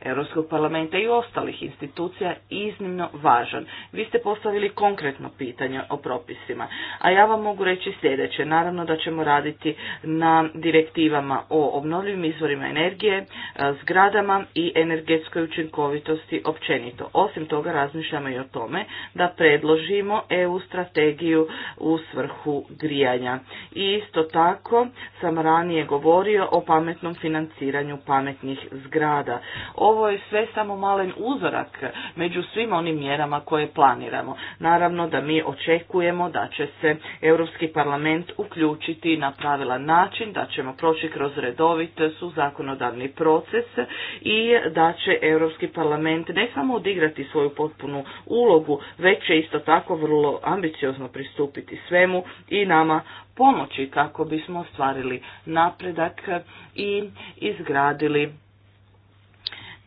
Europskog parlamenta i ostalih institucija iznimno važan. Vi ste postavili konkretno pitanje o propisima, a ja vam mogu reći sljedeće. Naravno da ćemo raditi na direktivama o obnovljivim izvorima energije, e, zgradama i energetskoj učinkovitosti općenito. Osim toga razmišljamo i o tome da predložimo EU strategiju u svrhu grijanja. I isto tako sam ranije govorio o pametnom financiranju pametnih zgrada. O ovo je sve samo malen uzorak među svim onim mjerama koje planiramo. Naravno da mi očekujemo da će se Europski parlament uključiti na pravilan način, da ćemo proći kroz redovit su zakonodavni proces i da će Europski parlament ne samo odigrati svoju potpunu ulogu, već će isto tako vrlo ambiciozno pristupiti svemu i nama pomoći kako bismo ostvarili napredak i izgradili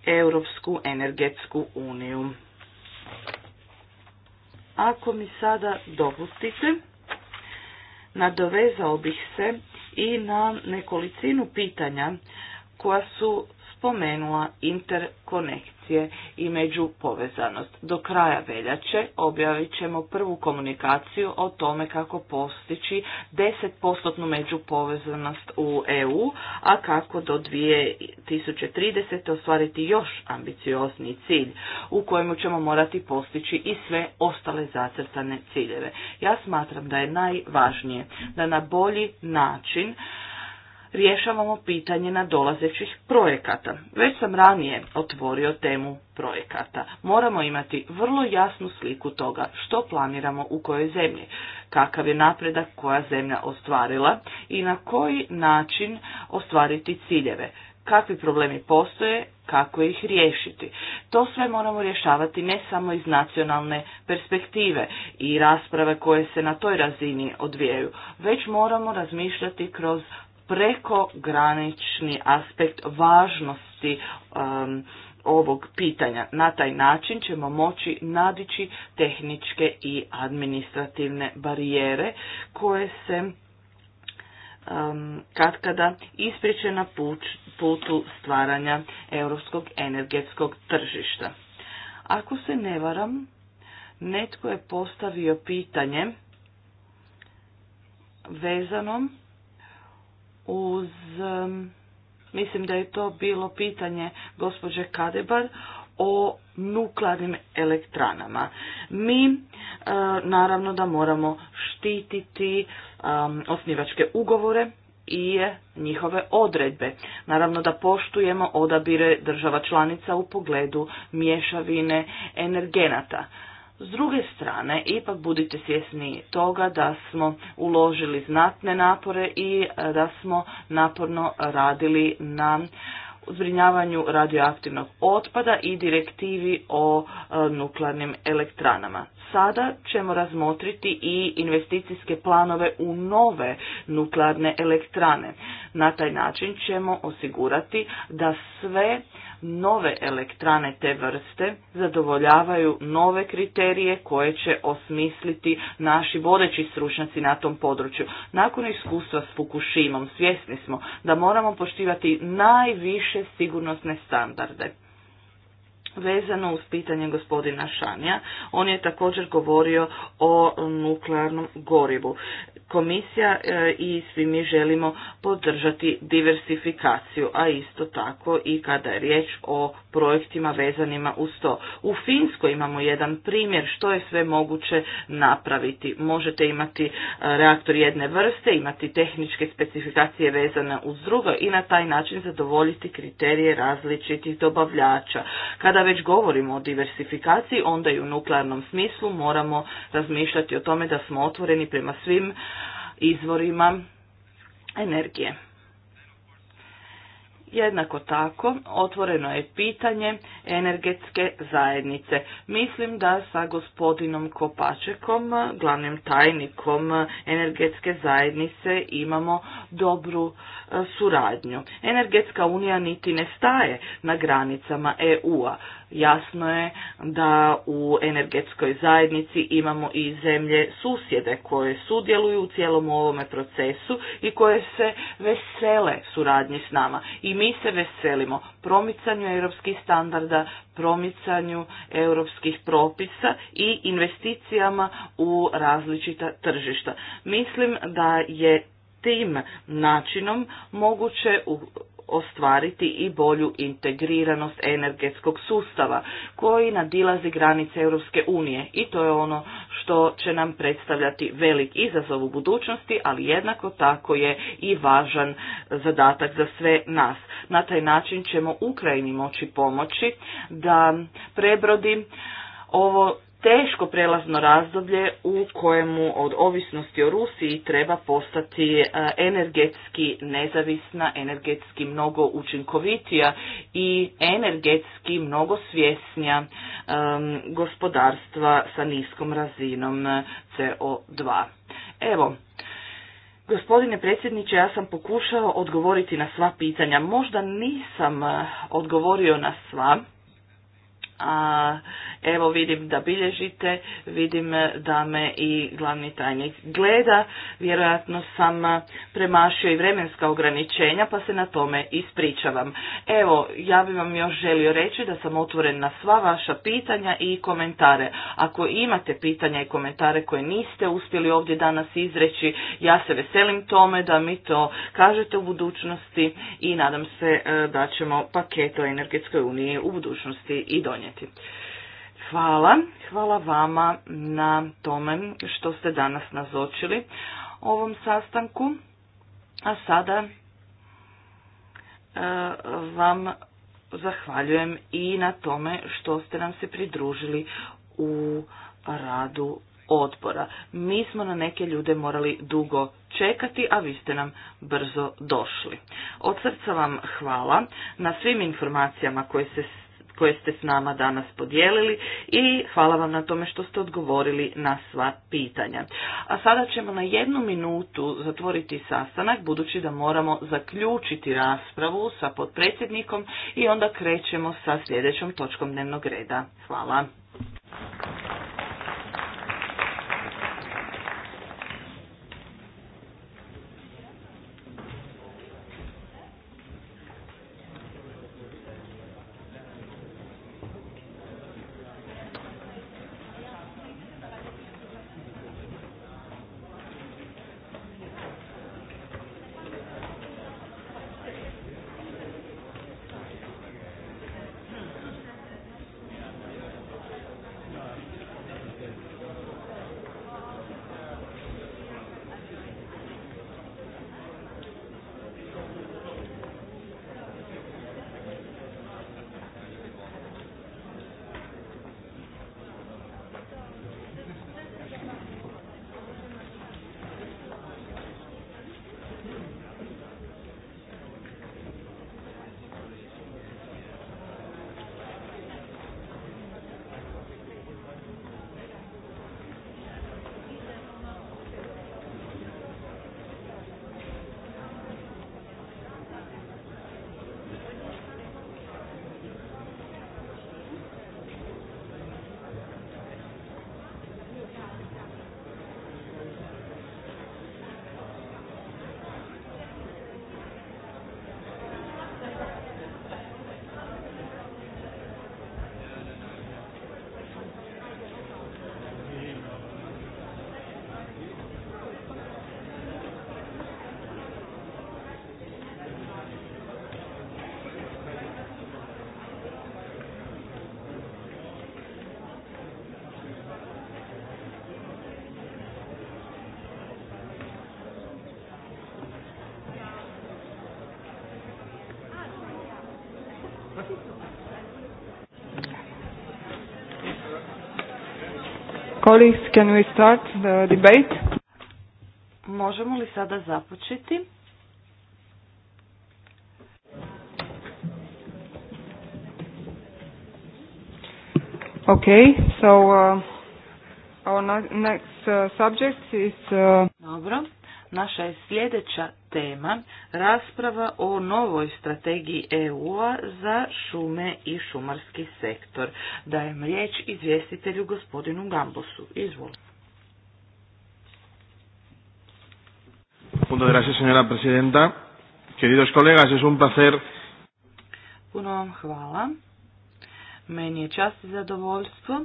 Europsku energetsku uniju. Ako mi sada dopustite, nadovezao bih se i na nekolicinu pitanja koja su spomenula interkonekcije i međupovezanost. Do kraja veljače objavit ćemo prvu komunikaciju o tome kako postići 10% međupovezanost u EU, a kako do 2030. ostvariti još ambiciozni cilj u kojemu ćemo morati postići i sve ostale zacrtane ciljeve. Ja smatram da je najvažnije da na bolji način rješavamo pitanje nadolazećih projekata. Već sam ranije otvorio temu projekata. Moramo imati vrlo jasnu sliku toga što planiramo u kojoj zemlji, kakav je napredak koja zemlja ostvarila i na koji način ostvariti ciljeve, kakvi problemi postoje, kako ih riješiti. To sve moramo rješavati ne samo iz nacionalne perspektive i rasprave koje se na toj razini odvijaju, već moramo razmišljati kroz prekogranični aspekt važnosti um, ovog pitanja. Na taj način ćemo moći nadići tehničke i administrativne barijere koje se um, kada ispriče na putu stvaranja europskog energetskog tržišta. Ako se ne varam, netko je postavio pitanje vezanom uz, mislim da je to bilo pitanje gospođe Kadebar, o nuklearnim elektranama. Mi e, naravno da moramo štititi osnivačke ugovore i njihove odredbe. Naravno da poštujemo odabire država članica u pogledu mješavine energenata. S druge strane, ipak budite svjesni toga da smo uložili znatne napore i e, da smo naporno radili na uzbrinjavanju radioaktivnog otpada i direktivi o e, nuklearnim elektranama. Sada ćemo razmotriti i investicijske planove u nove nuklearne elektrane. Na taj način ćemo osigurati da sve nove elektrane te vrste zadovoljavaju nove kriterije koje će osmisliti naši vodeći stručnjaci na tom području. Nakon iskustva s Fukushimom svjesni smo da moramo poštivati najviše sigurnosne standarde vezano uz pitanje gospodina Šanja. On je također govorio o nuklearnom gorivu. Komisija e, i svi mi želimo podržati diversifikaciju, a isto tako i kada je riječ o projektima vezanima uz to. U Finskoj imamo jedan primjer što je sve moguće napraviti. Možete imati e, reaktor jedne vrste, imati tehničke specifikacije vezane uz drugo i na taj način zadovoljiti kriterije različitih dobavljača. Kada već govorimo o diversifikaciji, onda i u nuklearnom smislu moramo razmišljati o tome da smo otvoreni prema svim izvorima energije. Jednako tako, otvoreno je pitanje energetske zajednice. Mislim da sa gospodinom Kopačekom, glavnim tajnikom energetske zajednice, imamo dobru suradnju. Energetska unija niti ne staje na granicama EU-a. Jasno je da u energetskoj zajednici imamo i zemlje susjede koje sudjeluju u cijelom ovome procesu i koje se vesele suradnji s nama. I mi se veselimo promicanju europskih standarda, promicanju europskih propisa i investicijama u različita tržišta. Mislim da je tim načinom moguće ostvariti i bolju integriranost energetskog sustava koji nadilazi granice Europske unije i to je ono što će nam predstavljati velik izazov u budućnosti, ali jednako tako je i važan zadatak za sve nas. Na taj način ćemo Ukrajini moći pomoći da prebrodi ovo teško prelazno razdoblje u kojemu od ovisnosti o Rusiji treba postati e, energetski nezavisna, energetski mnogo učinkovitija i energetski mnogo svjesnija gospodarstva sa niskom razinom e, CO2. Evo, Gospodine predsjedniče, ja sam pokušao odgovoriti na sva pitanja. Možda nisam e, odgovorio na sva, a evo vidim da bilježite, vidim e, da me i glavni tajnik gleda, vjerojatno sam e, premašio i vremenska ograničenja pa se na tome ispričavam. Evo, ja bih vam još želio reći da sam otvoren na sva vaša pitanja i komentare. Ako imate pitanja i komentare koje niste uspjeli ovdje danas izreći, ja se veselim tome da mi to kažete u budućnosti i nadam se e, da ćemo paket o energetskoj uniji u budućnosti i donijeti. Hvala, hvala vama na tome što ste danas nazočili ovom sastanku, a sada e, vam zahvaljujem i na tome što ste nam se pridružili u radu odbora. Mi smo na neke ljude morali dugo čekati, a vi ste nam brzo došli. Od srca vam hvala na svim informacijama koje se koje ste s nama danas podijelili i hvala vam na tome što ste odgovorili na sva pitanja. A sada ćemo na jednu minutu zatvoriti sastanak budući da moramo zaključiti raspravu sa potpredsjednikom i onda krećemo sa sljedećom točkom dnevnog reda. Hvala. Colleagues, can we start the debate? Možemo li sada započeti? Okay, so uh, our next uh, subject is... Uh... Dobro. Naša je sljedeća tema rasprava o novoj strategiji EU-a za šume i šumarski sektor. Dajem riječ izvjestitelju gospodinu Gambosu. Izvolite. Muchas gracias, señora presidenta. Queridos colegas, es un placer. Puno vam hvala. Meni je čast i zadovoljstvo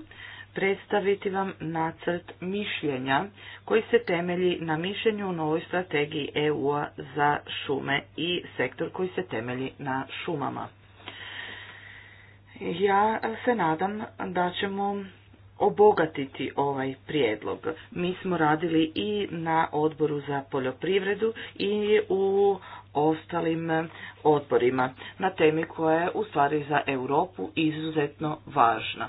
predstaviti vam nacrt mišljenja koji se temelji na mišljenju u novoj strategiji EU-a za šume i sektor koji se temelji na šumama. Ja se nadam da ćemo obogatiti ovaj prijedlog. Mi smo radili i na odboru za poljoprivredu i u ostalim odborima na temi koja je u stvari za Europu izuzetno važna.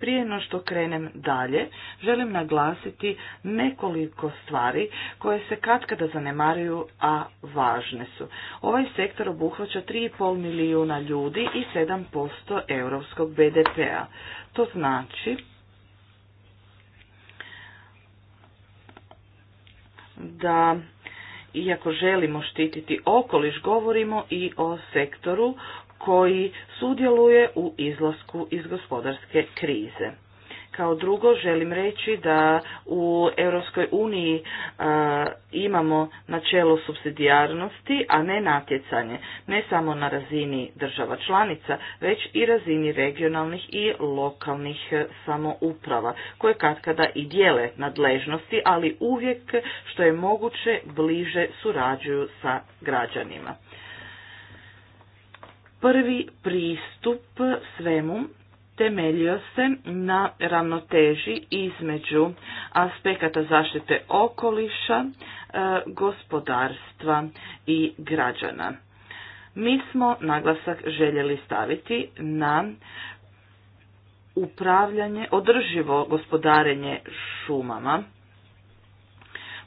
Prije no što krenem dalje, želim naglasiti nekoliko stvari koje se katkada zanemaruju, a važne su. Ovaj sektor obuhvaća 3,5 milijuna ljudi i 7% europskog BDP-a. To znači da iako želimo štititi okoliš, govorimo i o sektoru koji sudjeluje u izlasku iz gospodarske krize. Kao drugo želim reći da u Europskoj uniji imamo načelo subsidijarnosti, a ne natjecanje, ne samo na razini država članica, već i razini regionalnih i lokalnih e, samouprava, koje katkada i dijele nadležnosti, ali uvijek što je moguće bliže surađuju sa građanima. Prvi pristup svemu temeljio se na ravnoteži između aspekata zaštite okoliša, e, gospodarstva i građana. Mi smo naglasak željeli staviti na upravljanje, održivo gospodarenje šumama.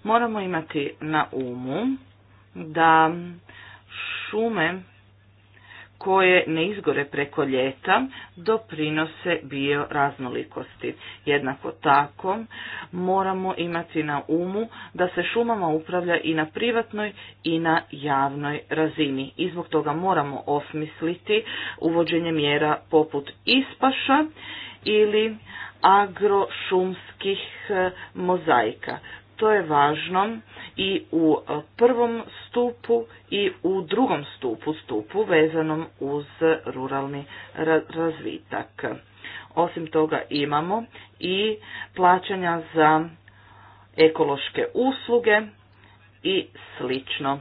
Moramo imati na umu da šume koje ne izgore preko ljeta doprinose bioraznolikosti. Jednako tako moramo imati na umu da se šumama upravlja i na privatnoj i na javnoj razini i zbog toga moramo osmisliti uvođenje mjera poput ispaša ili agrošumskih eh, mozaika to je važno i u e, prvom stupu i u drugom stupu, stupu vezanom uz ruralni razvitak. Osim toga imamo i plaćanja za ekološke usluge i slično.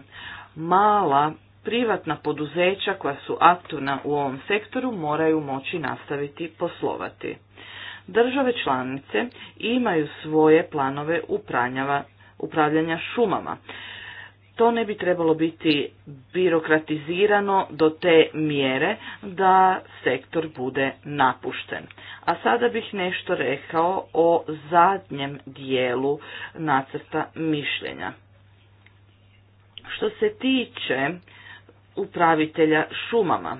Mala privatna poduzeća koja su aktivna u ovom sektoru moraju moći nastaviti poslovati. Države članice imaju svoje planove upravljanja šumama. To ne bi trebalo biti birokratizirano do te mjere da sektor bude napušten. A sada bih nešto rekao o zadnjem dijelu nacrta mišljenja. Što se tiče upravitelja šumama.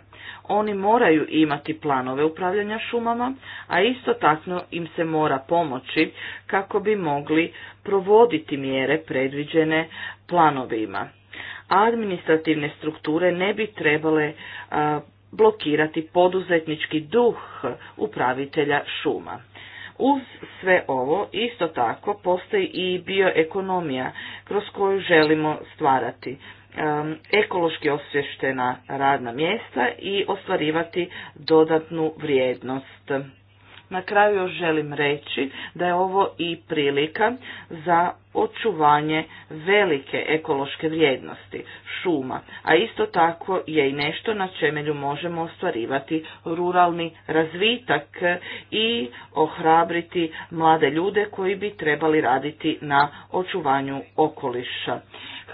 Oni moraju imati planove upravljanja šumama, a isto tako im se mora pomoći kako bi mogli provoditi mjere predviđene planovima. Administrativne strukture ne bi trebale blokirati poduzetnički duh upravitelja šuma. Uz sve ovo isto tako postoji i bioekonomija kroz koju želimo stvarati Um, ekološki osvještena radna mjesta i ostvarivati dodatnu vrijednost. Na kraju još želim reći da je ovo i prilika za očuvanje velike ekološke vrijednosti šuma, a isto tako je i nešto na čemelju možemo ostvarivati ruralni razvitak i ohrabriti mlade ljude koji bi trebali raditi na očuvanju okoliša.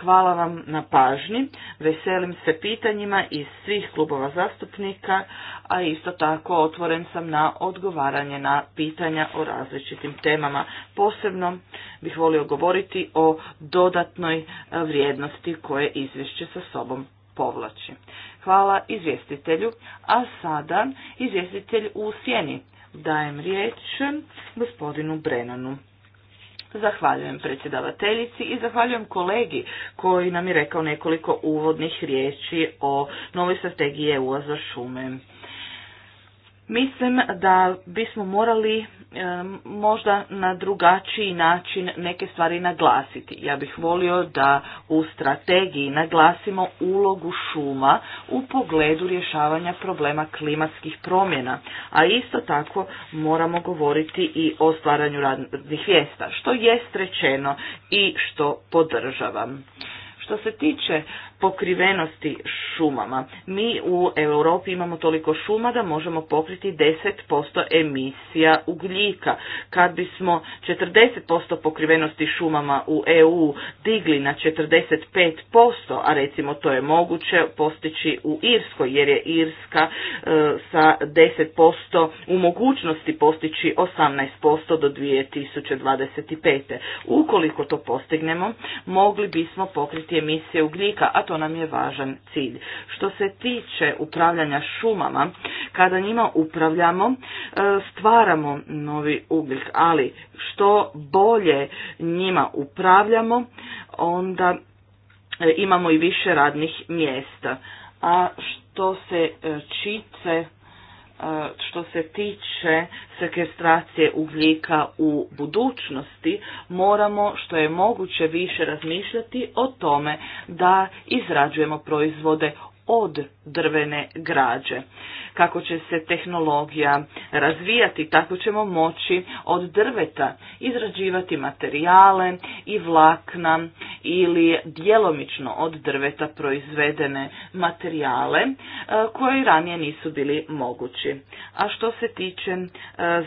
Hvala vam na pažnji. Veselim se pitanjima iz svih klubova zastupnika, a isto tako otvoren sam na odgovaranje na pitanja o različitim temama. Posebno bih volio govoriti o dodatnoj vrijednosti koje izvješće sa sobom povlači. Hvala izvjestitelju, a sada izvjestitelj u sjeni. Dajem riječ gospodinu Brenanu. Zahvaljujem predsjedavateljici i zahvaljujem kolegi koji nam je rekao nekoliko uvodnih riječi o novoj strategiji EU za šume. Mislim da bismo morali e, možda na drugačiji način neke stvari naglasiti. Ja bih volio da u strategiji naglasimo ulogu šuma u pogledu rješavanja problema klimatskih promjena, a isto tako moramo govoriti i o stvaranju radnih mjesta, što jest rečeno i što podržavam. Što se tiče pokrivenosti šumama. Mi u Europi imamo toliko šuma da možemo pokriti 10% emisija ugljika. Kad bismo 40% pokrivenosti šumama u EU digli na 45%, a recimo to je moguće postići u Irskoj, jer je Irska e, sa 10% u mogućnosti postići 18% do 2025. Ukoliko to postignemo, mogli bismo pokriti emisije ugljika, a to nam je važan cilj. Što se tiče upravljanja šumama, kada njima upravljamo, e, stvaramo novi ugljik, ali što bolje njima upravljamo, onda e, imamo i više radnih mjesta. A što se čice što se tiče sekestracije ugljika u budućnosti, moramo što je moguće više razmišljati o tome da izrađujemo proizvode od drvene građe. Kako će se tehnologija razvijati, tako ćemo moći od drveta izrađivati materijale i vlakna ili djelomično od drveta proizvedene materijale e, koji ranije nisu bili mogući. A što se tiče e,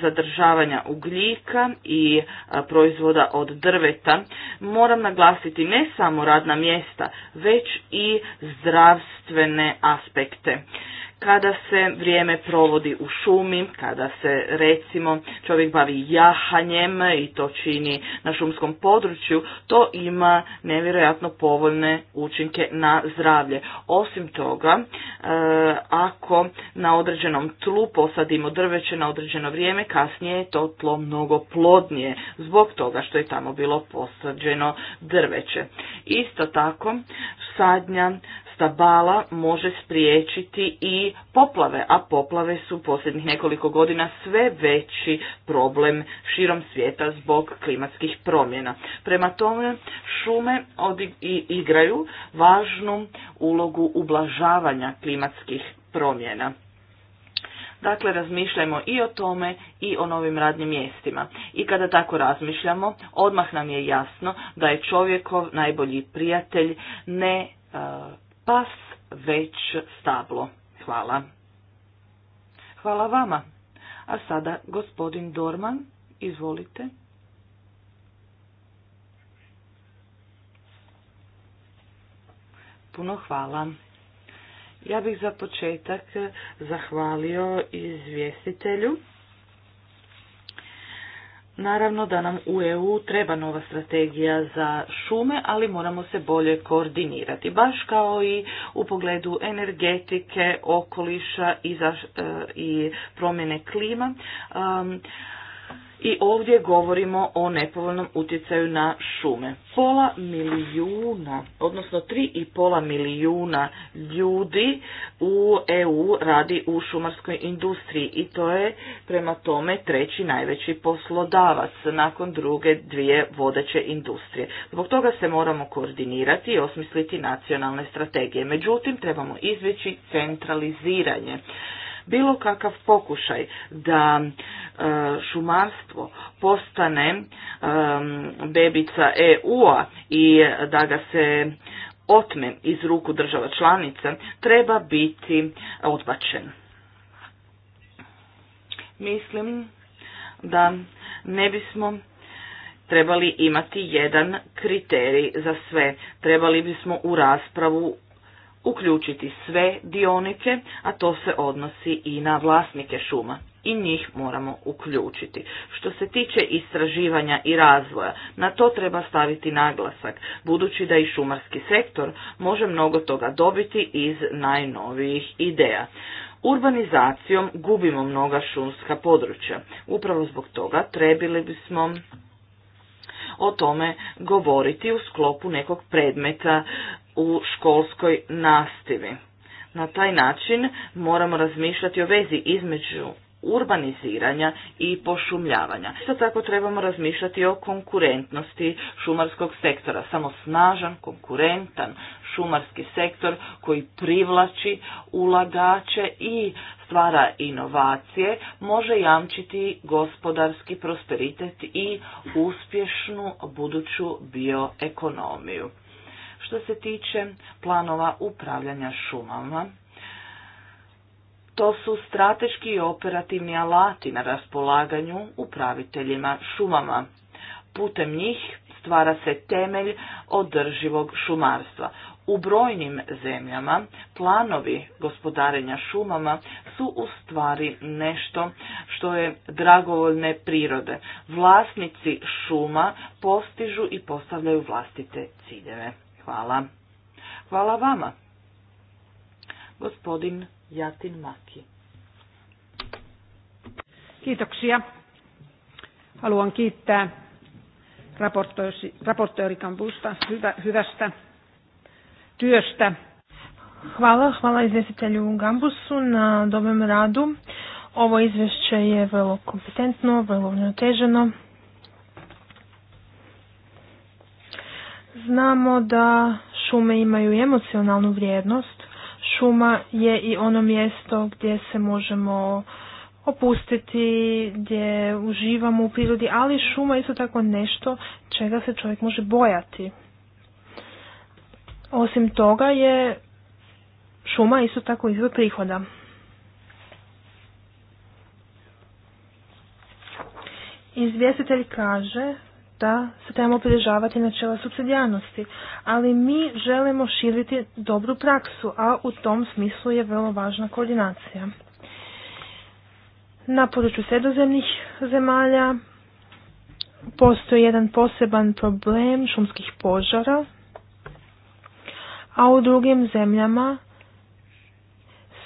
zadržavanja ugljika i e, proizvoda od drveta, moram naglasiti ne samo radna mjesta, već i zdravstvene aspekte aspekte. Kada se vrijeme provodi u šumi, kada se recimo čovjek bavi jahanjem i to čini na šumskom području, to ima nevjerojatno povoljne učinke na zdravlje. Osim toga, e, ako na određenom tlu posadimo drveće na određeno vrijeme, kasnije je to tlo mnogo plodnije zbog toga što je tamo bilo posađeno drveće. Isto tako, sadnja Bala može spriječiti i poplave, a poplave su posljednjih nekoliko godina sve veći problem širom svijeta zbog klimatskih promjena. Prema tome, šume igraju važnu ulogu ublažavanja klimatskih promjena. Dakle, razmišljajmo i o tome i o novim radnim mjestima. I kada tako razmišljamo, odmah nam je jasno da je čovjekov najbolji prijatelj ne pas već stablo. Hvala. Hvala vama. A sada gospodin Dorman, izvolite. Puno hvala. Ja bih za početak zahvalio izvjestitelju Naravno da nam u EU treba nova strategija za šume, ali moramo se bolje koordinirati, baš kao i u pogledu energetike, okoliša i, e, promjene klima i ovdje govorimo o nepovoljnom utjecaju na šume. Pola milijuna, odnosno tri i pola milijuna ljudi u EU radi u šumarskoj industriji i to je prema tome treći najveći poslodavac nakon druge dvije vodeće industrije. Zbog toga se moramo koordinirati i osmisliti nacionalne strategije. Međutim, trebamo izveći centraliziranje bilo kakav pokušaj da e, šumarstvo postane bebica e, EU-a i da ga se otme iz ruku država članica treba biti odbačen. Mislim da ne bismo trebali imati jedan kriterij za sve. Trebali bismo u raspravu uključiti sve dionike, a to se odnosi i na vlasnike šuma i njih moramo uključiti. Što se tiče istraživanja i razvoja, na to treba staviti naglasak, budući da i šumarski sektor može mnogo toga dobiti iz najnovijih ideja. Urbanizacijom gubimo mnoga šumska područja. Upravo zbog toga trebili bismo o tome govoriti u sklopu nekog predmeta u školskoj nastivi. Na taj način moramo razmišljati o vezi između urbaniziranja i pošumljavanja. Isto tako trebamo razmišljati o konkurentnosti šumarskog sektora. Samo snažan, konkurentan šumarski sektor koji privlači ulagače i stvara inovacije, može jamčiti gospodarski prosperitet i uspješnu buduću bioekonomiju. Što se tiče planova upravljanja šumama, to su strateški i operativni alati na raspolaganju upraviteljima šumama. Putem njih stvara se temelj održivog šumarstva. U brojnim zemljama planovi gospodarenja šumama su u stvari nešto što je dragovoljne prirode. Vlasnici šuma postižu i postavljaju vlastite ciljeve. Hvala. Hvala vama. Gospodin Jatin Maki. Kiitoksia. Haluan kiittää raportööri Kambusta hyvä, hyvästä työstä. Hvala, hvala izvjestitelju Gambusu na dobrom radu. Ovo izvješće je vrlo kompetentno, vrlo neoteženo. Znamo da šume imaju emocionalnu vrijednost šuma je i ono mjesto gdje se možemo opustiti, gdje uživamo u prirodi, ali šuma je isto tako nešto čega se čovjek može bojati. Osim toga je šuma isto tako izvor prihoda. Izvjestitelj kaže da se trebamo pridržavati načela subsidijarnosti, ali mi želimo širiti dobru praksu, a u tom smislu je vrlo važna koordinacija. Na području sredozemnih zemalja postoji jedan poseban problem šumskih požara, a u drugim zemljama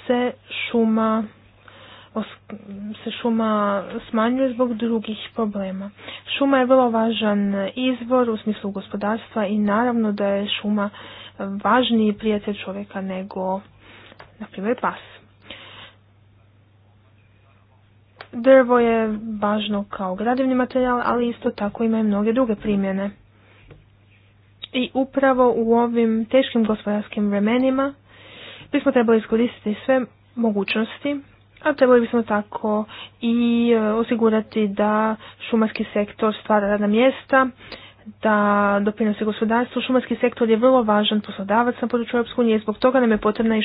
se šuma se šuma smanjuje zbog drugih problema. Šuma je vrlo važan izvor u smislu gospodarstva i naravno da je šuma važniji prijatelj čovjeka nego, na primjer, pas. Drvo je važno kao gradivni materijal, ali isto tako ima i mnoge druge primjene. I upravo u ovim teškim gospodarskim vremenima bismo trebali iskoristiti sve mogućnosti a trebali bismo tako i e, osigurati da šumarski sektor stvara radna mjesta, da doprinose gospodarstvu. Šumarski sektor je vrlo važan poslodavac na području Europske unije, zbog toga nam je potrebna i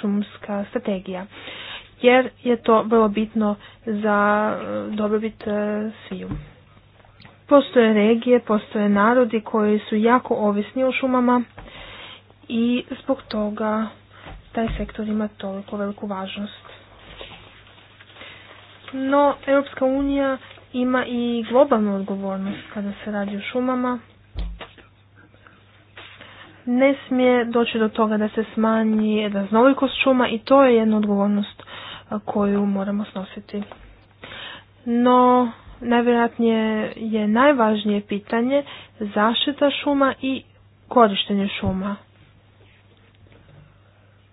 šumska strategija. Jer je to vrlo bitno za e, dobrobit e, sviju. Postoje regije, postoje narodi koji su jako ovisni o šumama i zbog toga taj sektor ima toliko veliku važnost. No, Europska unija ima i globalnu odgovornost kada se radi o šumama. Ne smije doći do toga da se smanji raznolikost šuma i to je jedna odgovornost koju moramo snositi. No, najvjerojatnije je najvažnije pitanje zaštita šuma i korištenje šuma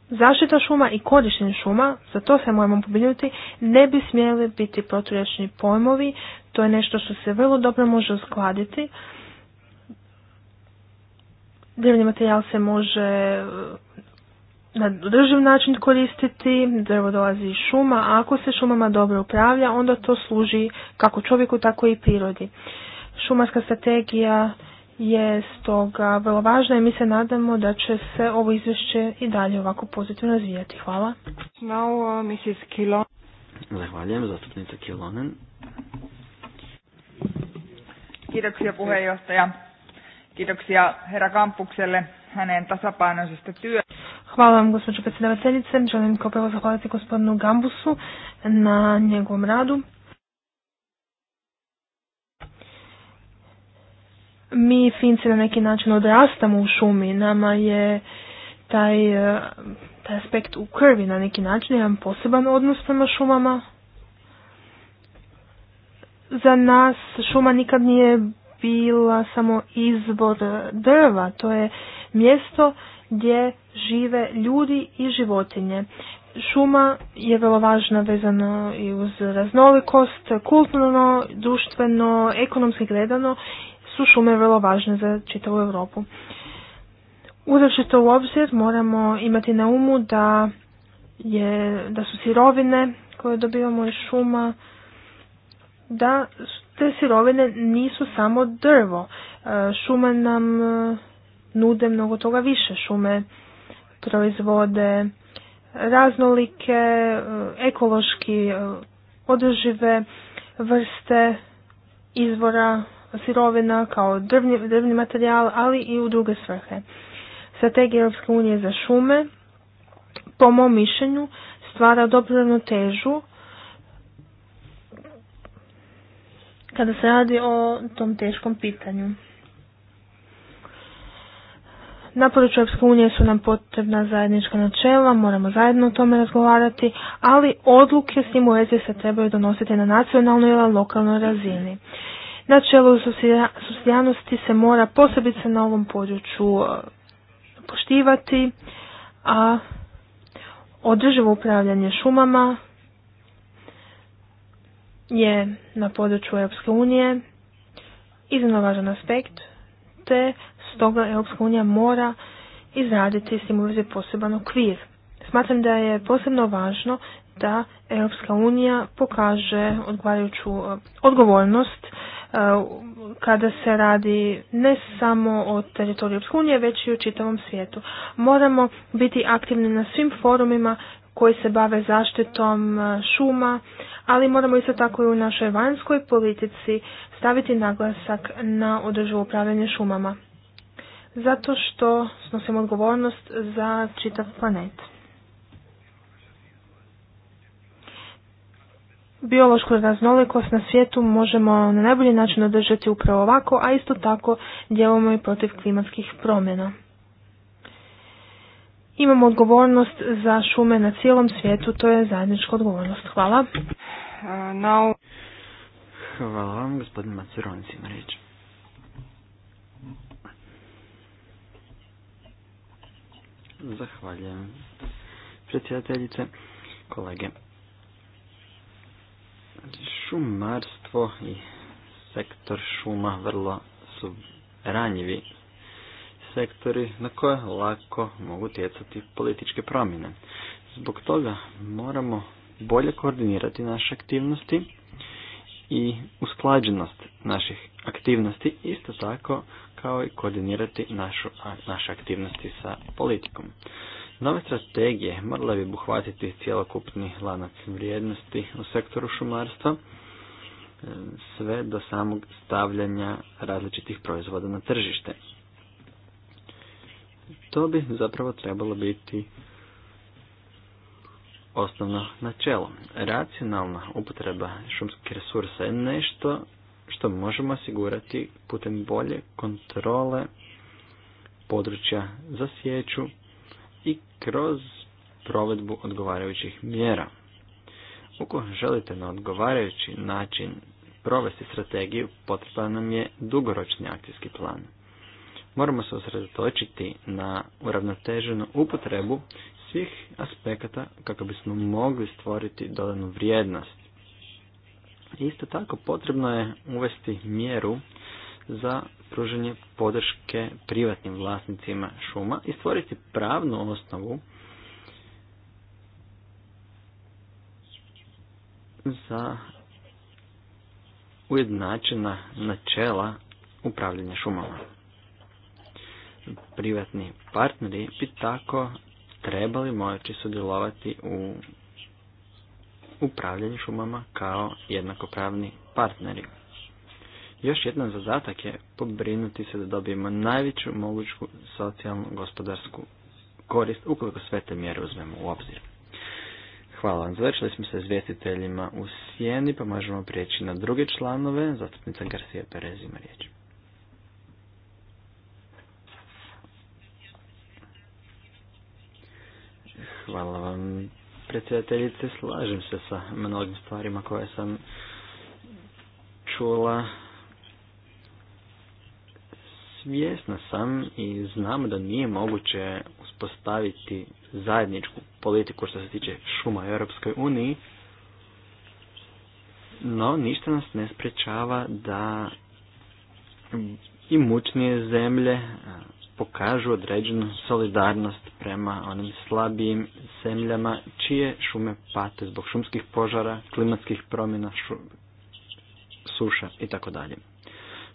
zaštita šuma i korištenje šuma, za to se moramo pobrinuti, ne bi smjeli biti proturječni pojmovi, to je nešto što se vrlo dobro može uskladiti. Drvni materijal se može eh, na održiv način koristiti, drvo dolazi iz šuma, a ako se šumama dobro upravlja, onda to služi kako čovjeku, tako i prirodi. Šumarska strategija je stoga vrlo važna i mi se nadamo da će se ovo izvješće i dalje ovako pozitivno razvijati. Hvala. Now, uh, Mrs. Kilon. Zahvaljujem, zastupnica Kilonen. Kiitoksia puheenjohtaja. Kiitoksia herra Kampukselle hänen tasapainoisesta työ. Hvala vam gospođo predsjedavateljice. Želim kao prvo zahvaliti gospodinu Gambusu na njegovom radu. mi Finci na neki način odrastamo u šumi, nama je eh, taj, aspekt u krvi na neki način, jedan poseban odnos prema šumama. Za nas šuma nikad nije bila samo izvor drva, to je mjesto gdje žive ljudi i životinje. Šuma je vrlo važna vezano i uz raznolikost, kulturno, društveno, ekonomski gledano su šume vrlo važne za čitavu Europu. Uzevši to u obzir moramo imati na umu da, je, da su sirovine koje dobivamo iz šuma, da te sirovine nisu samo drvo. E, šume nam e, nude mnogo toga više. Šume proizvode raznolike, e, ekološki održive vrste izvora sirovina, kao drvni, drvni materijal, ali i u druge svrhe. Strategija Europske unije za šume, po mom mišljenju, stvara dobrovnu težu kada se radi o tom teškom pitanju. Na području Europske unije su nam potrebna zajednička načela, moramo zajedno o tome razgovarati, ali odluke s tim u se trebaju donositi na nacionalnoj ili lokalnoj razini. Načelo susjedanosti se mora posebice na ovom području uh, poštivati, a održivo upravljanje šumama je na području Europske unije iznimno važan aspekt, te stoga Europska unija mora izraditi s tim uvijek poseban okvir. Smatram da je posebno važno da Europska unija pokaže odgovarajuću uh, odgovornost E, kada se radi ne samo o teritoriju EU unije, već i u čitavom svijetu. Moramo biti aktivni na svim forumima koji se bave zaštitom e, šuma, ali moramo isto tako i u našoj vanjskoj politici staviti naglasak na održivo upravljanje šumama. Zato što snosimo odgovornost za čitav planet. biološku raznolikost na svijetu možemo na najbolji način održati upravo ovako, a isto tako djelujemo i protiv klimatskih promjena. Imamo odgovornost za šume na cijelom svijetu, to je zajednička odgovornost. Hvala. Hvala vam, gospodin ima reći. Zahvaljujem, predsjedateljice, kolege. Šumarstvo i sektor šuma vrlo su ranjivi sektori na koje lako mogu tjecati političke promjene. Zbog toga moramo bolje koordinirati naše aktivnosti i usklađenost naših aktivnosti, isto tako kao i koordinirati našu, naše aktivnosti sa politikom. Nove strategije morale bi buhvatiti cjelokupni lanac vrijednosti u sektoru šumarstva e, sve do samog stavljanja različitih proizvoda na tržište. To bi zapravo trebalo biti osnovno načelo. Racionalna upotreba šumskih resursa je nešto što možemo osigurati putem bolje kontrole područja za sjeću i kroz provedbu odgovarajućih mjera. Uko želite na odgovarajući način provesti strategiju, potreban nam je dugoročni akcijski plan. Moramo se osredotočiti na uravnoteženu upotrebu svih aspekata kako bismo mogli stvoriti dodanu vrijednost. Isto tako potrebno je uvesti mjeru za pruženje podrške privatnim vlasnicima šuma i stvoriti pravnu osnovu za ujednačena načela upravljanja šumama. Privatni partneri bi tako trebali moći sudjelovati u upravljanju šumama kao jednakopravni partneri. Još jedan zadatak je pobrinuti se da dobijemo najveću moguću socijalno-gospodarsku korist ukoliko sve te mjere uzmemo u obzir. Hvala vam. Završili smo se izvjestiteljima u sjeni, pa možemo prijeći na druge članove. Zastupnica Garcia Perez ima riječ. Hvala vam, predsjedateljice. Slažem se sa mnogim stvarima koje sam čula Svjesna sam i znam da nije moguće uspostaviti zajedničku politiku što se tiče šuma u Europskoj uniji, no ništa nas ne sprečava da i mučnije zemlje pokažu određenu solidarnost prema onim slabijim zemljama čije šume pate zbog šumskih požara, klimatskih promjena, šu, suša i tako dalje.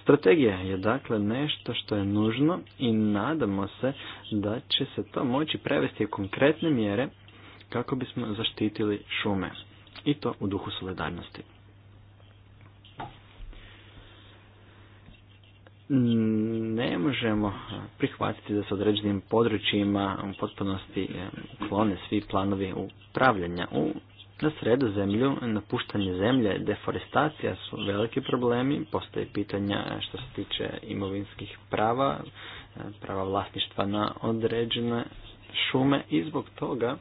Strategija je dakle nešto što je nužno i nadamo se da će se to moći prevesti u konkretne mjere kako bismo zaštitili šume i to u duhu solidarnosti. ne možemo prihvatiti da se određenim područjima u potpunosti eh, klone svi planovi upravljanja. U na zemlju napuštanje zemlje, deforestacija su veliki problemi, postoje pitanja što se tiče imovinskih prava, e, prava vlasništva na određene šume i zbog toga e,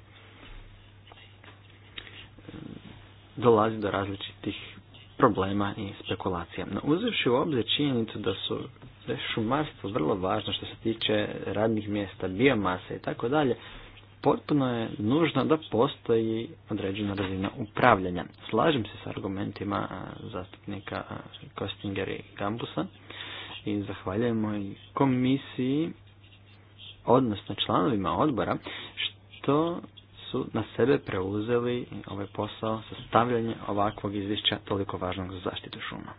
dolazi do različitih problema i spekulacija. No, uzevši u obzir činjenicu da su šumarstvo vrlo važno što se tiče radnih mjesta, biomasa i tako dalje, potpuno je nužno da postoji određena razina upravljanja. Slažem se s argumentima zastupnika Kostinger i Gambusa i zahvaljujemo i komisiji, odnosno članovima odbora, što su na sebe preuzeli ovaj posao sastavljanje ovakvog izvješća toliko važnog za zaštitu šuma.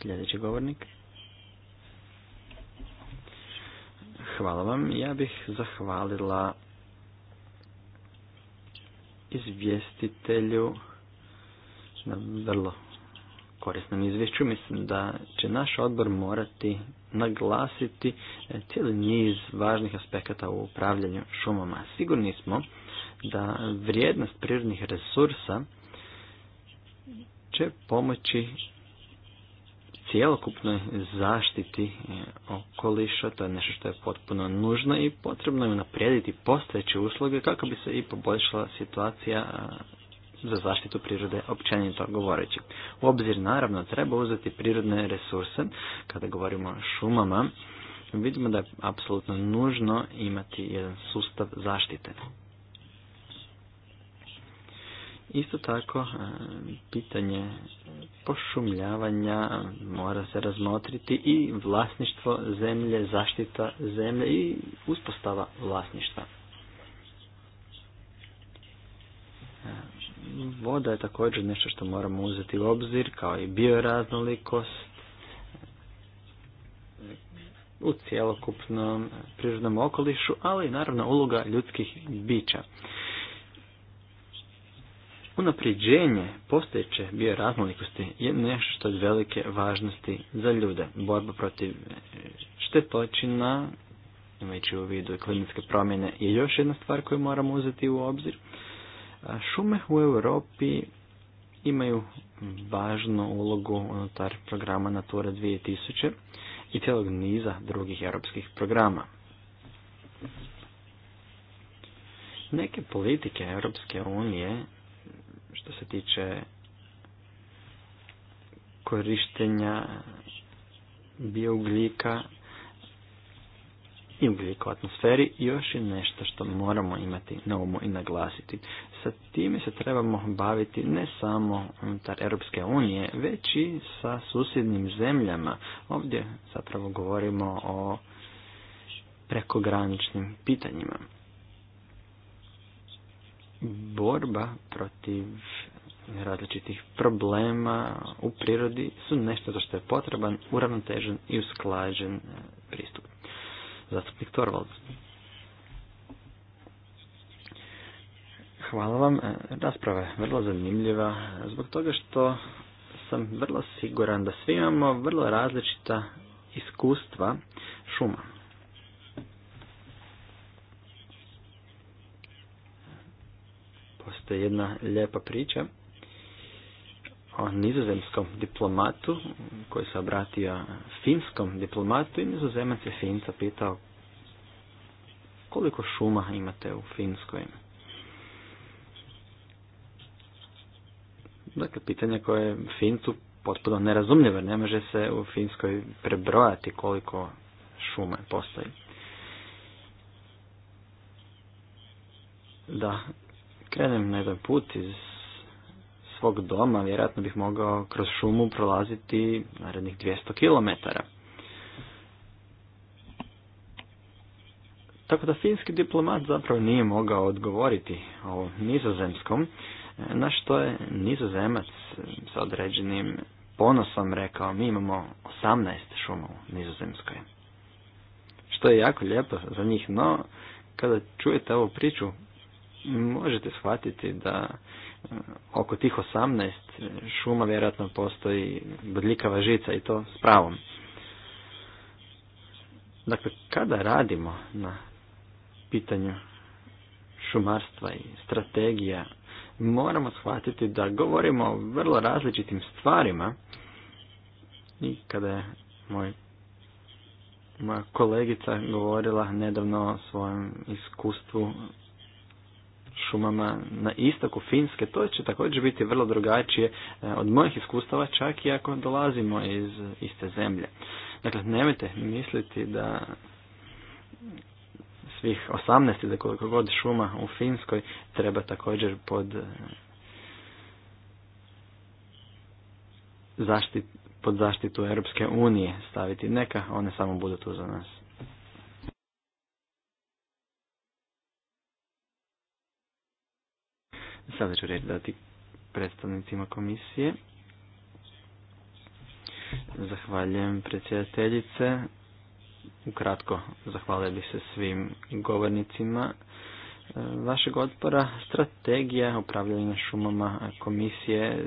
Sljedeći govornik. Hvala vam. Ja bih zahvalila izvjestitelju na vrlo korisnom izvješću. Mislim da će naš odbor morati naglasiti e, cijeli niz važnih aspekata u upravljanju šumama. Sigurni smo da vrijednost prirodnih resursa će pomoći cjelokupnoj zaštiti eh, okoliša, to je nešto što je potpuno nužno i potrebno je unaprijediti postojeće usluge kako bi se i poboljšala situacija eh, za zaštitu prirode općenito govoreći. U obzir naravno treba uzeti prirodne resurse, kada govorimo o šumama, vidimo da je apsolutno nužno imati jedan sustav zaštite. Isto tako, e, pitanje pošumljavanja mora se razmotriti i vlasništvo zemlje, zaštita zemlje i uspostava vlasništva. E, voda je također nešto što moramo uzeti u obzir, kao i bioraznolikost u cijelokupnom prirodnom okolišu, ali i naravno uloga ljudskih bića. Unapređenje postojeće bioraznolikosti je nešto od velike važnosti za ljude. Borba protiv e, štetočina, imajući u vidu klimatske promjene, je još jedna stvar koju moramo uzeti u obzir. Šume u Europi imaju važnu ulogu unutar programa Natura 2000 i cijelog niza drugih europskih programa. Neke politike Europske unije što se tiče korištenja bioglika i ugljika u atmosferi još je nešto što moramo imati na umu i naglasiti. Sa time se trebamo baviti ne samo unutar Europske unije, već i sa susjednim zemljama. Ovdje zapravo govorimo o prekograničnim pitanjima borba protiv različitih problema u prirodi su nešto za što je potreban, uravnotežen i usklađen e, pristup. Zastupnik Torvalds. Hvala vam. E, rasprava je vrlo zanimljiva zbog toga što sam vrlo siguran da svi imamo vrlo različita iskustva šuma. je jedna lijepa priča o nizozemskom diplomatu koji se obratio finskom diplomatu i nizozemac je Finca pitao koliko šuma imate u Finskoj. Dakle, pitanje koje je Fincu potpuno nerazumljivo, ne može se u Finskoj prebrojati koliko šume postoji. Da, krenem na jedan put iz svog doma, vjerojatno bih mogao kroz šumu prolaziti narednih 200 km. Tako da finski diplomat zapravo nije mogao odgovoriti o nizozemskom, na što je nizozemac sa određenim ponosom rekao, mi imamo 18 šuma u nizozemskoj. Što je jako lijepo za njih, no kada čujete ovu priču možete shvatiti da e, oko tih 18 šuma vjerojatno postoji bodljikava žica i to s pravom. Dakle, kada radimo na pitanju šumarstva i strategija, moramo shvatiti da govorimo o vrlo različitim stvarima i kada je moj moja kolegica govorila nedavno o svojem iskustvu šumama na istoku Finske, to će također biti vrlo drugačije e, od mojih iskustava čak i ako dolazimo iz iste zemlje. Dakle, nemojte misliti da svih 18 ili koliko god šuma u Finskoj treba također pod e, zaštit, pod zaštitu Europske unije staviti. Neka one samo budu tu za nas. Sada ću reći dati predstavnicima komisije. Zahvaljujem predsjedateljice. Ukratko, zahvalio se svim govornicima e, vašeg odpora. Strategija upravljanja šumama komisije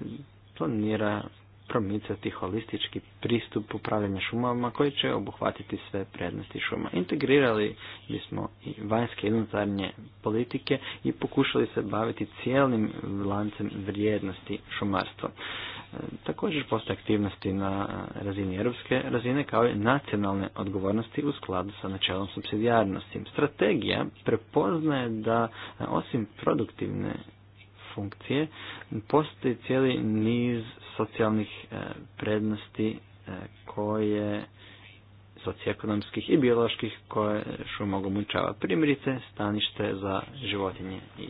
planira promicati holistički pristup upravljanja šumama koji će obuhvatiti sve prednosti šuma. Integrirali bismo i vanjske i unutarnje politike i pokušali se baviti cijelim lancem vrijednosti šumarstva. E, također postoje aktivnosti na razini europske razine kao i nacionalne odgovornosti u skladu sa načelom subsidijarnosti. Strategija prepoznaje da e, osim produktivne funkcije postoji cijeli niz socijalnih e, prednosti e, koje socioekonomskih i bioloških koje mogu mučava Primjerice, stanište za životinje i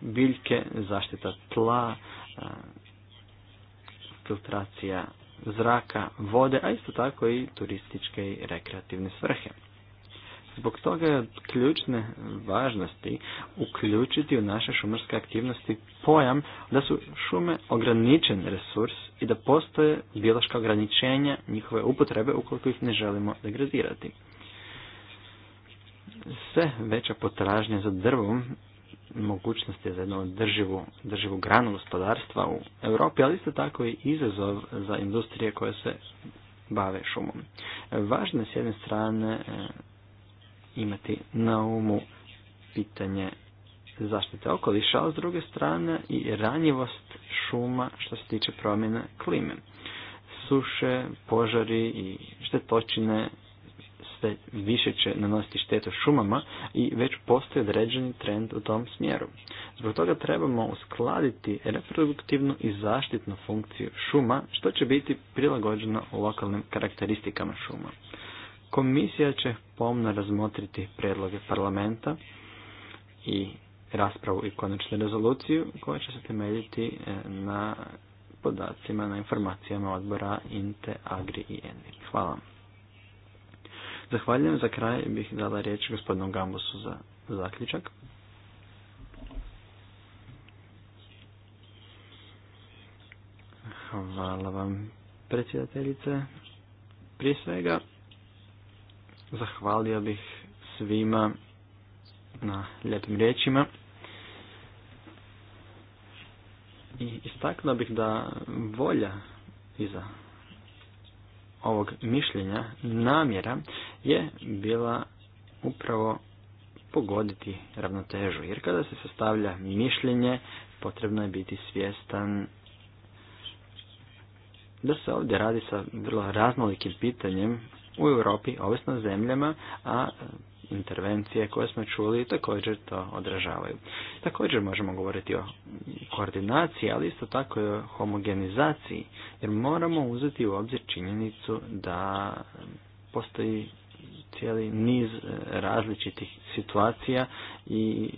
biljke, zaštita tla, e, filtracija zraka, vode, a isto tako i turističke i rekreativne svrhe. Zbog toga je od ključne važnosti uključiti u naše šumarske aktivnosti pojam da su šume ograničen resurs i da postoje biološka ograničenja njihove upotrebe ukoliko ih ne želimo degradirati. Sve veća potražnja za drvom je za jednu drživu, drživu granu gospodarstva u Europi, ali isto tako i izazov za industrije koje se bave šumom. Važno je s jedne strane imati na umu pitanje zaštite okoliša, a s druge strane i ranjivost šuma što se tiče promjene klime. Suše, požari i štetočine sve više će nanositi štetu šumama i već postoji određeni trend u tom smjeru. Zbog toga trebamo uskladiti reproduktivnu i zaštitnu funkciju šuma, što će biti prilagođeno lokalnim karakteristikama šuma. Komisija će pomno razmotriti predloge parlamenta i raspravu i konačnu rezoluciju koja će se temeljiti e, na podacima, na informacijama odbora INTE, AGRI i ENVI. Hvala. Zahvaljujem. Za kraj bih dala riječ gospodinu Gambusu za zaključak. Hvala vam, predsjedateljice. Prije svega, Zahvalio bih svima na lijepim riječima. I istaknuo bih da volja iza ovog mišljenja, namjera, je bila upravo pogoditi ravnotežu. Jer kada se sastavlja mišljenje, potrebno je biti svjestan da se ovdje radi sa vrlo raznolikim pitanjem u Europi, ovisno o zemljama, a e, intervencije koje smo čuli također to odražavaju. Također možemo govoriti o koordinaciji, ali isto tako i o homogenizaciji, jer moramo uzeti u obzir činjenicu da postoji cijeli niz e, različitih situacija i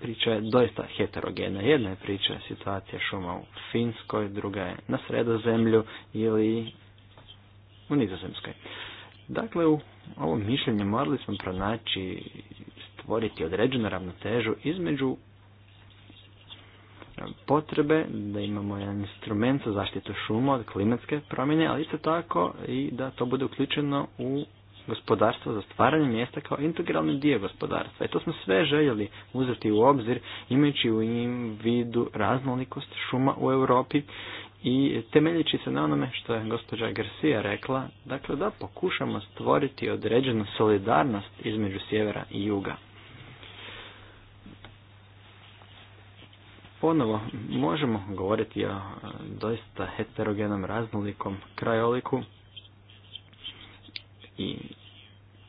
priča je doista heterogena. Jedna je priča situacija šuma u Finskoj, druga je na sredozemlju ili u Nizozemskoj. Dakle, u ovom mišljenju morali smo pronaći, stvoriti određenu ravnotežu između e, potrebe da imamo jedan instrument za zaštitu šuma od klimatske promjene, ali isto tako i da to bude uključeno u gospodarstvo za stvaranje mjesta kao integralni dio gospodarstva. I to smo sve željeli uzeti u obzir imajući u vidu raznolikost šuma u Europi i temeljići se na onome što je gospođa Garcia rekla, dakle da pokušamo stvoriti određenu solidarnost između sjevera i juga. Ponovo možemo govoriti o doista heterogenom raznolikom krajoliku i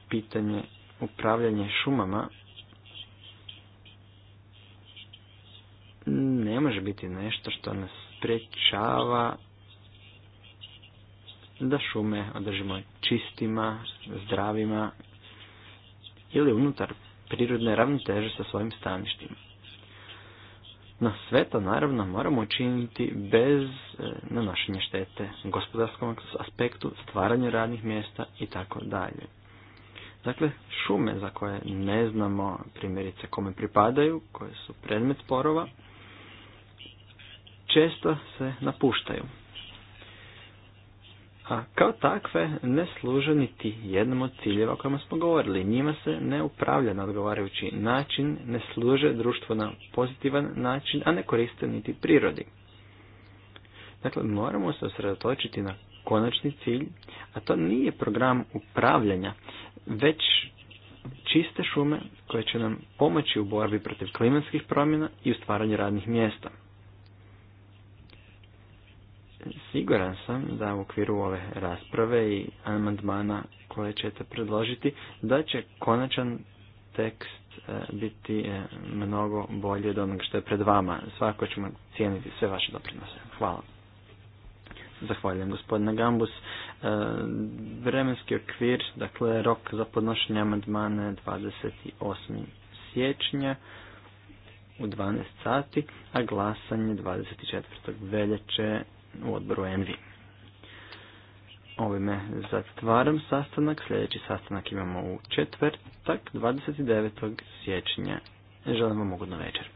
pitanje upravljanje šumama ne može biti nešto što nas sprečava da šume održimo čistima, zdravima ili unutar prirodne ravnoteže sa svojim staništima. No sve to naravno moramo učiniti bez e, nanošenja štete gospodarskom aspektu, stvaranju radnih mjesta i tako dalje. Dakle, šume za koje ne znamo primjerice kome pripadaju, koje su predmet sporova, često se napuštaju. A kao takve ne služe niti jednom od ciljeva o kojima smo govorili. Njima se ne upravlja na odgovarajući način, ne služe društvo na pozitivan način, a ne koriste niti prirodi. Dakle, moramo se osredotočiti na konačni cilj, a to nije program upravljanja, već čiste šume koje će nam pomoći u borbi protiv klimatskih promjena i u stvaranju radnih mjesta. Siguran sam da u okviru ove rasprave i amandmana koje ćete predložiti, da će konačan tekst e, biti e, mnogo bolji od onog što je pred vama. Svako ćemo cijeniti sve vaše doprinose. Hvala. Zahvaljujem gospodine Gambus. E, vremenski okvir, dakle rok za podnošenje amandmana je 28. siječnja u 12 sati, a glasanje 24. veljače u odboru Envi. Ovime zatvaram sastanak. Sljedeći sastanak imamo u četvrtak 29. siječnja. Želim vam ugodno večer.